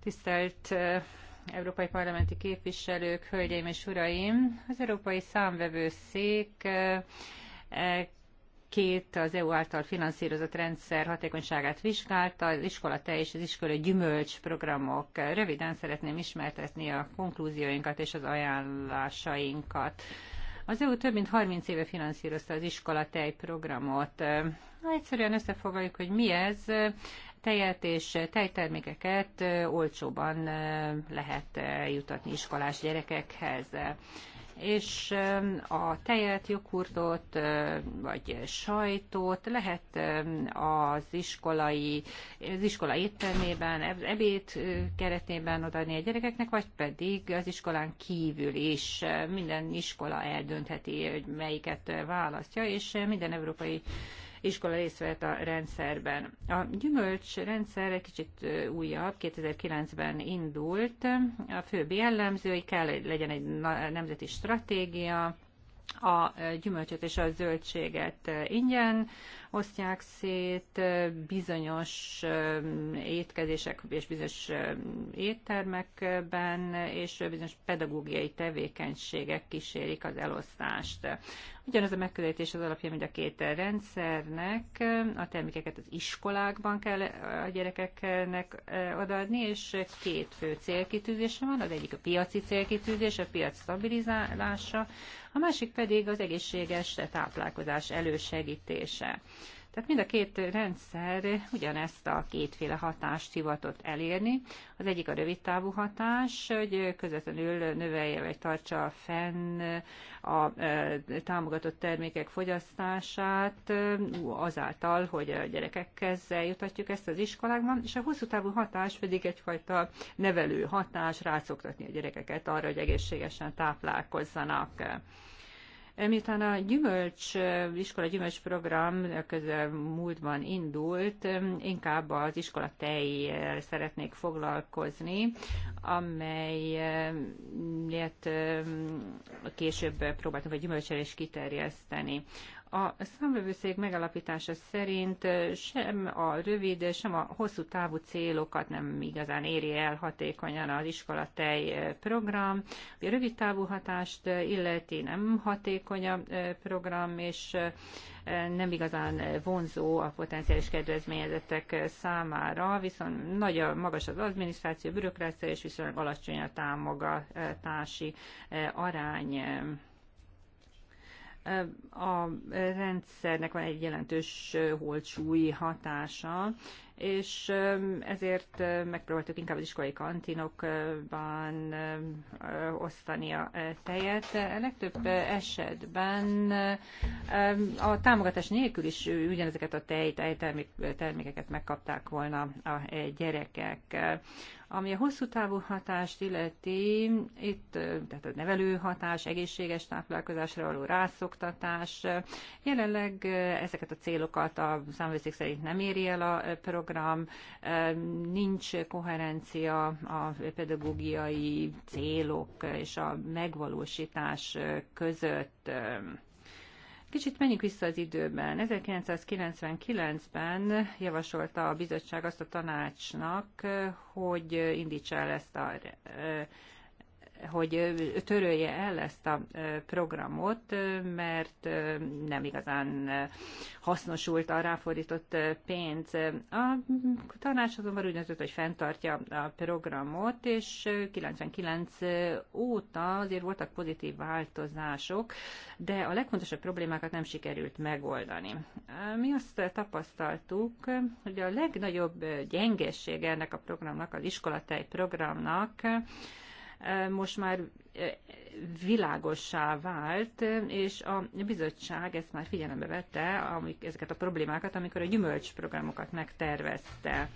Speaker 3: Tisztelt európai parlamenti képviselők, hölgyeim és uraim! Az Európai Számvevőszék eh, eh, két az EU által finanszírozott rendszer hatékonyságát vizsgálta, az iskola tej és az iskola gyümölcs programok. Röviden szeretném ismertetni a konklúzióinkat és az ajánlásainkat. Az EU több mint 30 éve finanszírozta az iskola tej programot. Eh, egyszerűen összefoglaljuk, hogy mi ez tejet és tejtermékeket olcsóban lehet jutatni iskolás gyerekekhez és a tejet, joghurtot vagy sajtot lehet az iskolai, az iskola éttermében, ebéd keretében odaadni a gyerekeknek, vagy pedig az iskolán kívül is. Minden iskola eldöntheti, hogy melyiket választja, és minden európai iskola részt vett a rendszerben. A gyümölcs rendszer egy kicsit újabb, 2009-ben indult. A főbb jellemző, hogy kell legyen egy nemzeti stratégia, a gyümölcsöt és a zöldséget ingyen osztják szét, bizonyos étkezések és bizonyos éttermekben és bizonyos pedagógiai tevékenységek kísérik az elosztást. Ugyanaz a megközelítés az alapja, hogy a két rendszernek a termékeket az iskolákban kell a gyerekeknek odaadni, és két fő célkitűzése van, az egyik a piaci célkitűzés, a piac stabilizálása, a másik pedig az egészséges táplálkozás elősegítése. Tehát mind a két rendszer ugyanezt a kétféle hatást hivatott elérni. Az egyik a rövidtávú hatás, hogy közvetlenül növelje vagy tartsa fenn a e, támogatott termékek fogyasztását e, azáltal, hogy a gyerekekhez jutatjuk ezt az iskolákban, és a hosszú távú hatás pedig egyfajta nevelő hatás, rászoktatni a gyerekeket arra, hogy egészségesen táplálkozzanak. Miután a gyümölcs, iskola gyümölcs program múltban indult, inkább az iskola tejjel szeretnék foglalkozni, amelyet eh, később próbáltunk a gyümölcsel is kiterjeszteni. A számvevőszék megalapítása szerint sem a rövid, sem a hosszú távú célokat nem igazán éri el hatékonyan az iskolatej program. A rövid távú hatást illeti nem hatékony a program, és nem igazán vonzó a potenciális kedvezményezettek számára, viszont nagyon magas az adminisztráció, bürokrácia, és viszonylag alacsony a támogatási arány a rendszernek van egy jelentős holtsúlyi hatása, és ezért megpróbáltuk inkább az iskolai kantinokban osztani a tejet. A legtöbb esetben a támogatás nélkül is ugyanezeket a tej, termékeket megkapták volna a gyerekek. Ami a hosszú távú hatást illeti, itt tehát a nevelő hatás, egészséges táplálkozásra való rászoktatás, jelenleg ezeket a célokat a számvészék szerint nem éri el a program, nincs koherencia a pedagógiai célok és a megvalósítás között Kicsit menjünk vissza az időben. 1999-ben javasolta a bizottság azt a tanácsnak, hogy indítsa el ezt a hogy törölje el ezt a programot, mert nem igazán hasznosult a ráfordított pénz. A tanács azonban úgy döntött, hogy fenntartja a programot, és 99 óta azért voltak pozitív változások, de a legfontosabb problémákat nem sikerült megoldani. Mi azt tapasztaltuk, hogy a legnagyobb gyengesség ennek a programnak, az iskolatej programnak, most már világossá vált, és a bizottság ezt már figyelembe vette, amik, ezeket a problémákat, amikor a gyümölcsprogramokat megtervezte.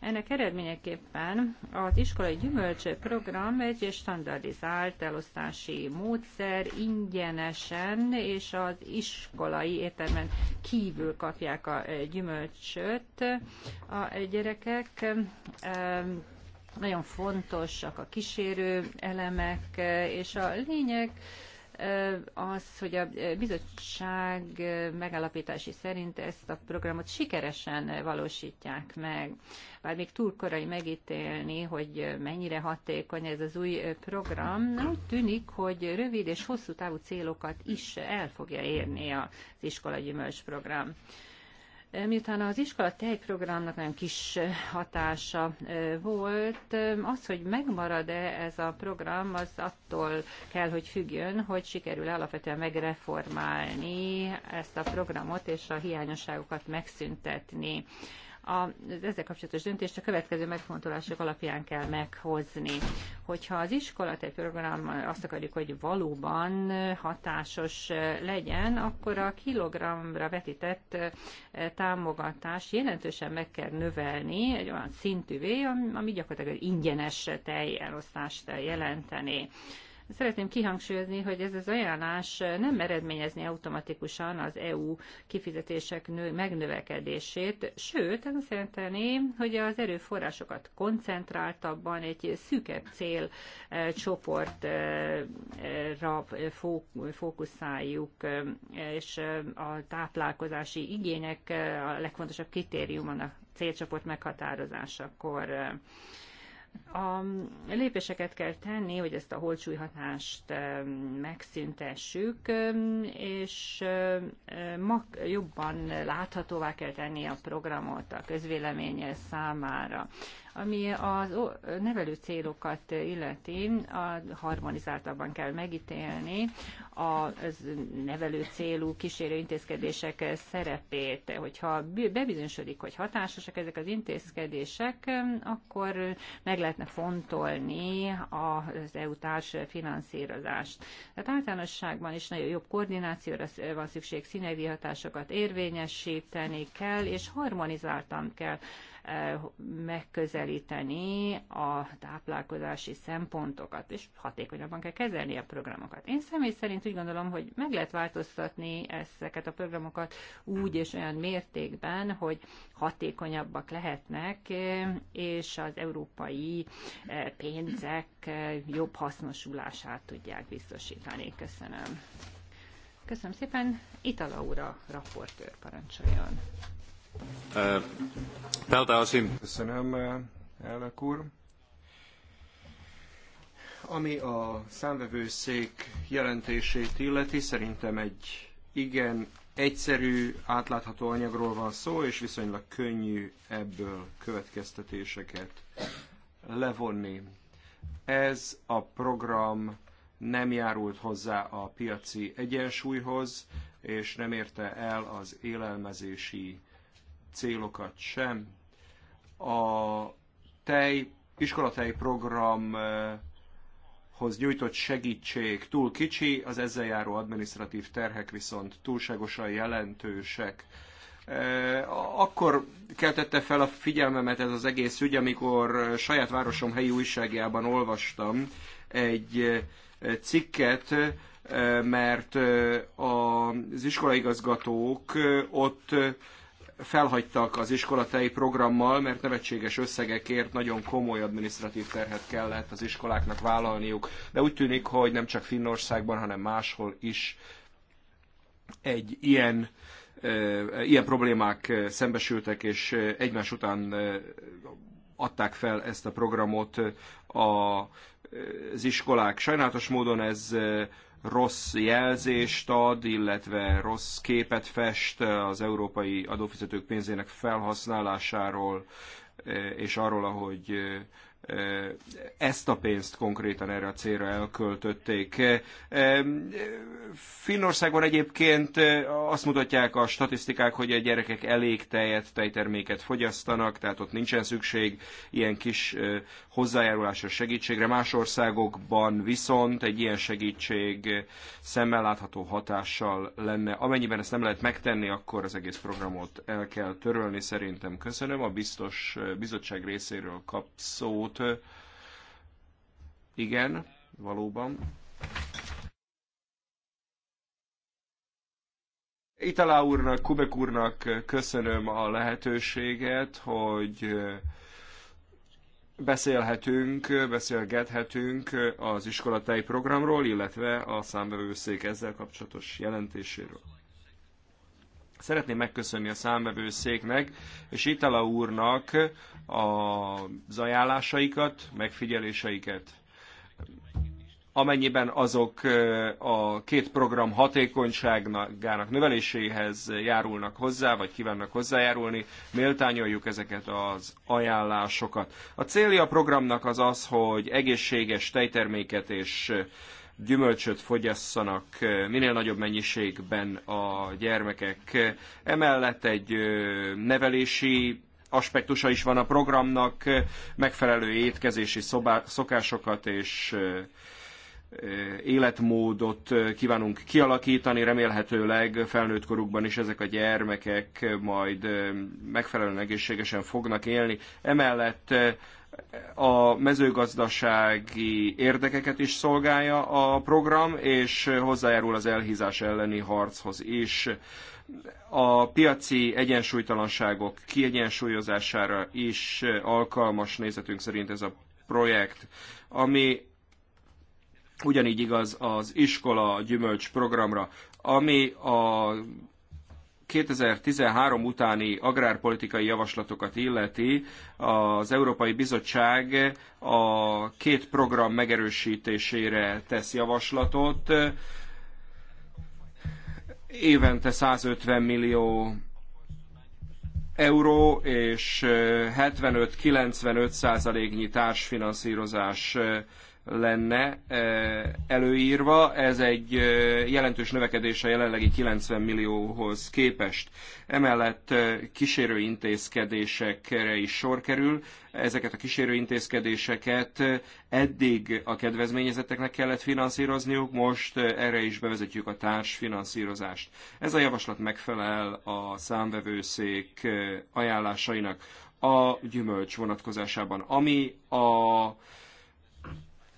Speaker 3: Ennek eredményeképpen az iskolai gyümölcsprogram egy standardizált elosztási módszer ingyenesen, és az iskolai éttermen kívül kapják a gyümölcsöt a gyerekek nagyon fontosak a kísérő elemek, és a lényeg az, hogy a bizottság megállapítási szerint ezt a programot sikeresen valósítják meg. Bár még túl korai megítélni, hogy mennyire hatékony ez az új program, úgy tűnik, hogy rövid és hosszú távú célokat is el fogja érni az iskola gyümölcs program. Miután az iskola tejprogramnak nagyon kis hatása volt, az, hogy megmarad-e ez a program, az attól kell, hogy függjön, hogy sikerül alapvetően megreformálni ezt a programot és a hiányosságokat megszüntetni az ezzel kapcsolatos döntést a következő megfontolások alapján kell meghozni. Hogyha az iskola, egy program azt akarjuk, hogy valóban hatásos legyen, akkor a kilogramra vetített eh, támogatás jelentősen meg kell növelni egy olyan szintűvé, ami gyakorlatilag ingyenes tejelosztást jelenteni. Szeretném kihangsúlyozni, hogy ez az ajánlás nem eredményezni automatikusan az EU kifizetések nő, megnövekedését, sőt, ez azt jelenteni, hogy az erőforrásokat koncentráltabban egy szűkebb cél e, csoportra e, e, fókuszáljuk, és a táplálkozási igények a legfontosabb kritérium a célcsoport meghatározásakor a lépéseket kell tenni, hogy ezt a holcsújhatást megszüntessük, és jobban láthatóvá kell tenni a programot a közvélemény számára. Ami a nevelő célokat illeti, a harmonizáltabban kell megítélni a nevelő célú kísérő intézkedések szerepét. Hogyha bebizonyosodik, hogy hatásosak ezek az intézkedések, akkor meg lehetne fontolni az EU társ finanszírozást. Tehát általánosságban is nagyon jobb koordinációra van szükség, hatásokat érvényesíteni kell, és harmonizáltan kell Eh, megközelíteni a táplálkozási szempontokat, és hatékonyabban kell kezelni a programokat. Én személy szerint úgy gondolom, hogy meg lehet változtatni ezeket a programokat úgy és olyan mértékben, hogy hatékonyabbak lehetnek, eh, és az európai eh, pénzek jobb hasznosulását tudják biztosítani. Köszönöm. Köszönöm szépen. Itala úr a raportőr parancsoljon.
Speaker 2: Uh, Köszönöm, elnök úr. Ami a számvevőszék jelentését illeti, szerintem egy igen egyszerű, átlátható anyagról van szó, és viszonylag könnyű ebből következtetéseket levonni. Ez a program nem járult hozzá a piaci egyensúlyhoz, és nem érte el az élelmezési célokat sem. A tej, iskolatej programhoz eh, nyújtott segítség túl kicsi, az ezzel járó administratív terhek viszont túlságosan jelentősek. Eh, akkor keltette fel a figyelmemet ez az egész ügy, amikor eh, saját városom helyi újságjában olvastam egy cikket, mert az iskolaigazgatók ott felhagytak az iskolatei programmal, mert nevetséges összegekért nagyon komoly adminisztratív terhet kellett az iskoláknak vállalniuk. De úgy tűnik, hogy nem csak Finnországban, hanem máshol is egy ilyen ilyen problémák szembesültek, és egymás után adták fel ezt a programot a, az iskolák. Sajnálatos módon ez rossz jelzést ad, illetve rossz képet fest az európai adófizetők pénzének felhasználásáról, eh, és arról, ahogy eh, ezt a pénzt konkrétan erre a célra elköltötték. Eh, Finnországban egyébként azt mutatják a statisztikák, hogy a gyerekek elég tejet, tejterméket fogyasztanak, tehát ott nincsen szükség ilyen kis hozzájárulásra, segítségre. Más országokban viszont egy ilyen segítség szemmel látható hatással lenne. Amennyiben ezt nem lehet megtenni, akkor az egész programot el kell törölni, szerintem köszönöm. A biztos bizottság részéről kap szót. Igen, valóban. Itala úrnak, Kubek úrnak köszönöm a lehetőséget, hogy beszélhetünk, beszélgethetünk az iskolatai programról, illetve a számvevőszék ezzel kapcsolatos jelentéséről. Szeretném megköszönni a számvevőszéknek és Itala úrnak az ajánlásaikat, megfigyeléseiket amennyiben azok a két program hatékonyságának növeléséhez járulnak hozzá, vagy kívánnak hozzájárulni, méltányoljuk ezeket az ajánlásokat. A célja a programnak az az, hogy egészséges tejterméket és gyümölcsöt fogyasszanak minél nagyobb mennyiségben a gyermekek. Emellett egy nevelési aspektusa is van a programnak, megfelelő étkezési szobá, szokásokat és Eh, életmódot eh, kívánunk kialakítani, remélhetőleg felnőtt korukban is ezek a gyermekek majd eh, megfelelően egészségesen fognak élni. Emellett a mezőgazdasági érdekeket is szolgálja a program, és hozzájárul az elhízás elleni harchoz is. A piaci egyensúlytalanságok kiegyensúlyozására is alkalmas nézetünk szerint ez a projekt, ami Ugyanígy igaz az iskola gyümölcs programra, ami a 2013 utáni agrárpolitikai javaslatokat illeti, az Európai Bizottság a két program megerősítésére tesz javaslatot. Évente 150 millió euró és 75-95 százaléknyi társfinanszírozás lenne előírva, ez egy jelentős növekedés a jelenlegi 90 millióhoz képest. Emellett kísérő intézkedésekre is sor kerül, ezeket a kísérő intézkedéseket eddig a kedvezményezetteknek kellett finanszírozniuk, most erre is bevezetjük a társfinanszírozást. Ez a javaslat megfelel a számvevőszék ajánlásainak a gyümölcs vonatkozásában, ami a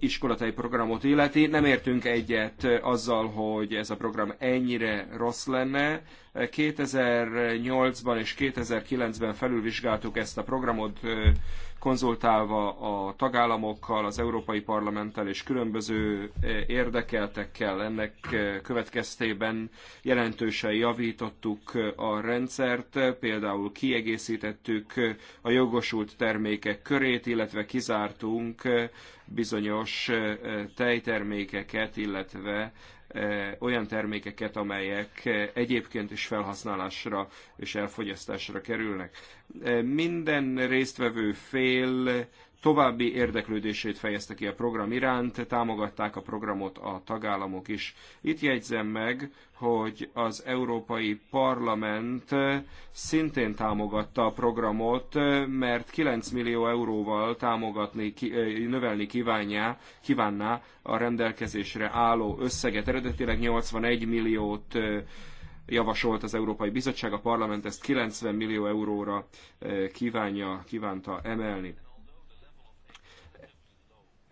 Speaker 2: iskolatai programot illeti. Nem értünk egyet azzal, hogy ez a program ennyire rossz lenne. 2008-ban és 2009-ben felülvizsgáltuk ezt a programot, konzultálva a tagállamokkal, az Európai Parlamenttel és különböző érdekeltekkel. Ennek következtében jelentősen javítottuk a rendszert, például kiegészítettük a jogosult termékek körét, illetve kizártunk bizonyos bizonyos tejtermékeket, illetve olyan termékeket, amelyek egyébként is felhasználásra és elfogyasztásra kerülnek. Minden résztvevő fél további érdeklődését fejezte ki a program iránt, támogatták a programot a tagállamok is. Itt jegyzem meg, hogy az Európai Parlament szintén támogatta a programot, mert 9 millió euróval támogatni, növelni kívánja, kívánná a rendelkezésre álló összeget. Eredetileg 81 milliót javasolt az Európai Bizottság, a parlament ezt 90 millió euróra kívánja, kívánta emelni.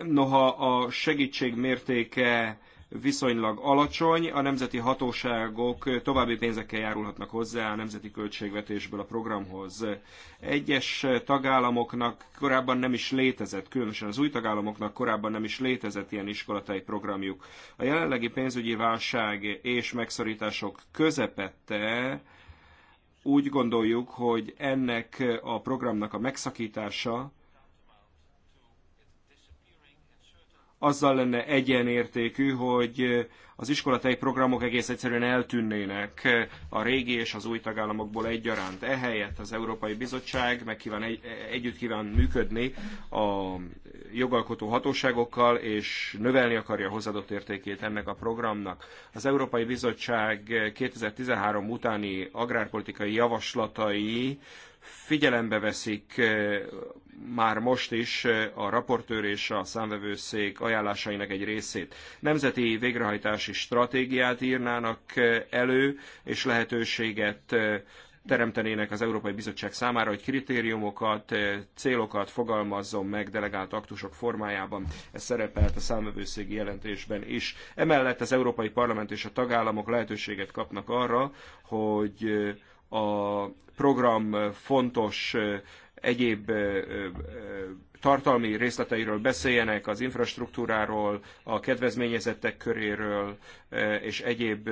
Speaker 2: Noha a segítség mértéke viszonylag alacsony, a nemzeti hatóságok további pénzekkel járulhatnak hozzá a nemzeti költségvetésből a programhoz. Egyes tagállamoknak korábban nem is létezett, különösen az új tagállamoknak korábban nem is létezett ilyen iskolatai programjuk. A jelenlegi pénzügyi válság és megszorítások közepette úgy gondoljuk, hogy ennek a programnak a megszakítása azzal lenne egyenértékű, hogy az iskolatei programok egész egyszerűen eltűnnének a régi és az új tagállamokból egyaránt. Ehelyett az Európai Bizottság meg kíván egy, együtt kíván működni a jogalkotó hatóságokkal, és növelni akarja a hozzáadott értékét ennek a programnak. Az Európai Bizottság 2013 utáni agrárpolitikai javaslatai figyelembe veszik már most is a raportőr és a számvevőszék ajánlásainak egy részét. Nemzeti végrehajtási stratégiát írnának elő, és lehetőséget teremtenének az Európai Bizottság számára, hogy kritériumokat, célokat fogalmazzon meg delegált aktusok formájában. Ez szerepelt a számövőszégi jelentésben is. Emellett az Európai Parlament és a tagállamok lehetőséget kapnak arra, hogy a program fontos egyéb tartalmi részleteiről beszéljenek, az infrastruktúráról, a kedvezményezettek köréről és egyéb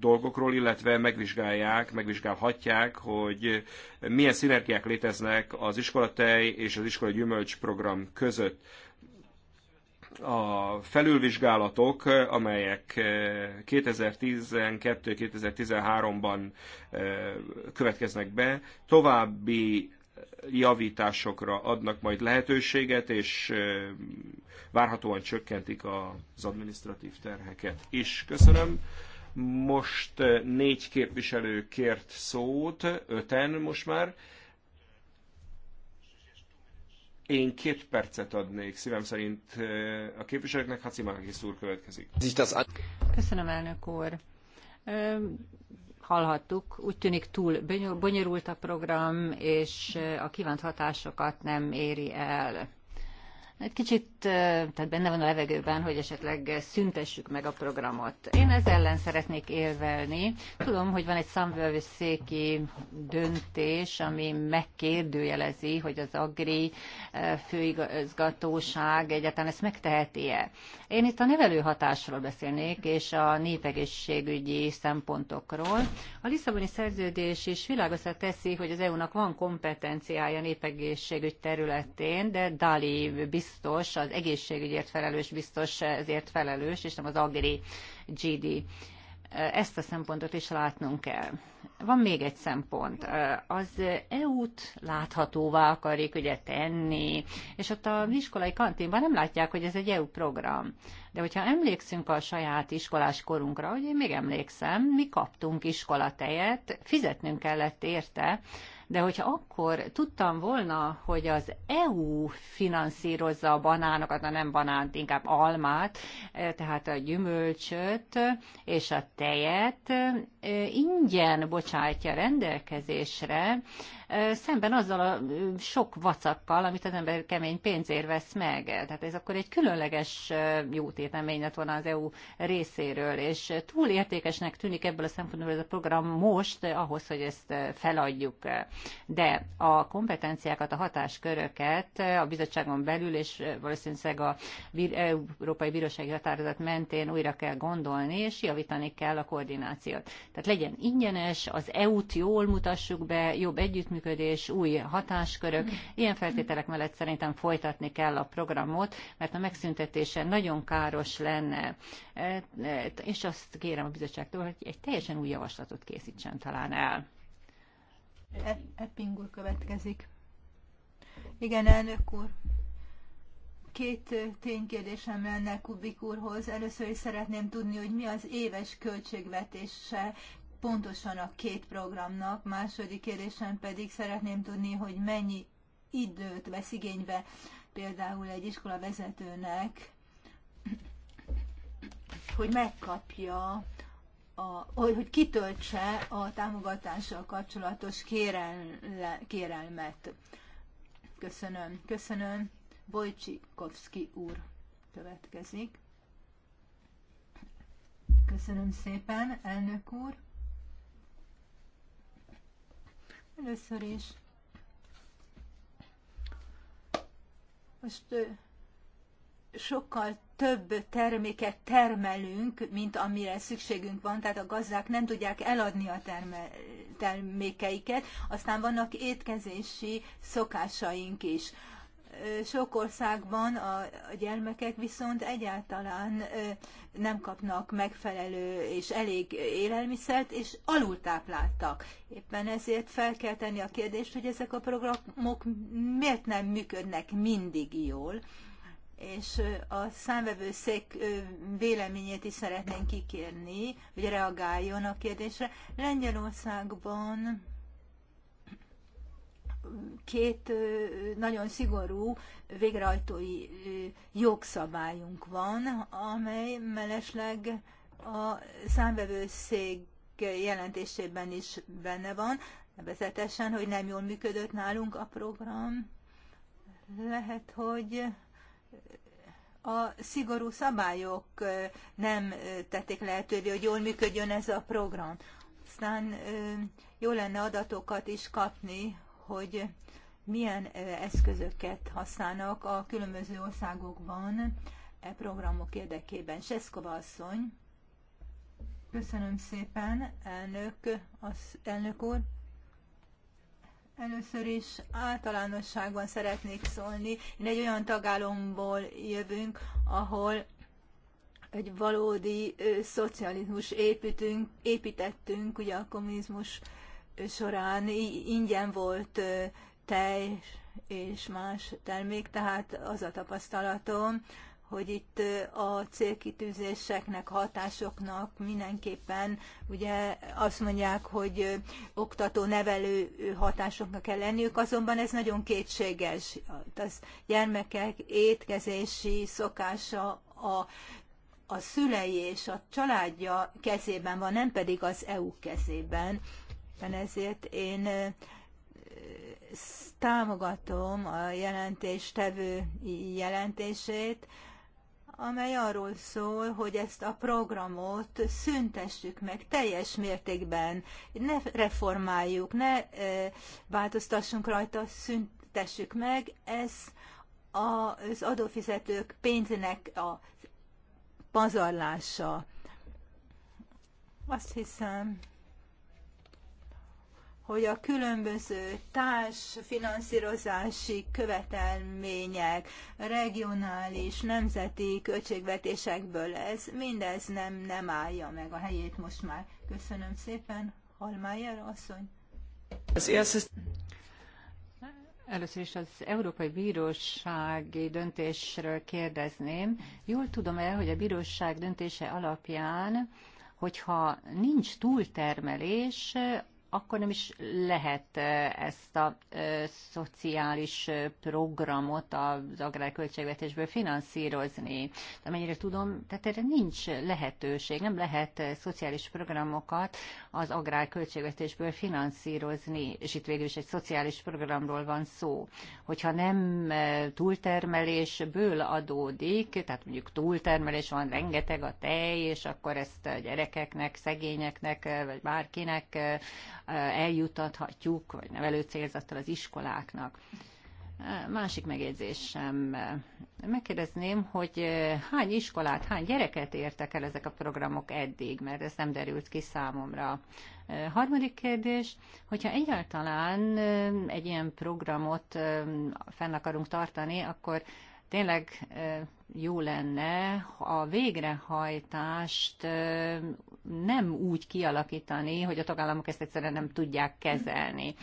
Speaker 2: dolgokról, illetve megvizsgálják, megvizsgálhatják, hogy milyen szinergiák léteznek az iskolatej és az iskola gyümölcs program között a felülvizsgálatok, amelyek 2012-2013-ban eh, eh, következnek be, további javításokra adnak majd lehetőséget, és eh, várhatóan csökkentik az administratív terheket is. Köszönöm. Most négy képviselő kért szót, öten most már. Én két percet adnék szívem szerint a képviselőknek, Haci Cimákis úr következik.
Speaker 3: Köszönöm, elnök úr. Hallhattuk, úgy tűnik túl bonyolult a program, és a kívánt hatásokat nem éri el. Egy kicsit tehát benne van a levegőben, hogy esetleg szüntessük meg a programot. Én ez ellen szeretnék érvelni. Tudom, hogy van egy számvevőszéki döntés, ami megkérdőjelezi, hogy az agri főigazgatóság egyáltalán ezt megteheti-e. Én itt a nevelő hatásról beszélnék, és a népegészségügyi szempontokról. A Lisszaboni szerződés is világosra teszi, hogy az EU-nak van kompetenciája népegészségügy területén, de Dali biztos, biztos, az egészségügyért felelős biztos ezért felelős, és nem az agri GD. Ezt a szempontot is látnunk kell. Van még egy szempont. Az EU-t láthatóvá akarjuk ugye tenni, és ott a iskolai kantinban nem látják, hogy ez egy EU program. De hogyha emlékszünk a saját iskolás korunkra, hogy én még emlékszem, mi kaptunk iskolatejet, fizetnünk kellett érte, de hogyha akkor tudtam volna, hogy az EU finanszírozza a banánokat, na nem banánt, inkább almát, eh, tehát a gyümölcsöt és a tejet, ingyen bocsátja rendelkezésre, szemben azzal a sok vacakkal, amit az ember kemény pénzért vesz meg. Tehát ez akkor egy különleges jótétemény lett volna az EU részéről, és túl értékesnek tűnik ebből a szempontból ez a program most ahhoz, hogy ezt feladjuk. De a kompetenciákat, a hatásköröket a bizottságon belül, és valószínűleg a Európai Bírósági Határozat mentén újra kell gondolni, és javítani kell a koordinációt. Tehát legyen ingyenes, az EU-t jól mutassuk be, jobb együttműködés, új hatáskörök. Ilyen feltételek mellett szerintem folytatni kell a programot, mert a megszüntetése nagyon káros lenne. E, e, és azt kérem a bizottságtól, hogy egy teljesen új javaslatot készítsen talán el.
Speaker 1: Epping úr következik. Igen, elnök úr. Két ténykérdésem lenne Kubik úrhoz. Először is szeretném tudni, hogy mi az éves költségvetése pontosan a két programnak. Második kérdésem pedig szeretném tudni, hogy mennyi időt vesz igénybe például egy iskola vezetőnek, hogy megkapja, a, hogy kitöltse a támogatással kapcsolatos kérel, kérelmet. Köszönöm. Köszönöm. Bojcsikovszki úr következik. Köszönöm szépen, elnök úr. Először is most sokkal több terméket termelünk, mint amire szükségünk van, tehát a gazdák nem tudják eladni a terme- termékeiket, aztán vannak étkezési szokásaink is. Sok országban a gyermekek viszont egyáltalán nem kapnak megfelelő és elég élelmiszert, és alultápláltak. Éppen ezért fel kell tenni a kérdést, hogy ezek a programok miért nem működnek mindig jól, és a számvevőszék véleményét is szeretnénk kikérni, hogy reagáljon a kérdésre. Lengyelországban két nagyon szigorú végrehajtói jogszabályunk van, amely mellesleg a számvevőszék jelentésében is benne van, nevezetesen, hogy nem jól működött nálunk a program. Lehet, hogy a szigorú szabályok nem tették lehetővé, hogy jól működjön ez a program. Aztán jó lenne adatokat is kapni, hogy milyen eszközöket használnak a különböző országokban e programok érdekében. Seszkova asszony. Köszönöm szépen, elnök, az, elnök úr. Először is általánosságban szeretnék szólni. Én egy olyan tagállomból jövünk, ahol egy valódi ö, szocializmus építünk, építettünk ugye a kommunizmus során ingyen volt tej és más termék, tehát az a tapasztalatom, hogy itt a célkitűzéseknek, hatásoknak mindenképpen ugye azt mondják, hogy oktató-nevelő hatásoknak kell lenniük, azonban ez nagyon kétséges. Az gyermekek étkezési szokása a, a szülei és a családja kezében van, nem pedig az EU kezében. Éppen ezért én támogatom a jelentéstevő jelentését, amely arról szól, hogy ezt a programot szüntessük meg teljes mértékben, ne reformáljuk, ne változtassunk rajta, szüntessük meg, ez az adófizetők pénzének a pazarlása. Azt hiszem, hogy a különböző társ finanszírozási követelmények, regionális, nemzeti költségvetésekből ez mindez nem, nem állja meg a helyét most már. Köszönöm szépen, Halmájer asszony.
Speaker 2: Az
Speaker 3: Először is az Európai Bírósági döntésről kérdezném. Jól tudom-e, hogy a bíróság döntése alapján hogyha nincs túltermelés, akkor nem is lehet ezt a szociális programot az agrárköltségvetésből finanszírozni. De amennyire tudom, tehát erre nincs lehetőség, nem lehet szociális programokat az agrárköltségvetésből finanszírozni, és itt végül is egy szociális programról van szó. Hogyha nem túltermelésből adódik, tehát mondjuk túltermelés van, rengeteg a tej, és akkor ezt gyerekeknek, szegényeknek, vagy bárkinek eljutathatjuk, vagy nevelő célzattal az iskoláknak. Másik megjegyzésem. Megkérdezném, hogy hány iskolát, hány gyereket értek el ezek a programok eddig, mert ez nem derült ki számomra. Harmadik kérdés, hogyha egyáltalán egy ilyen programot fenn akarunk tartani, akkor tényleg jó lenne a végrehajtást nem úgy kialakítani, hogy a tagállamok ezt egyszerűen nem tudják kezelni.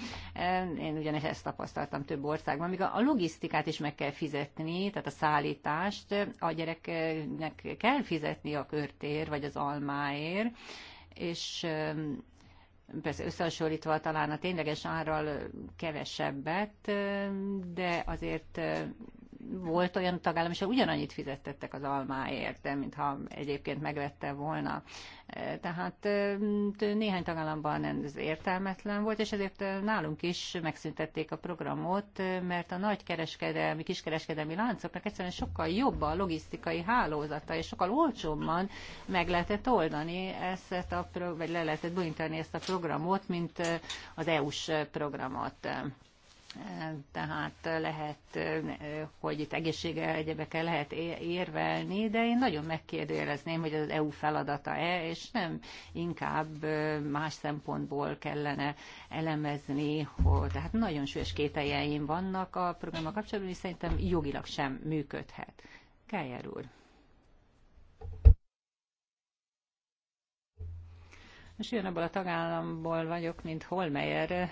Speaker 3: Én ugyanis ezt tapasztaltam több országban, míg a logisztikát is meg kell fizetni, tehát a szállítást a gyereknek kell fizetni a körtér vagy az almáért, és persze összehasonlítva talán a tényleges árral kevesebbet, de azért volt olyan tagállam, és ugyanannyit fizettettek az almáért, mintha egyébként megvette volna. E, tehát e, néhány tagállamban ez értelmetlen volt, és ezért e, nálunk is megszüntették a programot, mert a nagy kereskedelmi, kiskereskedelmi láncoknak egyszerűen sokkal jobb a logisztikai hálózata, és sokkal olcsóbban meg lehetett oldani ezt a, vagy le lehetett bonyítani ezt a programot, mint az EU-s programot tehát lehet, hogy itt egészsége egyebekkel lehet érvelni, de én nagyon megkérdőjelezném, hogy az EU feladata-e, és nem inkább más szempontból kellene elemezni, hogy, tehát nagyon súlyos kételjeim vannak a programmal kapcsolatban, és szerintem jogilag sem működhet. Kájer úr. Most jön abból a tagállamból vagyok, mint Holmeyer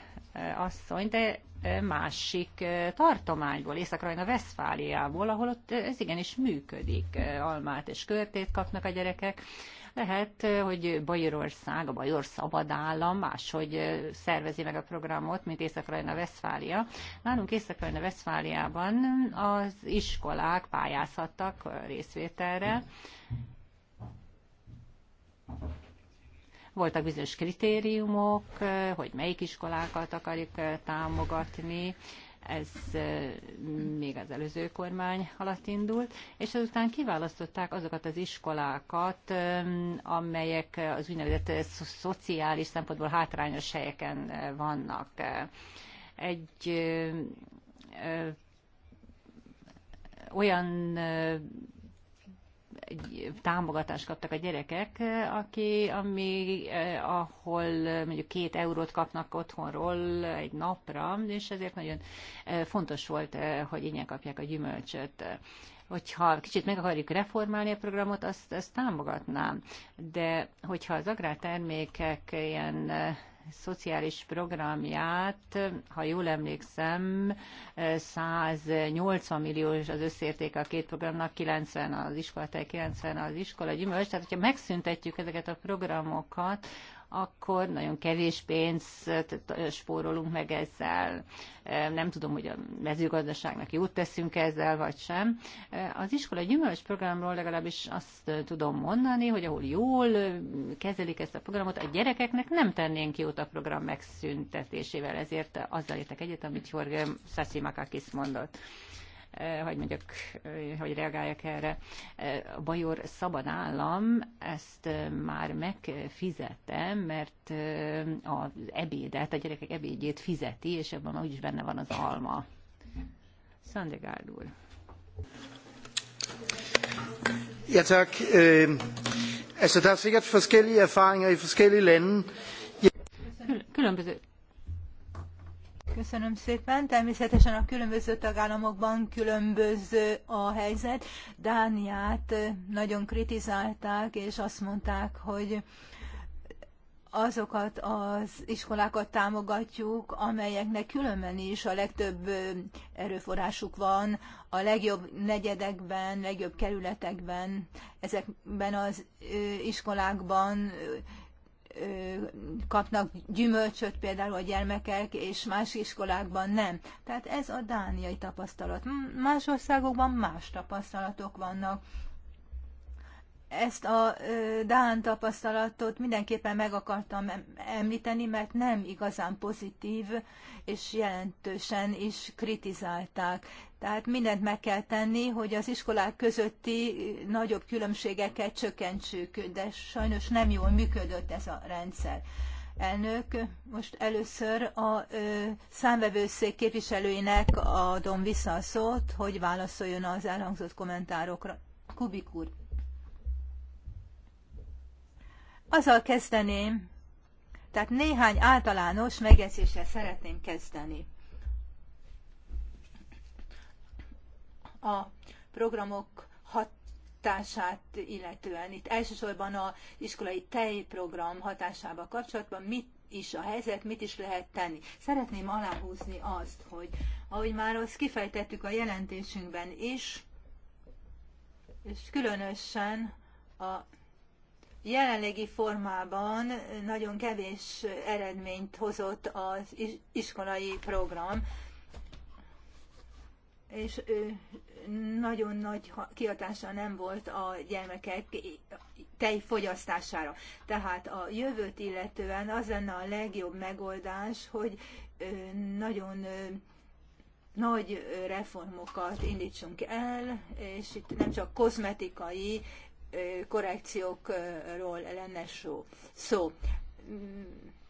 Speaker 3: asszony, de másik tartományból, Észak-Rajna Veszfáliából, ahol ott ez igenis működik. Almát és körtét kapnak a gyerekek. Lehet, hogy Bajorország, a Bajor szabad állam máshogy szervezi meg a programot, mint Észak-Rajna Veszfália. Nálunk Észak-Rajna Veszfáliában az iskolák pályázhattak részvételre, voltak bizonyos kritériumok, eh, hogy melyik iskolákat akarjuk eh, támogatni, ez eh, még az előző kormány alatt indult, és azután kiválasztották azokat az iskolákat, amelyek az úgynevezett szociális szempontból hátrányos helyeken vannak. Egy olyan támogatást kaptak a gyerekek, aki, ami, eh, ahol eh, mondjuk két eurót kapnak otthonról egy napra, és ezért nagyon eh, fontos volt, eh, hogy ingyen kapják a gyümölcsöt hogyha kicsit meg akarjuk reformálni a programot, azt, azt támogatnám. De hogyha az agrártermékek ilyen szociális programját, ha jól emlékszem, 180 milliós az összértéke a két programnak, 90 az iskola, 90 az iskola gyümölcs, tehát hogyha megszüntetjük ezeket a programokat, akkor nagyon kevés pénzt spórolunk meg ezzel. Nem tudom, hogy a mezőgazdaságnak jót teszünk -e ezzel, vagy sem. Az iskola gyümölcs programról legalábbis azt tudom mondani, hogy ahol jól kezelik ezt a programot, a gyerekeknek nem tennénk jót a program megszüntetésével, ezért azzal értek egyet, amit Jorge Sassi Makakis mondott. Eh, hogy mondjak, eh, hogy reagáljak erre. Eh, a Bajor szabad állam, ezt már megfizettem, mert az ebédet, a gyerekek ebédjét fizeti, és ebben már úgyis benne van az alma. Szandegárd úr.
Speaker 2: Ja, tak. Øh, altså, der er sikkert forskellige erfaringer i forskellige lande.
Speaker 3: Különböző
Speaker 1: Köszönöm szépen. Természetesen a különböző tagállamokban különböző a helyzet. Dániát eh, nagyon kritizálták, és azt mondták, hogy azokat az iskolákat támogatjuk, amelyeknek különben is a legtöbb eh, erőforrásuk van, a legjobb negyedekben, legjobb kerületekben, ezekben az eh, iskolákban kapnak gyümölcsöt például a gyermekek, és más iskolákban nem. Tehát ez a dániai tapasztalat. Más országokban más tapasztalatok vannak ezt a Dán tapasztalatot mindenképpen meg akartam említeni, mert nem igazán pozitív, és jelentősen is kritizálták. Tehát mindent meg kell tenni, hogy az iskolák közötti nagyobb különbségeket csökkentsük, de sajnos nem jól működött ez a rendszer. Elnök, most először a ö, számvevőszék képviselőinek adom vissza a szót, hogy válaszoljon az elhangzott kommentárokra. Kubik úr. Azzal kezdeném, tehát néhány általános megjegyzéssel szeretném kezdeni. A programok hatását illetően, itt elsősorban a iskolai tejprogram hatásába kapcsolatban mit is a helyzet, mit is lehet tenni. Szeretném aláhúzni azt, hogy ahogy már azt kifejtettük a jelentésünkben is, és különösen a jelenlegi formában nagyon kevés eredményt hozott az iskolai program, és nagyon nagy kiadása nem volt a gyermekek tejfogyasztására. Tehát a jövőt illetően az lenne a legjobb megoldás, hogy nagyon nagy reformokat indítsunk el, és itt nem csak kozmetikai korrekciókról lenne szó. szó.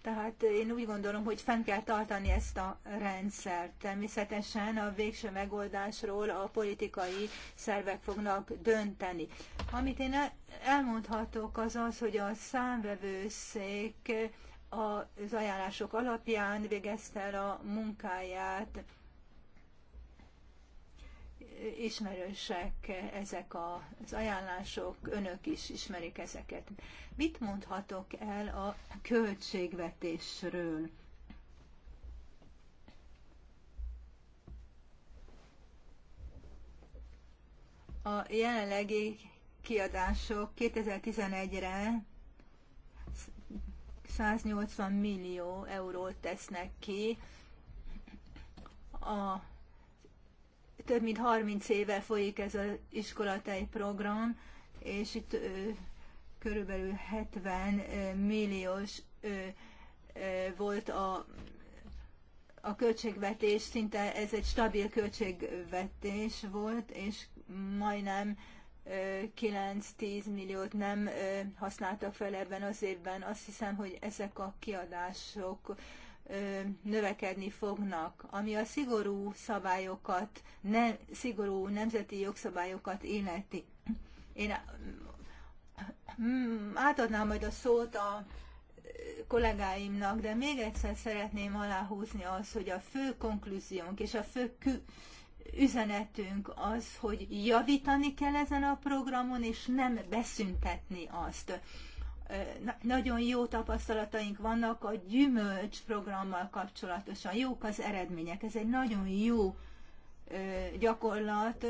Speaker 1: Tehát én úgy gondolom, hogy fenn kell tartani ezt a rendszert. Természetesen a végső megoldásról a politikai szervek fognak dönteni. Amit én elmondhatok az az, hogy a számvevőszék az ajánlások alapján végezte el a munkáját, ismerősek ezek az ajánlások, önök is ismerik ezeket. Mit mondhatok el a költségvetésről? A jelenlegi kiadások 2011-re 180 millió eurót tesznek ki. A több mint 30 éve folyik ez az iskolatei program, és itt ö, körülbelül 70 milliós ö, ö, volt a, a költségvetés, szinte ez egy stabil költségvetés volt, és majdnem 9-10 milliót nem használtak fel ebben az évben. Azt hiszem, hogy ezek a kiadások növekedni fognak, ami a szigorú szabályokat, ne, szigorú nemzeti jogszabályokat illeti. Én mm, átadnám majd a szót a kollégáimnak, de még egyszer szeretném aláhúzni azt, hogy a fő konklúziónk és a fő üzenetünk az, hogy javítani kell ezen a programon, és nem beszüntetni azt nagyon jó tapasztalataink vannak a gyümölcs programmal kapcsolatosan. Jók az eredmények, ez egy nagyon jó gyakorlat,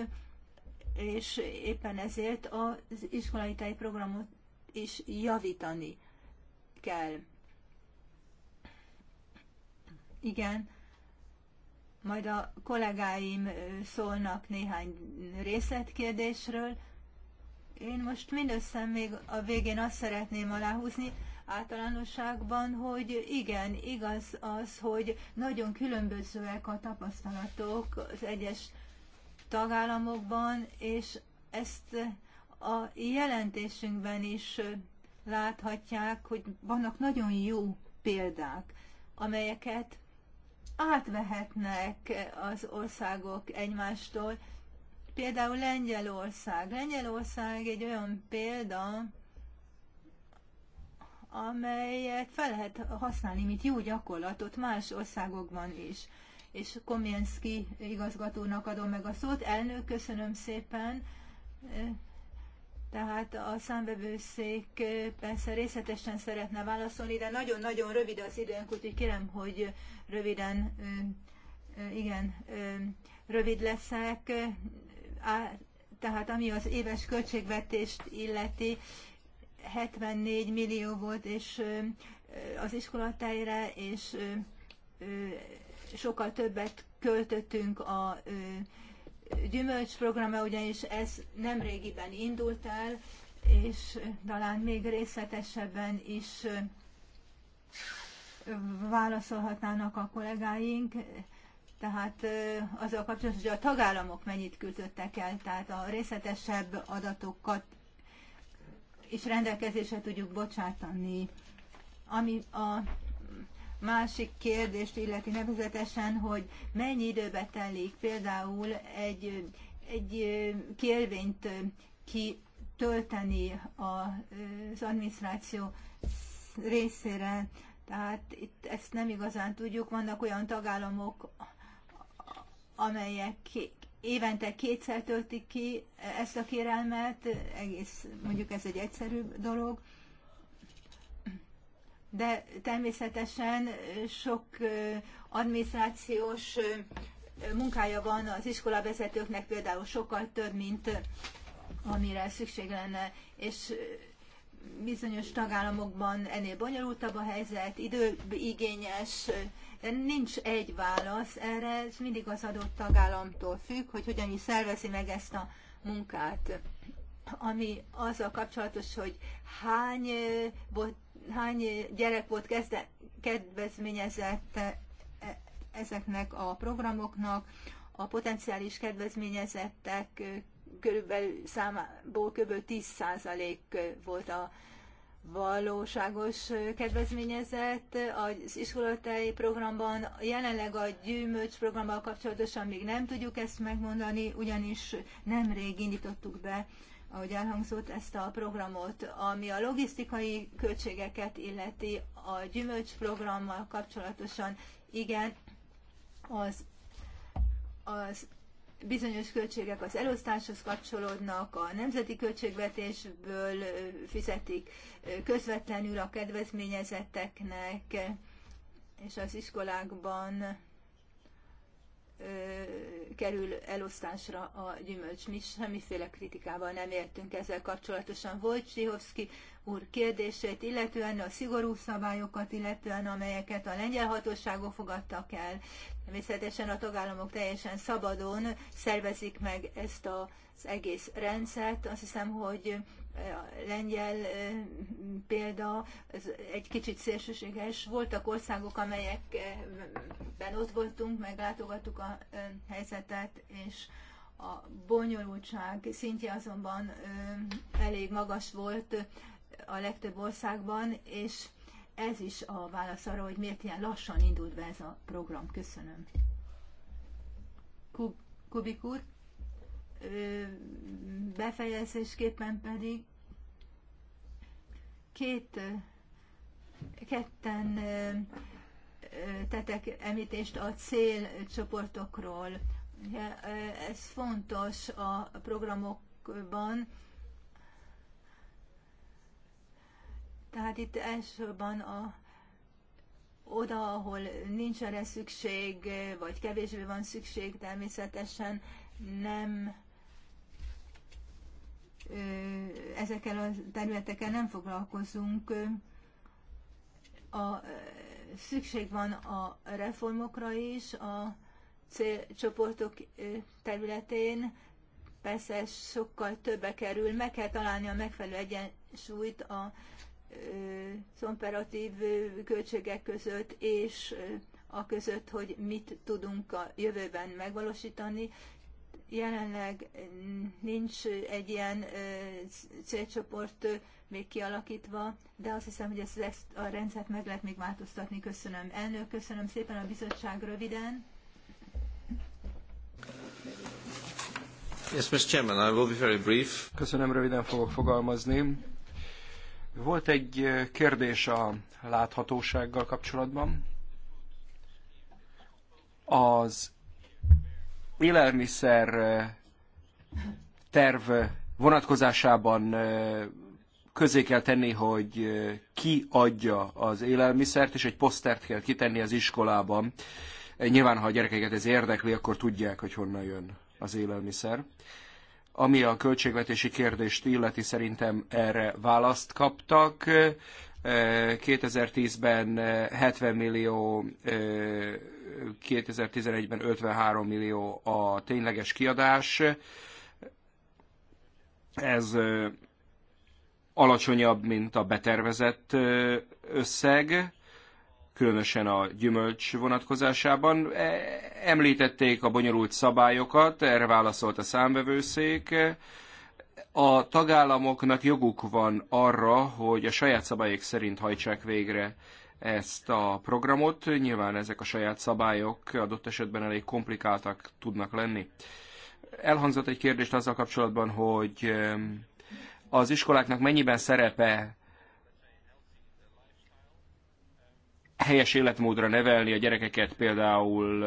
Speaker 1: és éppen ezért az iskolai programot is javítani kell. Igen, majd a kollégáim szólnak néhány részletkérdésről, én most mindössze még a végén azt szeretném aláhúzni, általánosságban, hogy igen, igaz az, hogy nagyon különbözőek a tapasztalatok az egyes tagállamokban, és ezt a jelentésünkben is láthatják, hogy vannak nagyon jó példák, amelyeket átvehetnek az országok egymástól, Például Lengyelország. Lengyelország egy olyan példa, amelyet fel lehet használni, mint jó gyakorlatot más országokban is. És Komjenszki igazgatónak adom meg a szót. Elnök, köszönöm szépen. Tehát a számvevőszék persze részletesen szeretne válaszolni, de nagyon-nagyon rövid az időnk, úgyhogy kérem, hogy röviden, igen, rövid leszek á, tehát ami az éves költségvetést illeti, 74 millió volt, és az iskolatájra, és sokkal többet költöttünk a gyümölcsprogramra, ugyanis ez nem régiben indult el, és talán még részletesebben is válaszolhatnának a kollégáink tehát azzal kapcsolatban, hogy a tagállamok mennyit küldöttek el, tehát a részletesebb adatokat is rendelkezésre tudjuk bocsátani. Ami a másik kérdést illeti nevezetesen, hogy mennyi időbe telik például egy, egy kérvényt kitölteni az adminisztráció részére. Tehát itt ezt nem igazán tudjuk. Vannak olyan tagállamok, amelyek évente kétszer töltik ki ezt a kérelmet, egész, mondjuk ez egy egyszerűbb dolog, de természetesen sok adminisztrációs munkája van az iskolavezetőknek, például sokkal több, mint amire szükség lenne, és bizonyos tagállamokban ennél bonyolultabb a helyzet, időigényes Nincs egy válasz erre, ez mindig az adott tagállamtól függ, hogy hogyan is szervezi meg ezt a munkát. Ami az a kapcsolatos, hogy hány, hány gyerek volt kezde, kedvezményezett e, e, ezeknek a programoknak, a potenciális kedvezményezettek körülbelül számából kb. 10% volt a valóságos kedvezményezett. Az iskolatei programban, jelenleg a gyümölcs programmal kapcsolatosan még nem tudjuk ezt megmondani, ugyanis nemrég indítottuk be, ahogy elhangzott, ezt a programot, ami a logisztikai költségeket illeti a gyümölcs programmal kapcsolatosan. Igen, az, az bizonyos költségek az elosztáshoz kapcsolódnak, a nemzeti költségvetésből fizetik közvetlenül a kedvezményezetteknek, és az iskolákban kerül elosztásra a gyümölcs. Mi semmiféle kritikával nem értünk ezzel kapcsolatosan. Csihovszki, úr kérdését, illetően a szigorú szabályokat, illetően amelyeket a lengyel hatóságok fogadtak el. Természetesen a tagállamok teljesen szabadon szervezik meg ezt az egész rendszert. Azt hiszem, hogy a lengyel példa ez egy kicsit szélsőséges. Voltak országok, amelyekben ott voltunk, meglátogattuk a helyzetet, és a bonyolultság szintje azonban elég magas volt a legtöbb országban, és ez is a válasz arra, hogy miért ilyen lassan indult be ez a program. Köszönöm. Kub, Kubik úr, befejezésképpen pedig két ketten tetek említést a célcsoportokról. Ez fontos a programokban, Tehát itt elsősorban a, oda, ahol nincs erre szükség, vagy kevésbé van szükség, természetesen nem ezekkel a területekkel nem foglalkozunk. A, szükség van a reformokra is a célcsoportok területén. Persze sokkal többe kerül, meg kell találni a megfelelő egyensúlyt a szomperatív költségek között és a között, hogy mit tudunk a jövőben megvalósítani. Jelenleg nincs egy ilyen célcsoport még kialakítva, de azt hiszem, hogy ezt, ezt a rendszert meg lehet még változtatni. Köszönöm. Elnök, köszönöm szépen a bizottság röviden.
Speaker 2: Yes, Mr. Chairman, I will be very brief. Köszönöm, röviden fogok fogalmazni volt egy kérdés a láthatósággal kapcsolatban. Az élelmiszer terv vonatkozásában közé kell tenni, hogy ki adja az élelmiszert, és egy posztert kell kitenni az iskolában. Nyilván, ha a gyerekeket ez érdekli, akkor tudják, hogy honnan jön az élelmiszer. Ami a költségvetési kérdést illeti, szerintem erre választ kaptak. 2010-ben 70 millió, 2011-ben 53 millió a tényleges kiadás. Ez alacsonyabb, mint a betervezett összeg különösen a gyümölcs vonatkozásában. E, említették a bonyolult szabályokat, erre válaszolt a számvevőszék. A tagállamoknak joguk van arra, hogy a saját szabályok szerint hajtsák végre ezt a programot. Nyilván ezek a saját szabályok adott esetben elég komplikáltak tudnak lenni. Elhangzott egy kérdést azzal kapcsolatban, hogy az iskoláknak mennyiben szerepe helyes életmódra nevelni a gyerekeket például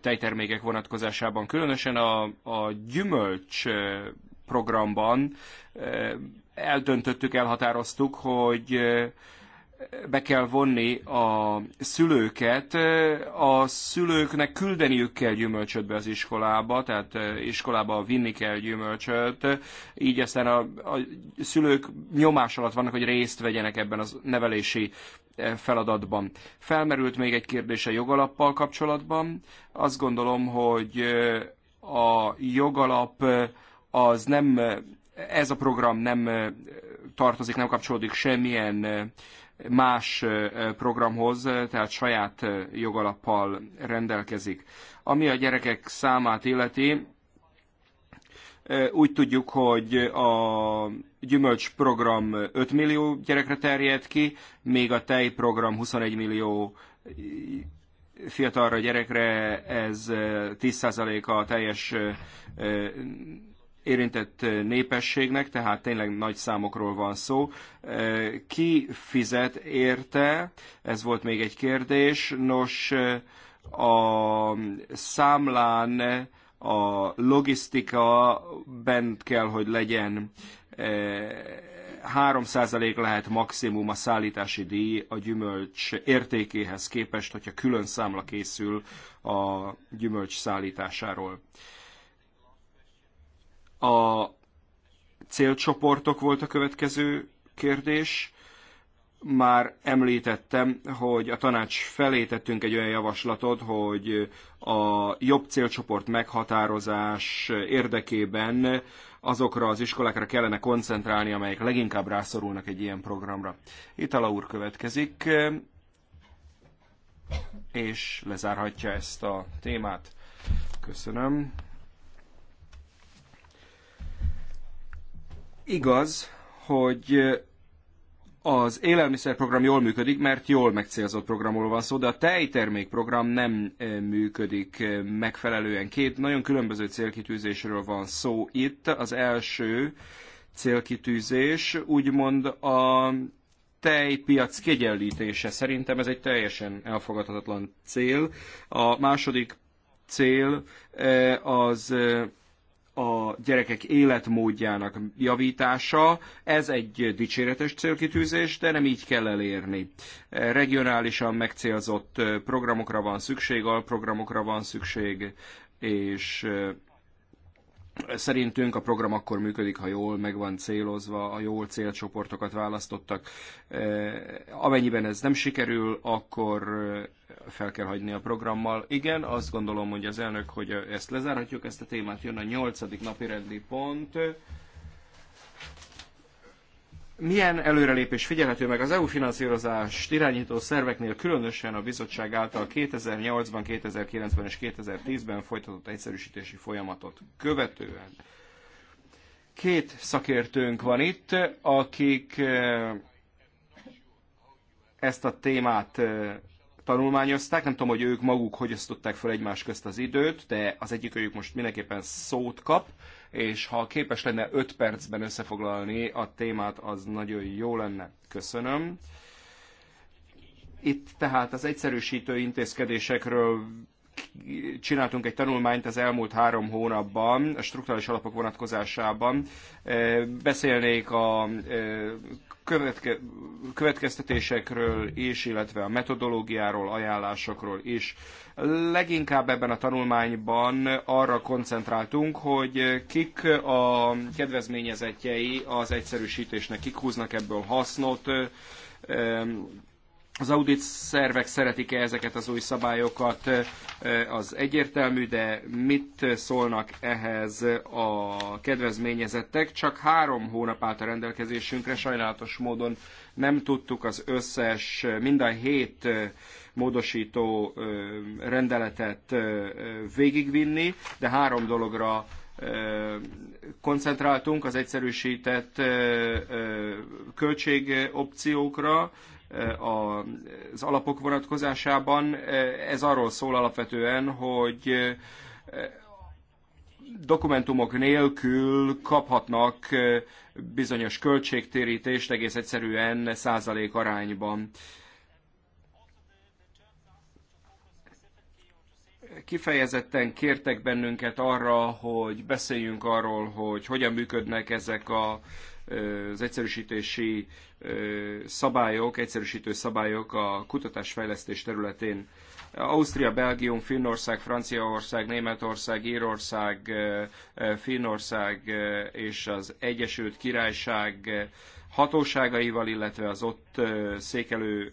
Speaker 2: tejtermékek vonatkozásában, különösen a, a gyümölcs programban eltöntöttük, elhatároztuk, hogy be kell vonni a szülőket, a szülőknek küldeniük kell gyümölcsöt be az iskolába, tehát iskolába vinni kell gyümölcsöt, így aztán a, a szülők nyomás alatt vannak, hogy részt vegyenek ebben a nevelési feladatban. Felmerült még egy kérdés a jogalappal kapcsolatban. Azt gondolom, hogy a jogalap az nem, ez a program nem tartozik, nem kapcsolódik semmilyen más programhoz, tehát saját jogalappal rendelkezik. Ami a gyerekek számát illeti, úgy tudjuk, hogy a gyümölcs program 5 millió gyerekre terjed ki, még a tej program 21 millió fiatalra gyerekre, ez 10% a teljes érintett népességnek, tehát tényleg nagy számokról van szó. Ki fizet érte? Ez volt még egy kérdés. Nos, a számlán a logisztika bent kell, hogy legyen. 3% lehet maximum a szállítási díj a gyümölcs értékéhez képest, hogyha külön számla készül a gyümölcs szállításáról. A célcsoportok volt a következő kérdés. Már említettem, hogy a tanács felé tettünk egy olyan javaslatot, hogy a jobb célcsoport meghatározás érdekében azokra az iskolákra kellene koncentrálni, amelyek leginkább rászorulnak egy ilyen programra. Itala úr következik, és lezárhatja ezt a témát. Köszönöm. Igaz, hogy az élelmiszerprogram jól működik, mert jól megcélzott programról van szó, de a tejtermékprogram nem működik megfelelően. Két nagyon különböző célkitűzésről van szó itt. Az első célkitűzés úgymond a tejpiac kiegyenlítése. Szerintem ez egy teljesen elfogadhatatlan cél. A második cél az a gyerekek életmódjának javítása, ez egy dicséretes célkitűzés, de nem így kell elérni. Regionálisan megcélzott programokra van szükség, alprogramokra van szükség, és Szerintünk a program akkor működik, ha jól meg van célozva, a jól célcsoportokat választottak. Eh, amennyiben ez nem sikerül, akkor eh, fel kell hagyni a programmal. Igen, azt gondolom, hogy az elnök, hogy ezt lezárhatjuk, ezt a témát jön a nyolcadik napi rendi pont milyen előrelépés figyelhető meg az EU finanszírozást irányító szerveknél, különösen a bizottság által 2008-ban, 2009-ben és 2010-ben folytatott egyszerűsítési folyamatot követően? Két szakértőnk van itt, akik eh, ezt a témát eh, tanulmányozták, nem tudom, hogy ők maguk hogy osztották fel egymás közt az időt, de az egyikőjük most mindenképpen szót kap, és ha képes lenne 5 percben összefoglalni a témát, az nagyon jó lenne. Köszönöm. Itt tehát az egyszerűsítő intézkedésekről csináltunk egy tanulmányt az elmúlt három hónapban, a struktúrális alapok vonatkozásában. Beszélnék a követke, következtetésekről és, illetve a metodológiáról, ajánlásokról is. Leginkább ebben a tanulmányban arra koncentráltunk, hogy kik a kedvezményezetjei az egyszerűsítésnek, kik húznak ebből hasznot, az audit szervek szeretik-e ezeket az új szabályokat, az egyértelmű, de mit szólnak ehhez a kedvezményezettek? Csak három hónap állt a rendelkezésünkre, sajnálatos módon nem tudtuk az összes, mind a hét módosító rendeletet végigvinni, de három dologra koncentráltunk az egyszerűsített költségopciókra, az alapok vonatkozásában. Ez arról szól alapvetően, hogy e, dokumentumok nélkül kaphatnak e, bizonyos költségtérítést egész egyszerűen százalék arányban. Kifejezetten kértek bennünket arra, hogy beszéljünk arról, hogy hogyan működnek ezek a az egyszerűsítési szabályok, egyszerűsítő szabályok a kutatásfejlesztés területén. Ausztria, Belgium, Finnország, Franciaország, Németország, Írország, Finnország és az Egyesült Királyság hatóságaival, illetve az ott székelő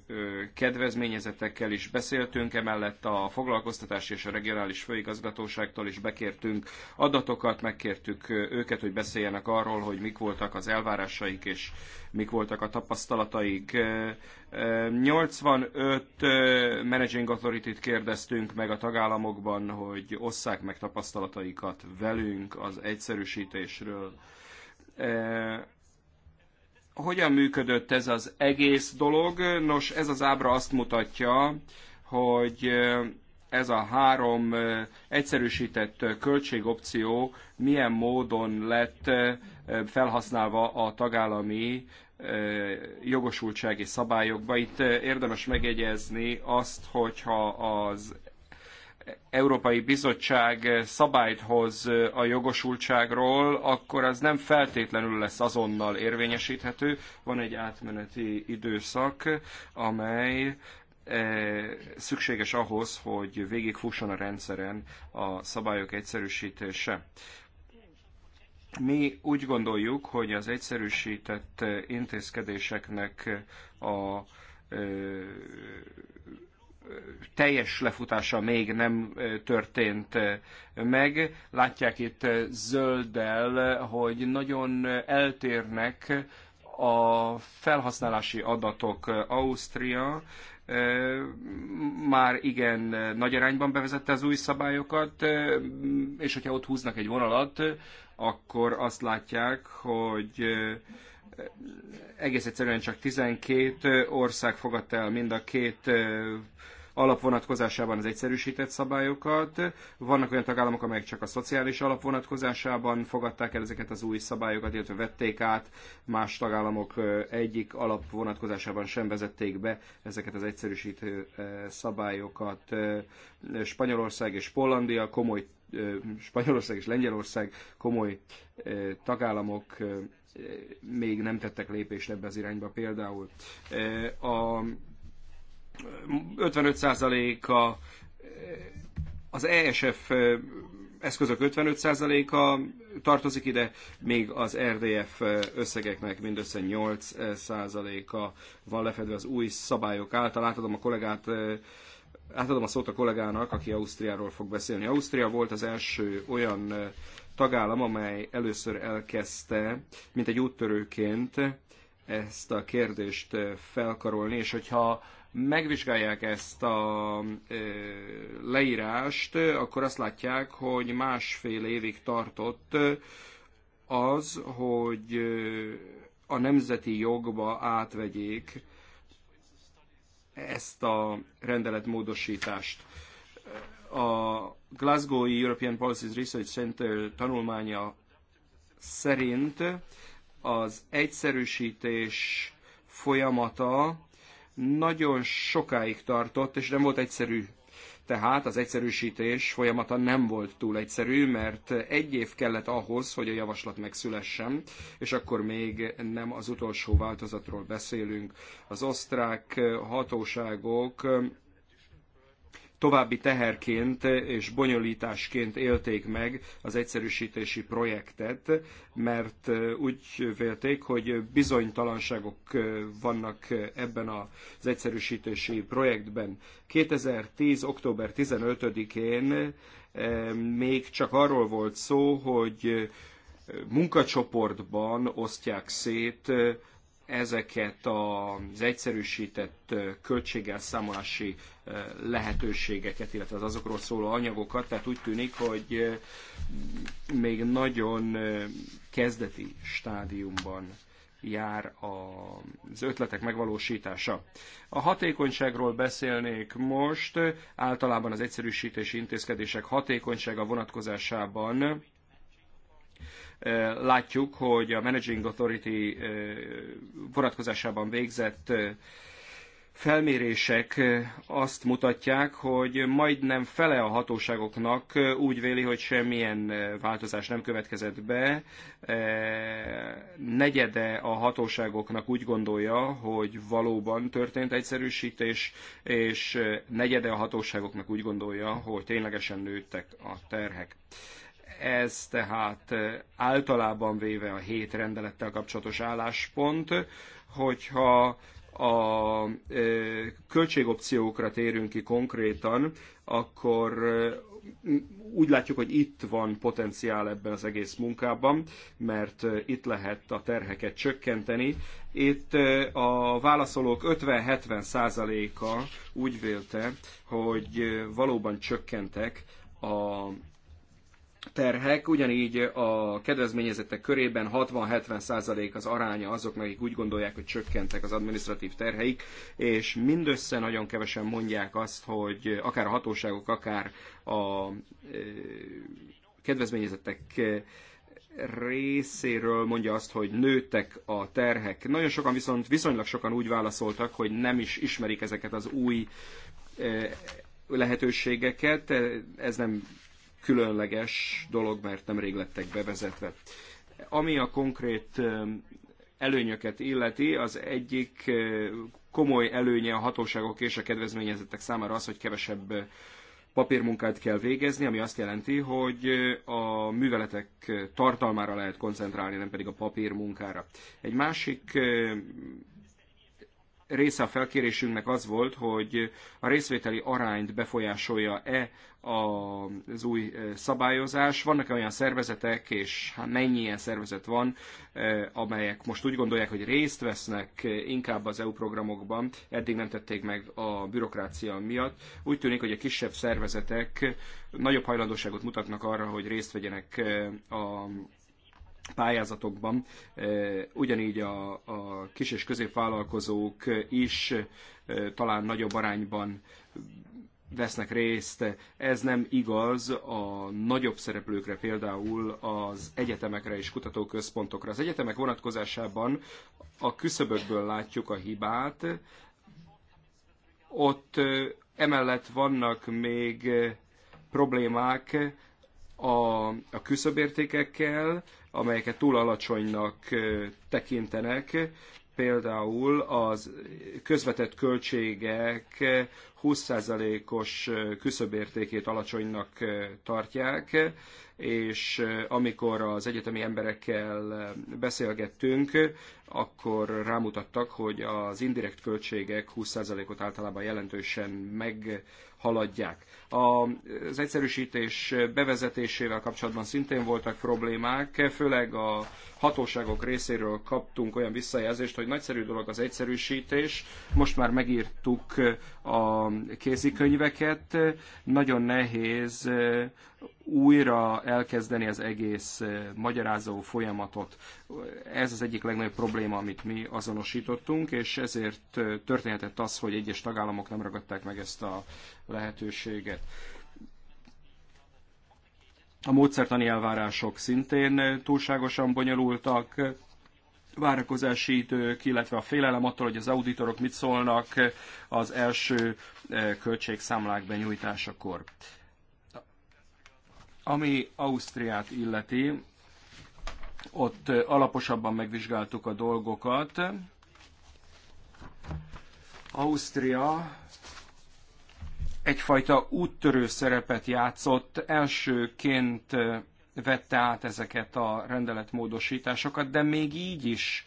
Speaker 2: kedvezményezetekkel is beszéltünk, emellett a foglalkoztatási és a regionális főigazgatóságtól is bekértünk adatokat, megkértük őket, hogy beszéljenek arról, hogy mik voltak az elvárásaik és mik voltak a tapasztalataik. 85 managing authority-t kérdeztünk meg a tagállamokban, hogy osszák meg tapasztalataikat velünk az egyszerűsítésről hogyan működött ez az egész dolog? Nos, ez az ábra azt mutatja, hogy ez a három egyszerűsített költségopció milyen módon lett felhasználva a tagállami jogosultsági szabályokba. Itt érdemes megjegyezni azt, hogyha az Európai Bizottság szabályt hoz a jogosultságról, akkor az nem feltétlenül lesz azonnal érvényesíthető. Van egy átmeneti időszak, amely e, szükséges ahhoz, hogy végigfusson a rendszeren a szabályok egyszerűsítése. Mi úgy gondoljuk, hogy az egyszerűsített intézkedéseknek a e, teljes lefutása még nem történt meg. Látják itt zölddel, hogy nagyon eltérnek a felhasználási adatok Ausztria már igen nagy arányban bevezette az új szabályokat, és hogyha ott húznak egy vonalat, akkor azt látják, hogy egész egyszerűen csak 12 ország fogadta el mind a két alapvonatkozásában az egyszerűsített szabályokat. Vannak olyan tagállamok, amelyek csak a szociális alapvonatkozásában fogadták el ezeket az új szabályokat, illetve vették át, más tagállamok egyik alapvonatkozásában sem vezették be ezeket az egyszerűsítő szabályokat. Spanyolország és Hollandia komoly Spanyolország és Lengyelország komoly tagállamok még nem tettek lépést ebbe az irányba például. Eh, a 55%-a eh, az ESF eh, eszközök 55%-a tartozik ide, még az RDF összegeknek mindössze 8%-a van lefedve az új szabályok által. Átadom a kollégát Átadom a szót a kollégának, aki Ausztriáról fog beszélni. Ausztria volt az első olyan tagállam, amely először elkezdte, mint egy úttörőként ezt a kérdést felkarolni, és hogyha megvizsgálják ezt a leírást, akkor azt látják, hogy másfél évig tartott az, hogy a nemzeti jogba átvegyék ezt a rendeletmódosítást. A Glasgow-i European Policies Research Center tanulmánya szerint az egyszerűsítés folyamata nagyon sokáig tartott, és nem volt egyszerű. Tehát az egyszerűsítés folyamata nem volt túl egyszerű, mert egy év kellett ahhoz, hogy a javaslat megszülessen, és akkor még nem az utolsó változatról beszélünk. Az osztrák hatóságok további teherként és bonyolításként élték meg az egyszerűsítési projektet, mert úgy vélték, hogy bizonytalanságok vannak ebben az egyszerűsítési projektben. 2010. október 15-én még csak arról volt szó, hogy munkacsoportban osztják szét ezeket az egyszerűsített költségelszámolási lehetőségeket, illetve az azokról szóló anyagokat, tehát úgy tűnik, hogy még nagyon kezdeti stádiumban jár az ötletek megvalósítása. A hatékonyságról beszélnék most, általában az egyszerűsítési intézkedések hatékonysága vonatkozásában látjuk, hogy a Managing Authority vonatkozásában végzett felmérések azt mutatják, hogy majdnem fele a hatóságoknak úgy véli, hogy semmilyen változás nem következett be. Negyede a hatóságoknak úgy gondolja, hogy valóban történt egyszerűsítés, és negyede a hatóságoknak úgy gondolja, hogy ténylegesen nőttek a terhek. Ez tehát általában véve a hét rendelettel kapcsolatos álláspont, hogyha a költségopciókra térünk ki konkrétan, akkor úgy látjuk, hogy itt van potenciál ebben az egész munkában, mert itt lehet a terheket csökkenteni. Itt a válaszolók 50-70 százaléka úgy vélte, hogy valóban csökkentek a terhek, ugyanígy a kedvezményezettek körében 60-70% százalék az aránya azoknak, akik úgy gondolják, hogy csökkentek az administratív terheik, és mindössze nagyon kevesen mondják azt, hogy akár a hatóságok, akár a e, kedvezményezettek részéről mondja azt, hogy nőttek a terhek. Nagyon sokan viszont, viszonylag sokan úgy válaszoltak, hogy nem is ismerik ezeket az új e, lehetőségeket. Ez nem különleges dolog, mert nemrég lettek bevezetve. Ami a konkrét előnyöket illeti, az egyik komoly előnye a hatóságok és a kedvezményezettek számára az, hogy kevesebb papírmunkát kell végezni, ami azt jelenti, hogy a műveletek tartalmára lehet koncentrálni, nem pedig a papírmunkára. Egy másik része a felkérésünknek az volt, hogy a részvételi arányt befolyásolja-e az új szabályozás. Vannak -e olyan szervezetek, és hát mennyi ilyen szervezet van, amelyek most úgy gondolják, hogy részt vesznek inkább az EU programokban, eddig nem tették meg a bürokrácia miatt. Úgy tűnik, hogy a kisebb szervezetek nagyobb hajlandóságot mutatnak arra, hogy részt vegyenek a pályázatokban, e, ugyanígy a, a kis és középvállalkozók is e, talán nagyobb arányban vesznek részt. Ez nem igaz a nagyobb szereplőkre, például az egyetemekre és kutatóközpontokra. Az egyetemek vonatkozásában a küszöbökből látjuk a hibát. Ott e, emellett vannak még problémák, a, a küszöbértékekkel, amelyeket túl alacsonynak tekintenek, például az közvetett költségek 20%-os küszöbértékét alacsonynak tartják, és amikor az egyetemi emberekkel beszélgettünk, akkor rámutattak, hogy az indirekt költségek 20%-ot általában jelentősen meghaladják. Az egyszerűsítés bevezetésével kapcsolatban szintén voltak problémák, főleg a hatóságok részéről kaptunk olyan visszajelzést, hogy nagyszerű dolog az egyszerűsítés, most már megírtuk a kézikönyveket, nagyon nehéz újra elkezdeni az egész magyarázó folyamatot. Ez az egyik legnagyobb probléma probléma, amit mi azonosítottunk, és ezért történhetett az, hogy egyes tagállamok nem ragadták meg ezt a lehetőséget. A módszertani elvárások szintén túlságosan bonyolultak, várakozási idők, illetve a félelem attól, hogy az auditorok mit szólnak az első költségszámlák benyújtásakor. Ami Ausztriát illeti, ott alaposabban megvizsgáltuk a dolgokat. Ausztria egyfajta úttörő szerepet játszott, elsőként vette át ezeket a rendeletmódosításokat, de még így is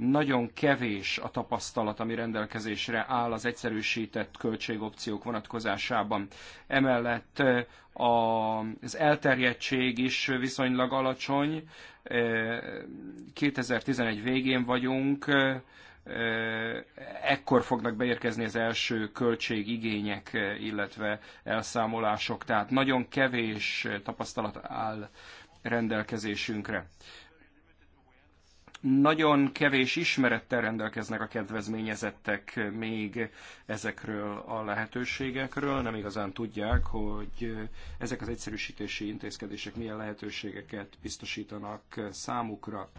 Speaker 2: nagyon kevés a tapasztalat, ami rendelkezésre áll az egyszerűsített költségopciók vonatkozásában. Emellett az elterjedtség is viszonylag alacsony. 2011 végén vagyunk, ekkor fognak beérkezni az első költségigények, illetve elszámolások, tehát nagyon kevés tapasztalat áll rendelkezésünkre nagyon kevés ismerettel rendelkeznek a kedvezményezettek még ezekről a lehetőségekről, nem igazán tudják, hogy ezek az egyszerűsítési intézkedések milyen lehetőségeket biztosítanak számukra.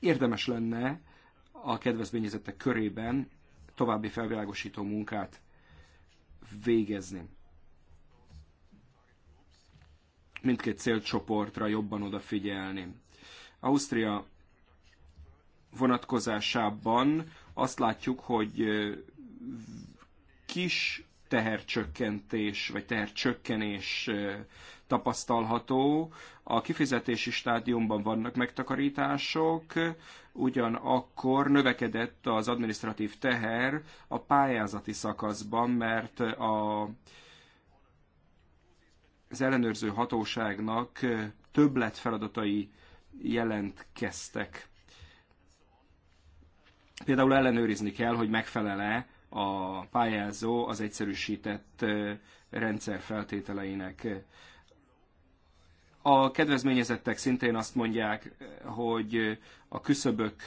Speaker 2: Érdemes lenne a kedvezményezettek körében további felvilágosító munkát végezni mindkét célcsoportra jobban odafigyelni. Ausztria vonatkozásában azt látjuk, hogy kis tehercsökkentés vagy tehercsökkenés tapasztalható. A kifizetési stádiumban vannak megtakarítások, ugyanakkor növekedett az administratív teher a pályázati szakaszban, mert a az ellenőrző hatóságnak többlet feladatai jelentkeztek. Például ellenőrizni kell, hogy megfelele a pályázó az egyszerűsített rendszer feltételeinek. A kedvezményezettek szintén azt mondják, hogy a küszöbök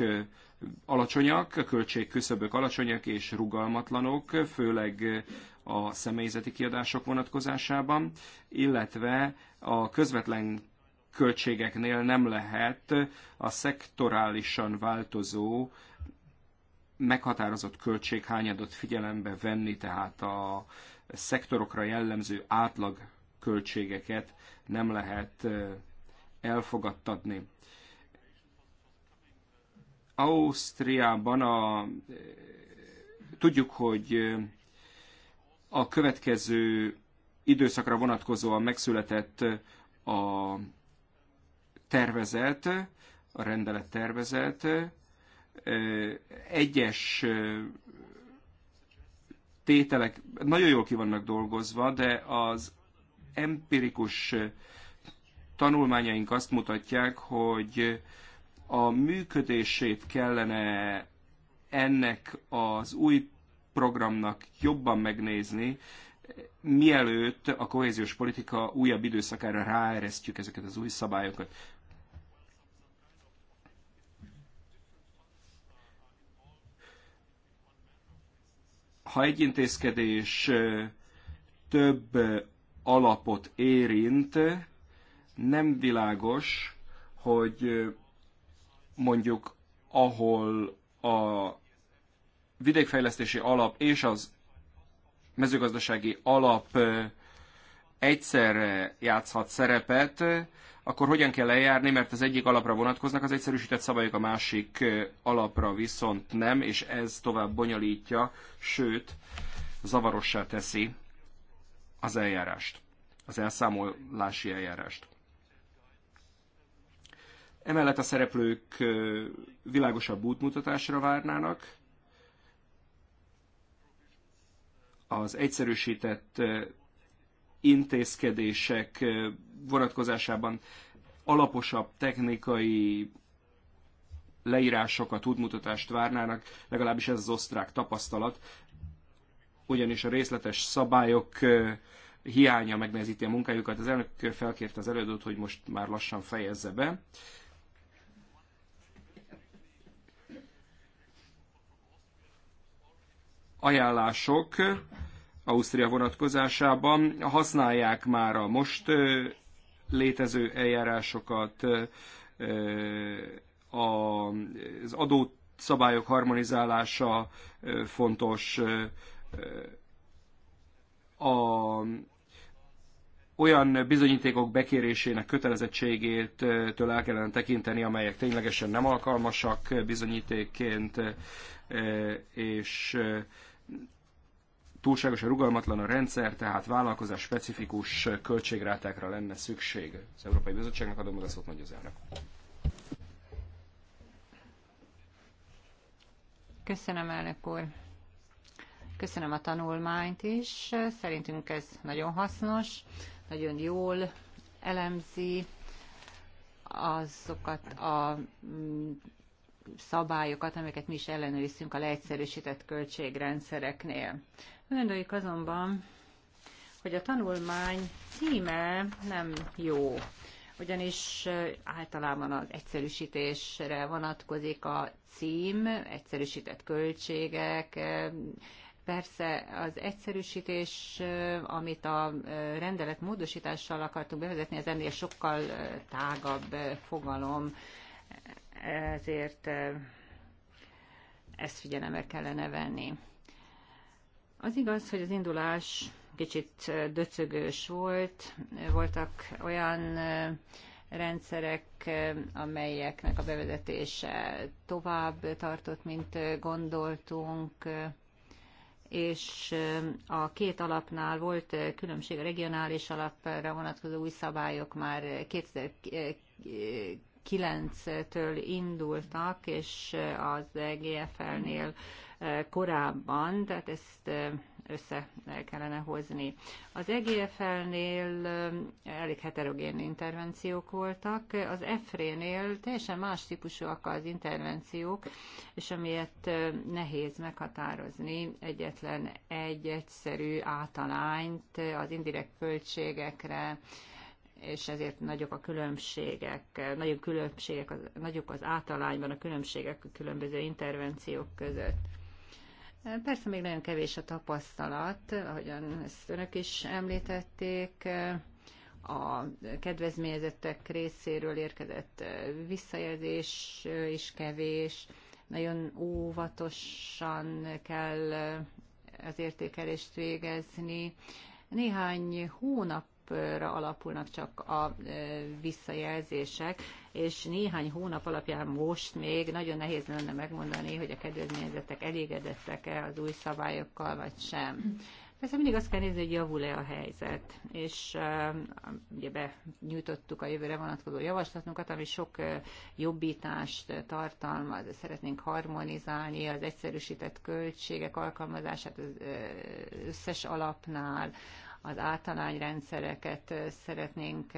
Speaker 2: alacsonyak, a költség küszöbök alacsonyak és rugalmatlanok, főleg a személyzeti kiadások vonatkozásában, illetve a közvetlen költségeknél nem lehet a szektorálisan változó meghatározott költség hányadot figyelembe venni, tehát a szektorokra jellemző átlag költségeket nem lehet elfogadtatni. Ausztriában a, tudjuk, hogy a következő időszakra vonatkozóan megszületett a tervezet, a rendelet tervezet, egyes tételek nagyon jól ki vannak dolgozva, de az empirikus tanulmányaink azt mutatják, hogy a működését kellene ennek az új programnak jobban megnézni, mielőtt a kohéziós politika újabb időszakára ráeresztjük ezeket az új szabályokat. Ha egy intézkedés több alapot érint, nem világos, hogy mondjuk ahol a vidékfejlesztési alap és az mezőgazdasági alap egyszerre játszhat szerepet, akkor hogyan kell eljárni, mert az egyik alapra vonatkoznak az egyszerűsített szabályok, a másik alapra viszont nem, és ez tovább bonyolítja, sőt, zavarossá teszi az eljárást, az elszámolási eljárást. Emellett a szereplők világosabb útmutatásra várnának, az egyszerűsített intézkedések vonatkozásában alaposabb technikai leírásokat, útmutatást várnának, legalábbis ez az osztrák tapasztalat, ugyanis a részletes szabályok hiánya megnehezíti a munkájukat. Az elnök felkérte az elődöt, hogy most már lassan fejezze be. Ajánlások Ausztria vonatkozásában. Használják már a most létező eljárásokat, az adó szabályok harmonizálása fontos, a olyan bizonyítékok bekérésének kötelezettségétől el kellene tekinteni, amelyek ténylegesen nem alkalmasak bizonyítékként, és túlságosan rugalmatlan a rendszer, tehát vállalkozás specifikus költségrátákra lenne szükség. Az Európai Bizottságnak adom meg szót, mondja az elnök.
Speaker 3: Köszönöm, elnök úr. Köszönöm a tanulmányt is. Szerintünk ez nagyon hasznos, nagyon jól elemzi azokat a mm, szabályokat, amiket mi is ellenőrizzünk a leegyszerűsített költségrendszereknél. Gondoljuk azonban, hogy a tanulmány címe nem jó, ugyanis általában az egyszerűsítésre vonatkozik a cím, egyszerűsített költségek, Persze az egyszerűsítés, amit a rendelet módosítással akartunk bevezetni, ez ennél sokkal tágabb fogalom ezért ezt figyelembe kellene venni. Az igaz, hogy az indulás kicsit döcögős volt, voltak olyan rendszerek, amelyeknek a bevezetése tovább tartott, mint gondoltunk, és a két alapnál volt különbség a regionális alapra vonatkozó új szabályok már 2000 2009-től indultak, és az e GFL-nél e, korábban, tehát ezt e, össze kellene hozni. Az EGFL-nél elég heterogén intervenciók voltak, az EFRE-nél teljesen más típusúak az intervenciók, és amiért nehéz meghatározni egyetlen egy egyszerű átalányt az indirekt költségekre, és ezért nagyok a különbségek, nagyon különbségek, az, nagyok az általányban a különbségek a különböző intervenciók között. Persze még nagyon kevés a tapasztalat, ahogyan ezt önök is említették, a kedvezményezettek részéről érkezett visszajelzés is kevés, nagyon óvatosan kell az értékelést végezni. Néhány hónap hónapra alapulnak csak a e, visszajelzések, és néhány hónap alapján most még nagyon nehéz lenne megmondani, hogy a kedvezményezettek elégedettek-e az új szabályokkal, vagy sem. Persze mindig azt kell nézni, hogy javul-e a helyzet. És uh, ugye benyújtottuk a jövőre vonatkozó javaslatunkat, ami sok uh, jobbítást tartalmaz. Szeretnénk harmonizálni az egyszerűsített költségek alkalmazását az uh, összes alapnál, az általányrendszereket szeretnénk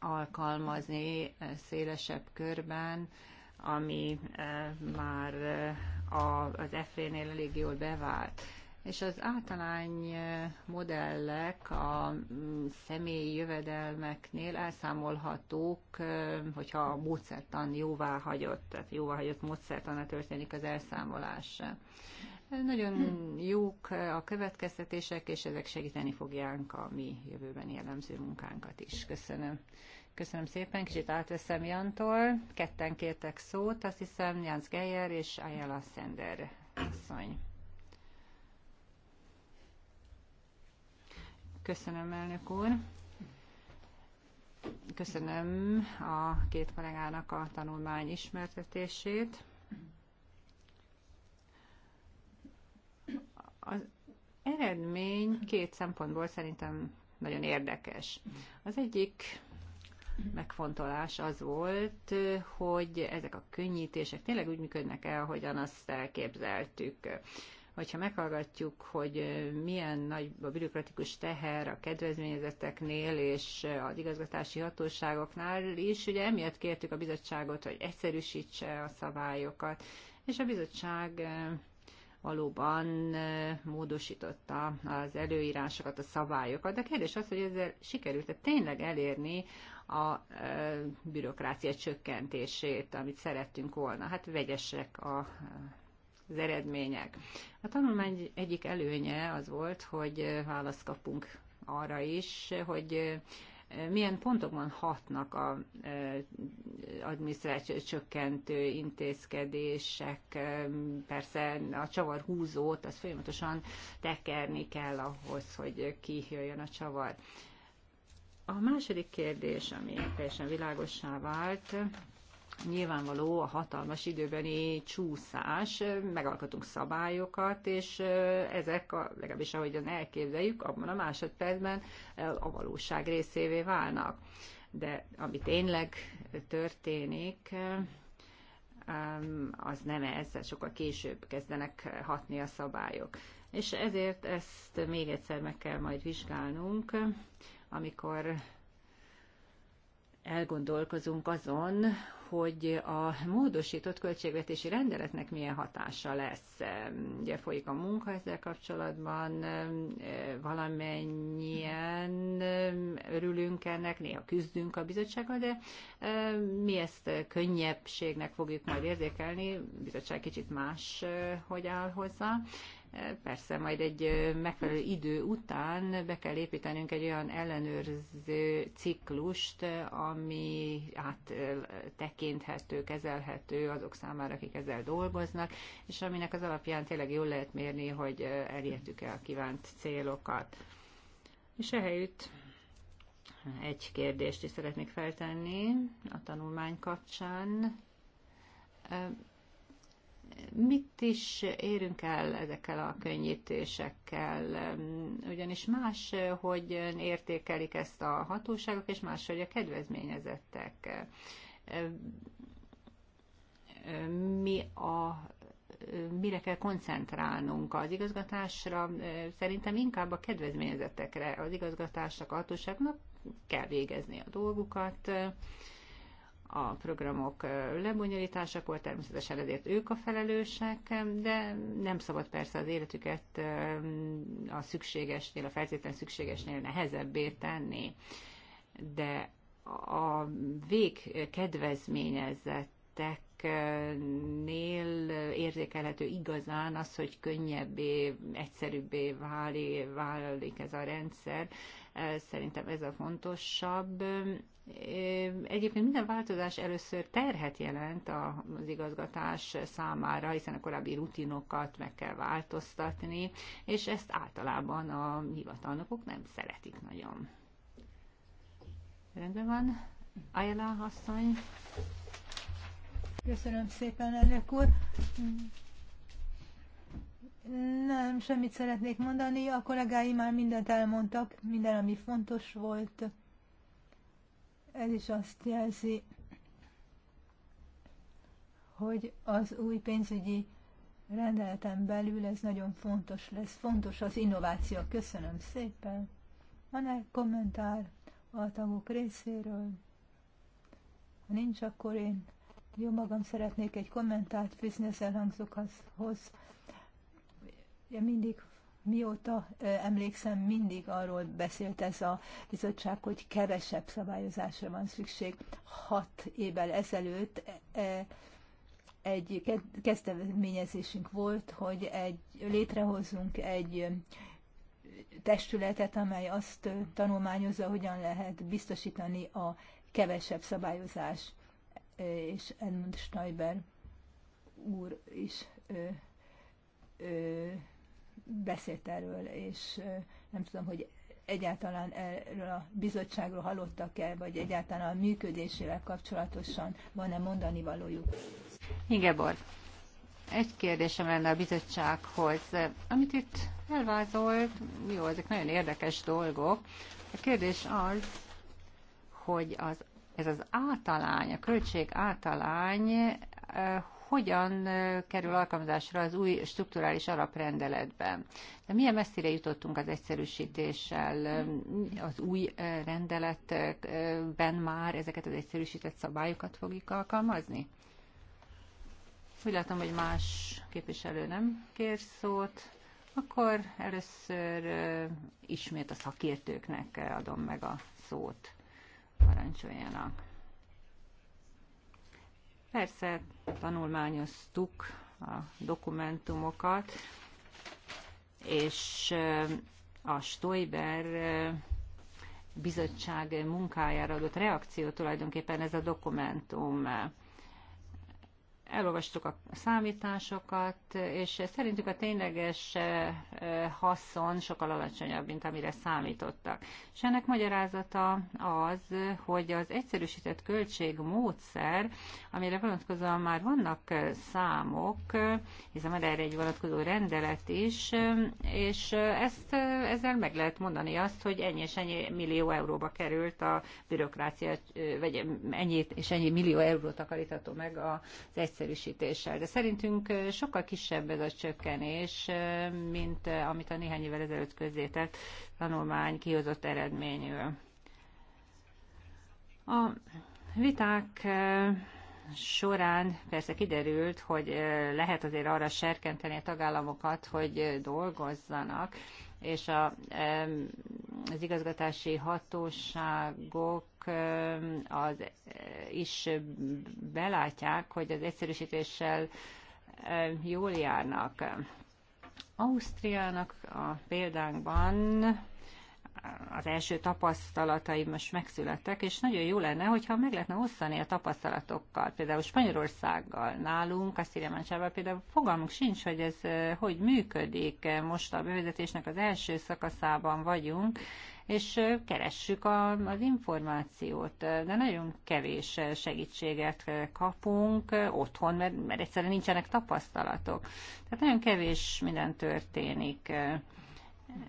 Speaker 3: alkalmazni szélesebb körben, ami már az FV-nél elég jól bevált. És az általány modellek a mm, személyi jövedelmeknél elszámolhatók, hogyha a módszertan jóvá hagyott, tehát jóvá hagyott módszertana történik az elszámolás. Nagyon jók a következtetések, és ezek segíteni fogják a mi jövőben jellemző munkánkat is. Köszönöm. Köszönöm szépen, kicsit átveszem Jantól. Ketten kértek szót, azt hiszem Jans Geyer és Ayala Sender asszony. Köszönöm, elnök úr. Köszönöm a két kollégának a tanulmány ismertetését. Az eredmény két szempontból szerintem nagyon érdekes. Az egyik megfontolás az volt, hogy ezek a könnyítések tényleg úgy működnek el, hogyan azt elképzeltük. Hogyha meghallgatjuk, hogy milyen nagy a bürokratikus teher a kedvezményezeteknél és az igazgatási hatóságoknál is, ugye emiatt kértük a bizottságot, hogy egyszerűsítse a szabályokat, és a bizottság valóban módosította az előírásokat, a szabályokat. De kérdés az, hogy ezzel sikerült-e tényleg elérni a bürokrácia csökkentését, amit szerettünk volna. Hát vegyesek a az eredmények. A tanulmány egyik előnye az volt, hogy választ kapunk arra is, hogy milyen pontokban hatnak a e, adminisztráció csökkentő intézkedések. E, persze a csavarhúzót, az folyamatosan tekerni kell ahhoz, hogy kihjöjjön a csavar. A második kérdés, ami teljesen világossá vált, nyilvánvaló a hatalmas időbeni csúszás, megalkotunk szabályokat, és ezek, a, legalábbis ahogyan elképzeljük, abban a másodpercben a valóság részévé válnak. De ami tényleg történik, az nem ez, sokkal később kezdenek hatni a szabályok. És ezért ezt még egyszer meg kell majd vizsgálnunk, amikor elgondolkozunk azon, hogy a módosított költségvetési rendeletnek milyen hatása lesz. Ugye folyik a munka ezzel kapcsolatban, valamennyien örülünk ennek, néha küzdünk a bizottsággal, de e, mi ezt könnyebbségnek fogjuk majd érzékelni, a bizottság kicsit más e, hogy áll hozzá, Persze majd egy megfelelő idő után be kell építenünk egy olyan ellenőrző ciklust, ami tekinthető, kezelhető azok számára, akik ezzel dolgoznak, és aminek az alapján tényleg jól lehet mérni, hogy elértük-e a kívánt célokat. És ehelyütt egy kérdést is szeretnék feltenni a tanulmány kapcsán mit is érünk el ezekkel a könnyítésekkel, ugyanis más, hogy értékelik ezt a hatóságok, és más, hogy a kedvezményezettek. Mi a mire kell koncentrálnunk az igazgatásra, szerintem inkább a kedvezményezetekre az igazgatásnak, a hatóságnak kell végezni a dolgukat, a programok lebonyolításakor, természetesen ezért ők a felelősek, de nem szabad persze az életüket a szükségesnél, a feltétlen szükségesnél nehezebbé tenni. De a végkedvezményezettek nél érzékelhető igazán az, hogy könnyebbé, egyszerűbbé válik ez a rendszer. Szerintem ez a fontosabb. Egyébként minden változás először terhet jelent az igazgatás számára, hiszen a korábbi rutinokat meg kell változtatni, és ezt általában a hivatalnokok nem szeretik nagyon. Rendben van. Ayala asszony.
Speaker 1: Köszönöm szépen, elnök úr. Nem, semmit szeretnék mondani. A kollégáim már mindent elmondtak, minden, ami fontos volt. Ez is azt jelzi, hogy az új pénzügyi rendeleten belül ez nagyon fontos lesz. Fontos az innováció. Köszönöm szépen. van egy kommentár a tagok részéről? Ha nincs, akkor én jó magam szeretnék egy kommentárt fűzni az elhangzókhoz. Ja, mindig mióta emlékszem, mindig arról beszélt ez a bizottság, hogy kevesebb szabályozásra van szükség. Hat évvel ezelőtt e, e, egy kezdeményezésünk volt, hogy egy, létrehozunk egy testületet, amely azt tanulmányozza, hogyan lehet biztosítani a kevesebb szabályozás, és Edmund Steiber úr is ö, ö, beszélt erről, és nem tudom, hogy egyáltalán erről a bizottságról hallottak-e, vagy egyáltalán a működésével kapcsolatosan van-e mondani valójuk.
Speaker 3: Ingeborg, egy kérdésem lenne a bizottsághoz. Amit itt elvázolt, jó, ezek nagyon érdekes dolgok. A kérdés az, hogy az, ez az általány, a költség általány hogyan kerül alkalmazásra az új strukturális alaprendeletben. De milyen messzire jutottunk az egyszerűsítéssel? Az új rendeletben már ezeket az egyszerűsített szabályokat fogjuk alkalmazni? Úgy látom, hogy más képviselő nem kér szót. Akkor először ismét a szakértőknek adom meg a szót. Parancsoljanak. Persze tanulmányoztuk a dokumentumokat, és a Stoiber bizottság munkájára adott reakció tulajdonképpen ez a dokumentum elolvastuk a számításokat, és szerintük a tényleges eh, haszon sokkal alacsonyabb, mint amire számítottak. És ennek magyarázata az, hogy az egyszerűsített költségmódszer, amire vonatkozóan már vannak eh, számok, eh, hiszen már erre egy vonatkozó rendelet is, és ezt, ezzel meg lehet mondani azt, hogy ennyi és ennyi millió euróba került a bürokrácia, vagy ennyi és ennyi millió eurót akarítató meg az egyszerűsített leegyszerűsítéssel, de szerintünk sokkal kisebb ez a csökkenés, mint amit a néhány évvel ezelőtt közzétett tanulmány kihozott eredményül. A viták során persze kiderült, hogy lehet azért arra serkenteni a tagállamokat, hogy dolgozzanak, és a, az igazgatási hatóságok az, is belátják, hogy az egyszerűsítéssel jól járnak. Ausztriának a példánkban az első tapasztalataim most megszülettek, és nagyon jó lenne, hogyha meg lehetne osztani a tapasztalatokkal, például Spanyolországgal nálunk, a Szíriamáncsával például fogalmunk sincs, hogy ez hogy működik. Most a bevezetésnek az első szakaszában vagyunk, és keressük a, az információt. De nagyon kevés segítséget kapunk otthon, mert, mert egyszerűen nincsenek tapasztalatok. Tehát nagyon kevés minden történik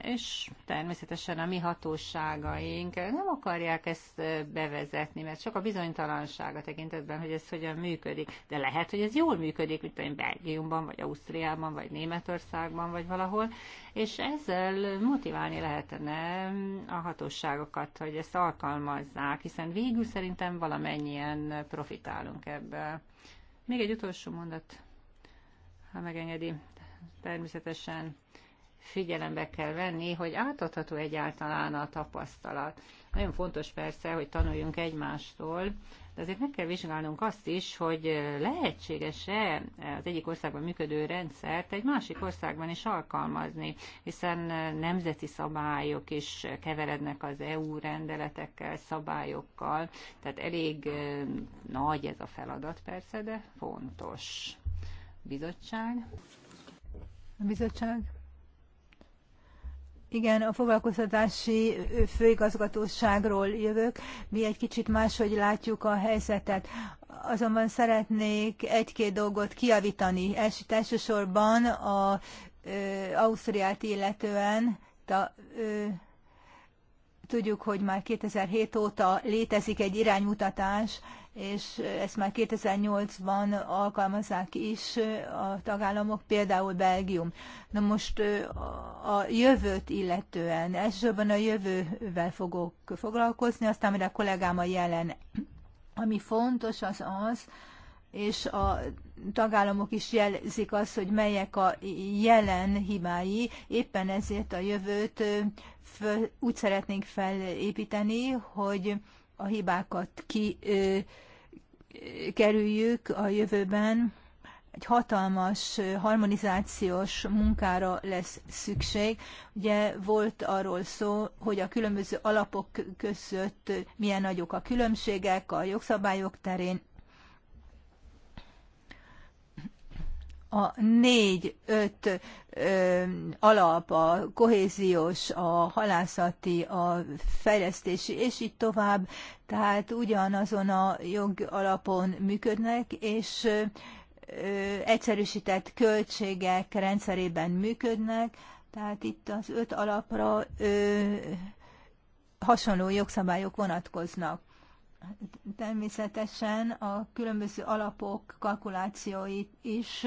Speaker 3: és természetesen a mi hatóságaink nem akarják ezt bevezetni, mert csak a bizonytalanság a tekintetben, hogy ez hogyan működik. De lehet, hogy ez jól működik, mint én Belgiumban, vagy Ausztriában, vagy Németországban, vagy valahol, és ezzel motiválni lehetne a hatóságokat, hogy ezt alkalmazzák, hiszen végül szerintem valamennyien profitálunk ebből. Még egy utolsó mondat, ha megengedi. Természetesen figyelembe kell venni, hogy átadható egyáltalán a tapasztalat. Nagyon fontos persze, hogy tanuljunk egymástól, de azért meg kell vizsgálnunk azt is, hogy lehetséges-e az egyik országban működő rendszert egy másik országban is alkalmazni, hiszen nemzeti szabályok is keverednek az EU rendeletekkel, szabályokkal, tehát elég nagy ez a feladat persze, de
Speaker 1: fontos. Bizottság? A bizottság? Igen, a foglalkoztatási főigazgatóságról jövök. Mi egy kicsit máshogy látjuk a helyzetet. Azonban szeretnék egy-két dolgot kiavítani. Els, elsősorban a ö, Ausztriát illetően, ta, ö, tudjuk, hogy már 2007 óta létezik egy iránymutatás, és ezt már 2008-ban alkalmazzák is a tagállamok, például Belgium. Na most a jövőt illetően, elsősorban a jövővel fogok foglalkozni, aztán majd a kollégám a jelen. Ami fontos az az, és a tagállamok is jelzik azt, hogy melyek a jelen hibái, éppen ezért a jövőt föl, úgy szeretnénk felépíteni, hogy a hibákat ki kerüljük a jövőben. Egy hatalmas harmonizációs munkára lesz szükség. Ugye volt arról szó, hogy a különböző alapok között milyen nagyok a különbségek a jogszabályok terén, a négy-öt alap, a kohéziós, a halászati, a fejlesztési, és így tovább, tehát ugyanazon a jog alapon működnek, és ö, egyszerűsített költségek rendszerében működnek, tehát itt az öt alapra ö, hasonló jogszabályok vonatkoznak természetesen a különböző alapok kalkulációit is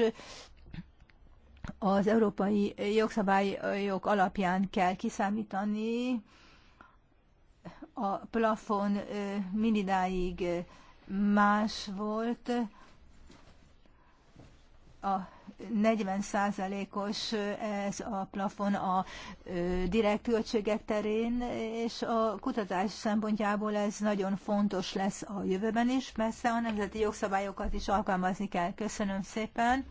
Speaker 1: az európai jogszabályok alapján kell kiszámítani. A plafon mindidáig más volt, a 40 százalékos ez a plafon a direkt költségek terén, és a kutatás szempontjából ez nagyon fontos lesz a jövőben is. messze a nemzeti jogszabályokat is alkalmazni kell. Köszönöm szépen.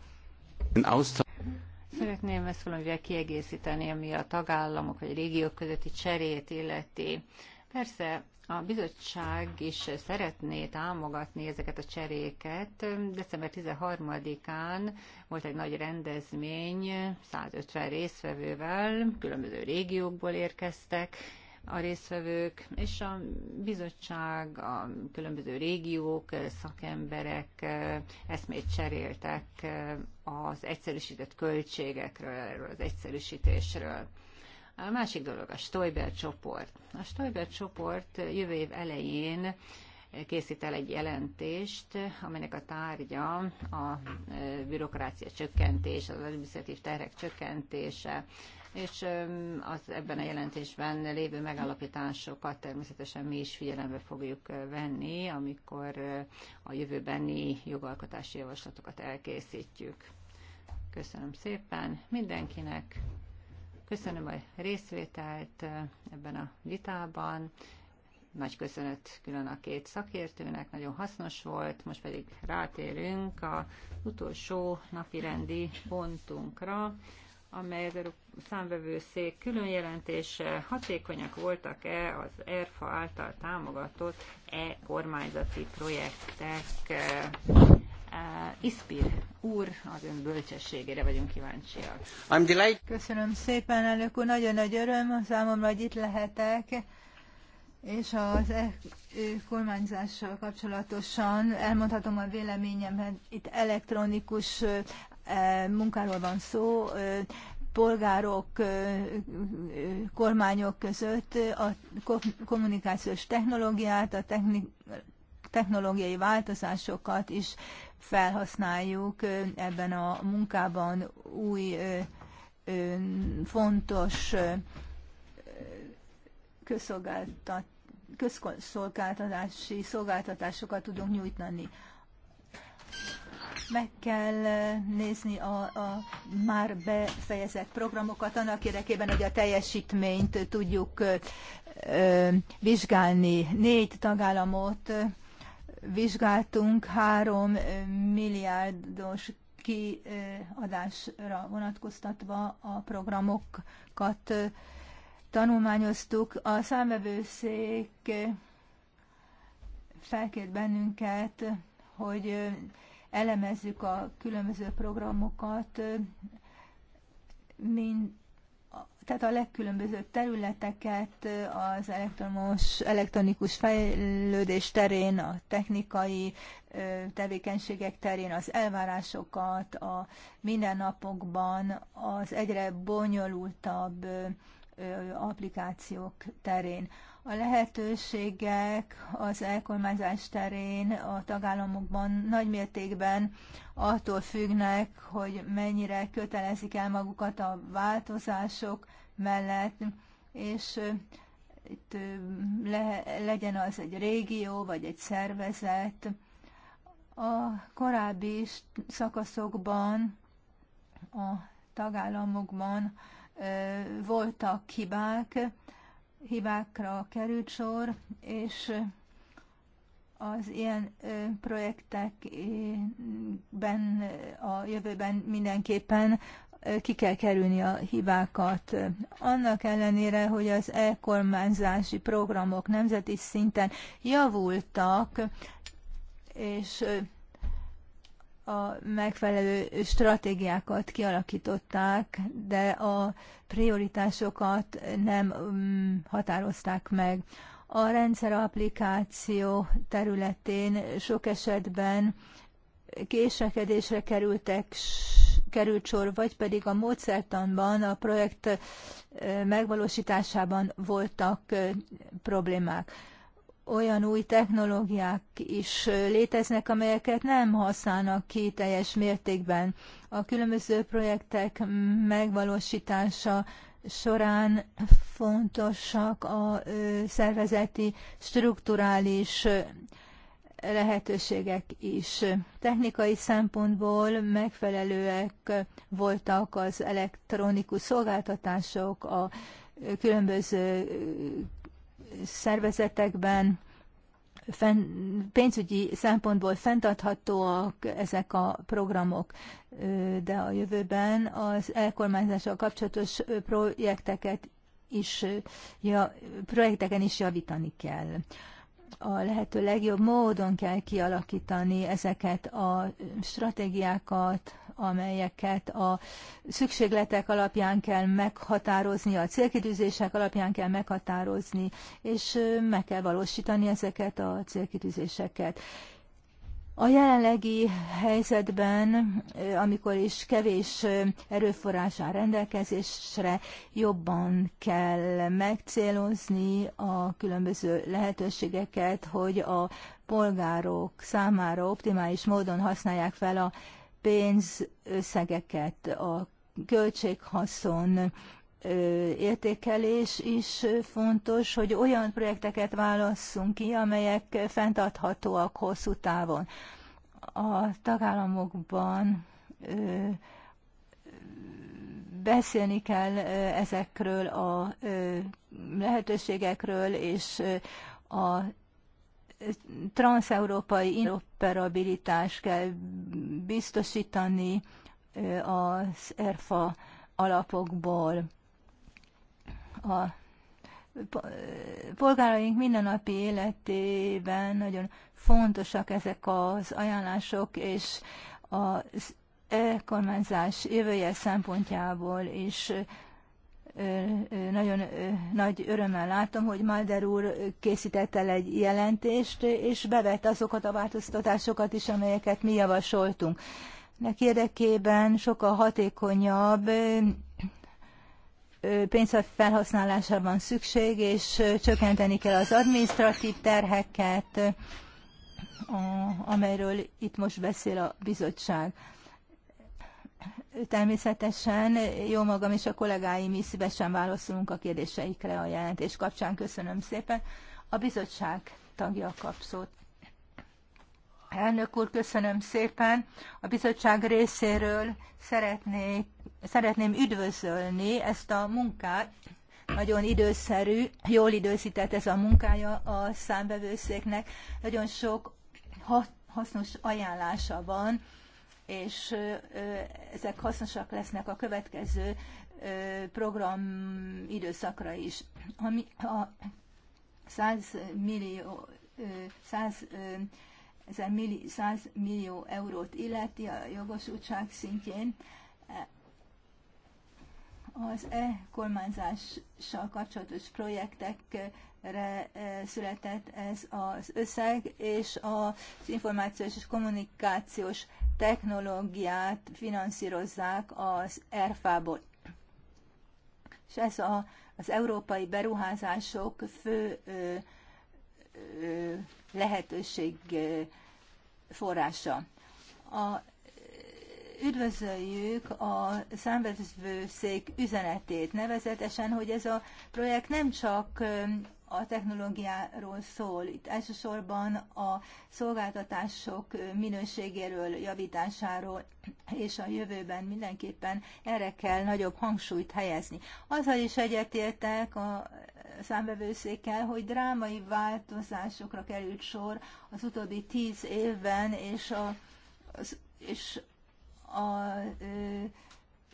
Speaker 1: Szeretném ezt valamivel
Speaker 3: kiegészíteni, ami a tagállamok vagy a régiók közötti cserét illeti. Persze, a bizottság is szeretné támogatni ezeket a cseréket. December 13-án volt egy nagy rendezmény 150 részvevővel, különböző régiókból érkeztek a részvevők, és a bizottság, a különböző régiók, szakemberek eszmét cseréltek az egyszerűsített költségekről, erről az egyszerűsítésről. A másik dolog a Stoiber csoport. A Stoiber csoport jövő év elején készít el egy jelentést, amelynek a tárgya a e, bürokrácia csökkentés, az administratív terhek csökkentése, és e, az ebben a jelentésben lévő megállapításokat természetesen mi is figyelembe fogjuk e, venni, amikor a jövőbeni jogalkotási javaslatokat elkészítjük. Köszönöm szépen mindenkinek! Köszönöm a részvételt eh, ebben a vitában. Nagy köszönet külön a két szakértőnek, nagyon hasznos volt. Most pedig rátérünk a utolsó napirendi pontunkra, amely az számvevőszék külön jelentése hatékonyak voltak-e az ERFA által támogatott e-kormányzati projektek. Eh, eh, Iszpir úr, az ön bölcsességére vagyunk kíváncsiak.
Speaker 1: I'm delighted. Köszönöm szépen, elnök úr, nagyon nagy öröm számomra, hogy itt lehetek, és az e kormányzással kapcsolatosan elmondhatom a véleményemet, itt elektronikus e, munkáról van szó, polgárok, kormányok között a kommunikációs technológiát, a technológiai változásokat is felhasználjuk ebben a munkában új fontos közszolgáltatási szolgáltatásokat tudunk nyújtani. Meg kell nézni a, a már befejezett programokat annak érdekében, hogy a teljesítményt tudjuk ö, vizsgálni. Négy tagállamot vizsgáltunk, három milliárdos kiadásra vonatkoztatva a programokat tanulmányoztuk. A számvevőszék felkért bennünket, hogy elemezzük a különböző programokat, mint tehát a legkülönbözőbb területeket az elektromos, elektronikus fejlődés terén, a technikai tevékenységek terén, az elvárásokat, a mindennapokban, az egyre bonyolultabb applikációk terén. A lehetőségek az elkormányzás terén a tagállamokban nagymértékben attól függnek, hogy mennyire kötelezik el magukat a változások mellett, és itt le, legyen az egy régió vagy egy szervezet. A korábbi szakaszokban a tagállamokban voltak hibák, hibákra került sor, és az ilyen projektekben a jövőben mindenképpen ki kell kerülni a hibákat. Annak ellenére, hogy az elkormányzási programok nemzeti szinten javultak, és a megfelelő stratégiákat kialakították, de a prioritásokat nem mm, határozták meg. A rendszer applikáció területén sok esetben késekedésre kerültek, került sor, vagy pedig a módszertanban, a projekt megvalósításában voltak problémák olyan új technológiák is léteznek, amelyeket nem használnak ki teljes mértékben. A különböző projektek megvalósítása során fontosak a szervezeti strukturális lehetőségek is. Technikai szempontból megfelelőek voltak az elektronikus szolgáltatások, a különböző szervezetekben fenn, pénzügyi szempontból fenntarthatóak ezek a programok, de a jövőben az elkormányzással kapcsolatos projekteket is, ja, projekteken is javítani kell a lehető legjobb módon kell kialakítani ezeket a stratégiákat, amelyeket a szükségletek alapján kell meghatározni, a célkitűzések alapján kell meghatározni, és meg kell valósítani ezeket a célkitűzéseket. A jelenlegi helyzetben, eh, amikor is kevés eh, erőforrás áll rendelkezésre, jobban kell megcélozni a különböző lehetőségeket, hogy a polgárok számára optimális módon használják fel a pénzösszegeket, a költséghaszon értékelés is fontos, hogy olyan projekteket válasszunk ki, amelyek fenntarthatóak hosszú távon. A tagállamokban beszélni kell ezekről a lehetőségekről, és a transeurópai interoperabilitást kell biztosítani az ERFA alapokból a polgáraink mindennapi életében nagyon fontosak ezek az ajánlások, és az e-kormányzás jövője szempontjából is nagyon nagy örömmel látom, hogy Malder úr készített el egy jelentést, és bevett azokat a változtatásokat is, amelyeket mi javasoltunk. Nek érdekében sokkal hatékonyabb pénzfelhasználásra van szükség, és csökkenteni kell az administratív terheket, amelyről itt most beszél a bizottság. Természetesen jó magam és a kollégáim is szívesen válaszolunk a kérdéseikre a jelentés kapcsán. Köszönöm szépen. A bizottság tagja a kapszót. Elnök úr, köszönöm szépen. A bizottság részéről szeretnék, szeretném üdvözölni ezt a munkát. Nagyon időszerű, jól időzített ez a munkája a számbevőszéknek. Nagyon sok hasznos ajánlása van, és ezek hasznosak lesznek a következő program időszakra is. Ami a 100 millió, 100 100 millió eurót illeti a jogosultság szintjén. Az e-kormányzással kapcsolatos projektekre e, született ez az összeg, és az információs és kommunikációs technológiát finanszírozzák az ERFA-ból. És ez a, az európai beruházások fő ö, ö, lehetőség forrása. A, üdvözöljük a számvevőszék üzenetét, nevezetesen, hogy ez a projekt nem csak a technológiáról szól, itt elsősorban a szolgáltatások minőségéről, javításáról, és a jövőben mindenképpen erre kell nagyobb hangsúlyt helyezni. Azzal is egyetértek a számvevőszékkel, hogy drámai változásokra került sor az utóbbi tíz évben, és a, az, és a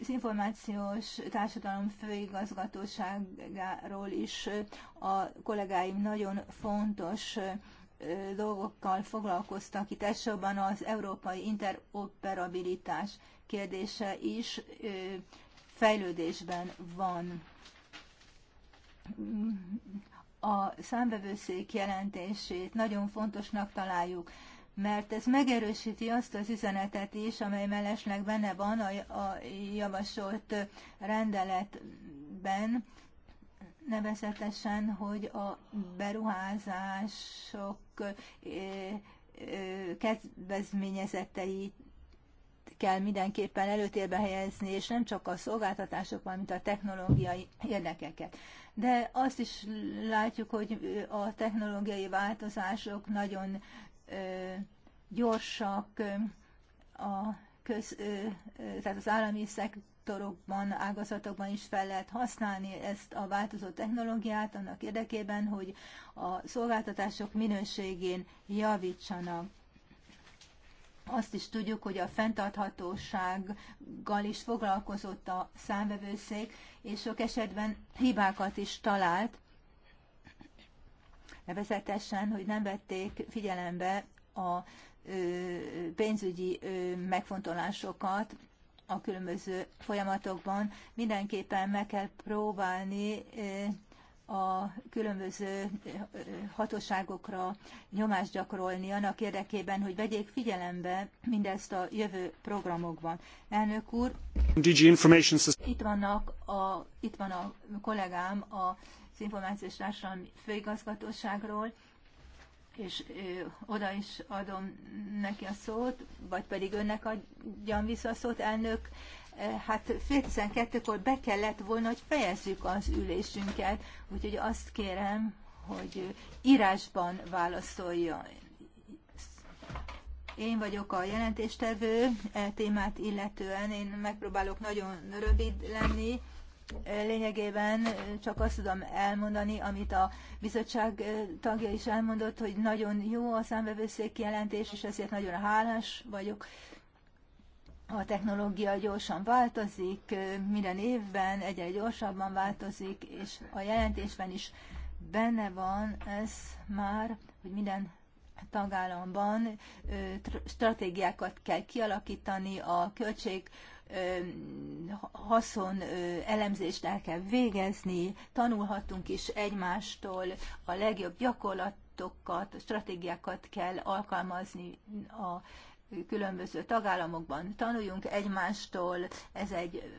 Speaker 1: az információs társadalom főigazgatóságáról is a kollégáim nagyon fontos dolgokkal foglalkoztak. Itt elsősorban az európai interoperabilitás kérdése is fejlődésben van a számvevőszék jelentését nagyon fontosnak találjuk, mert ez megerősíti azt az üzenetet is, amely mellesleg benne van a, javasolt rendeletben, nevezetesen, hogy a beruházások kedvezményezetteit kell mindenképpen előtérbe helyezni, és nem csak a szolgáltatások, valamint a technológiai érdekeket de azt is látjuk, hogy a technológiai változások nagyon gyorsak a köz, tehát az állami szektorokban, ágazatokban is fel lehet használni ezt a változó technológiát annak érdekében, hogy a szolgáltatások minőségén javítsanak azt is tudjuk, hogy a fenntarthatósággal is foglalkozott a számvevőszék, és sok esetben hibákat is talált, nevezetesen, hogy nem vették figyelembe a pénzügyi megfontolásokat a különböző folyamatokban. Mindenképpen meg kell próbálni a különböző hatóságokra nyomást gyakorolni annak érdekében, hogy vegyék figyelembe mindezt a jövő programokban. Elnök úr, itt, vannak a, itt van a kollégám az Információs Társadalmi Főigazgatóságról, és ö, oda is adom neki a szót, vagy pedig önnek adjam vissza a szót, elnök hát fél tizenkettőkor be kellett volna, hogy fejezzük az ülésünket, úgyhogy azt kérem, hogy írásban válaszolja. Én vagyok a jelentéstevő e témát illetően, én megpróbálok nagyon rövid lenni, e, lényegében csak azt tudom elmondani, amit a bizottság e, tagja is elmondott, hogy nagyon jó a számvevőszék jelentés, és ezért nagyon hálás vagyok a technológia gyorsan változik, minden évben egyre gyorsabban változik, és a jelentésben is benne van ez már, hogy minden tagállamban stratégiákat kell kialakítani, a költség haszon elemzést el kell végezni, tanulhatunk is egymástól a legjobb gyakorlatokat, stratégiákat kell alkalmazni a különböző tagállamokban. Tanuljunk egymástól, ez egy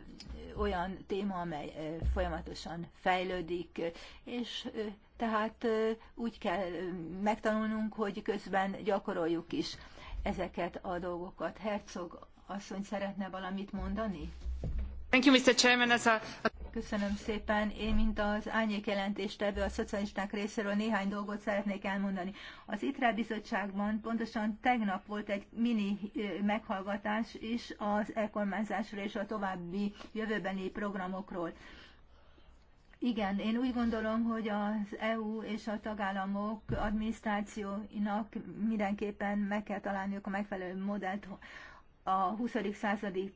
Speaker 1: olyan téma, amely folyamatosan fejlődik, és tehát úgy kell megtanulnunk, hogy közben gyakoroljuk is ezeket a dolgokat. Herzog asszony szeretne valamit mondani? Thank you, Mr. Chairman. As a... Köszönöm szépen. Én, mint az jelentést tevő a szocialisták részéről néhány dolgot szeretnék elmondani. Az ITRA bizottságban pontosan tegnap volt egy mini meghallgatás is az elkormányzásról és a további jövőbeni programokról. Igen, én úgy gondolom, hogy az EU és a tagállamok adminisztrációinak mindenképpen meg kell találniuk a megfelelő modellt a 20. századi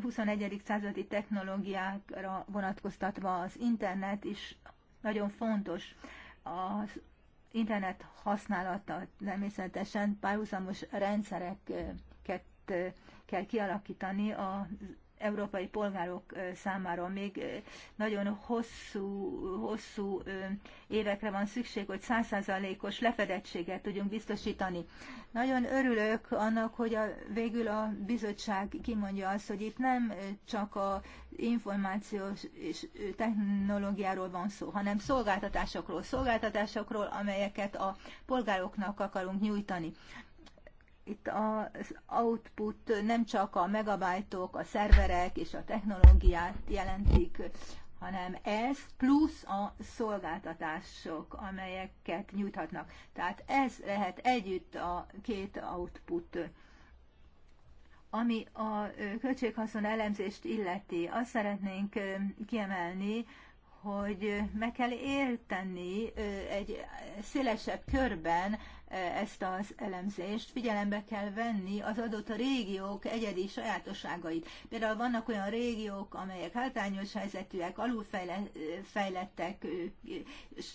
Speaker 1: 21. századi technológiákra vonatkoztatva az internet is nagyon fontos. Az internet használata természetesen párhuzamos rendszereket kell kialakítani az európai polgárok számára. Még nagyon hosszú, hosszú évekre van szükség, hogy százszázalékos lefedettséget tudjunk biztosítani. Nagyon örülök annak, hogy a, végül a bizottság kimondja azt, hogy itt nem csak a információs és technológiáról van szó, hanem szolgáltatásokról, szolgáltatásokról, amelyeket a polgároknak akarunk nyújtani itt az output nem csak a megabajtok, a szerverek és a technológiát jelentik, hanem ez plusz a szolgáltatások, amelyeket nyújthatnak. Tehát ez lehet együtt a két output. Ami a költséghaszon elemzést illeti, azt szeretnénk kiemelni, hogy meg kell érteni egy szélesebb körben E, ezt az elemzést. Figyelembe kell venni az adott régiók egyedi sajátosságait. Például vannak olyan régiók, amelyek hátrányos helyzetűek, alulfejlettek,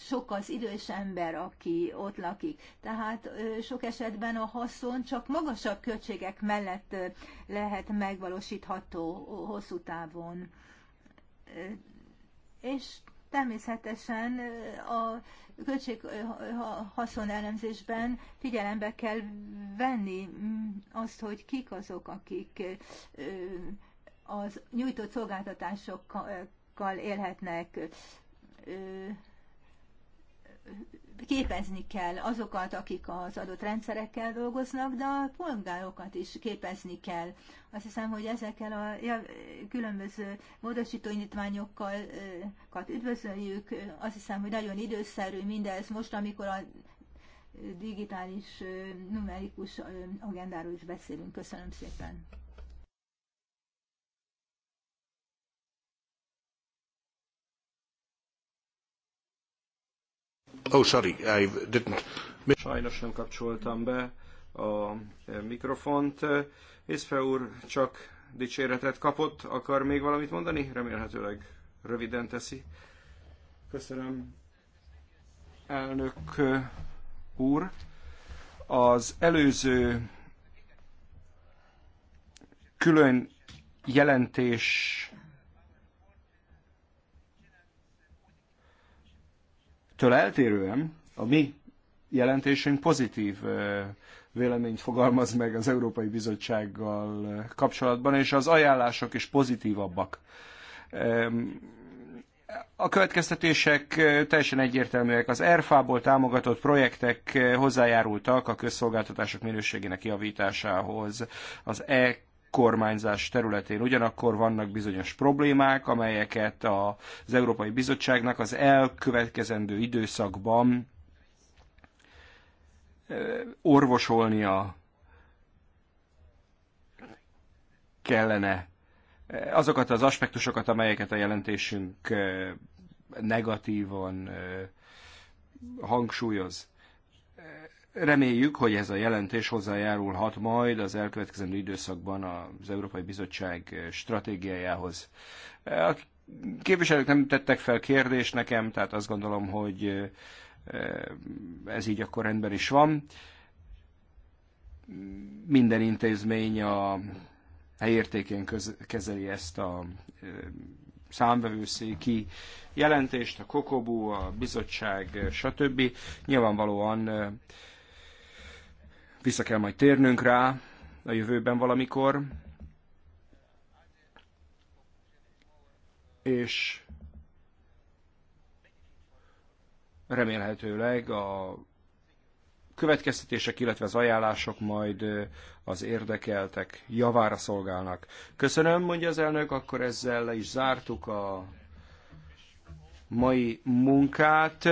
Speaker 1: sok az idős ember, aki ott lakik. Tehát sok esetben a haszon csak magasabb költségek mellett lehet megvalósítható hosszú távon. És természetesen a költséghaszon elemzésben figyelembe kell venni mm, azt, hogy kik azok, akik az nyújtott szolgáltatásokkal élhetnek képezni kell azokat, akik az adott rendszerekkel dolgoznak, de a polgárokat is képezni kell. Azt hiszem, hogy ezekkel a különböző módosító indítványokkal üdvözöljük. Azt hiszem, hogy nagyon időszerű mindez most, amikor a digitális numerikus agendáról is beszélünk. Köszönöm szépen.
Speaker 2: Oh, Sajnos nem kapcsoltam be a mikrofont. Észfe úr csak dicséretet kapott. Akar még valamit mondani? Remélhetőleg röviden teszi. Köszönöm, elnök úr. Az előző külön jelentés Ettől eltérően a mi jelentésünk pozitív véleményt fogalmaz meg az Európai Bizottsággal kapcsolatban, és az ajánlások is pozitívabbak. A következtetések teljesen egyértelműek. Az ERFA-ból támogatott projektek hozzájárultak a közszolgáltatások minőségének javításához. Az e kormányzás területén. Ugyanakkor vannak bizonyos problémák, amelyeket az Európai Bizottságnak az elkövetkezendő időszakban orvosolnia kellene azokat az aspektusokat, amelyeket a jelentésünk negatívan hangsúlyoz. Reméljük, hogy ez a jelentés hozzájárulhat majd az elkövetkezendő időszakban az Európai Bizottság stratégiájához. A képviselők nem tettek fel kérdést nekem, tehát azt gondolom, hogy eh, ez így akkor rendben is van. Minden intézmény a helyértékén kezeli ezt a eh, számvevőszéki jelentést, a Kokobu, a bizottság, eh, stb. Nyilvánvalóan vissza kell majd térnünk rá a jövőben valamikor. És remélhetőleg a következtetések, illetve az ajánlások majd az érdekeltek javára szolgálnak. Köszönöm, mondja az elnök, akkor ezzel le is zártuk a mai munkát,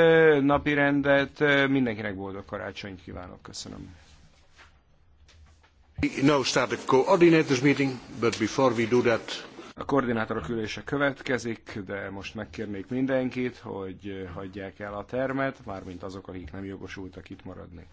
Speaker 2: napirendet. Mindenkinek boldog karácsonyt kívánok, köszönöm. A koordinátorok ülése következik, de most megkérnék mindenkit, hogy hagyják el a termet, mármint azok, akik nem jogosultak itt maradni.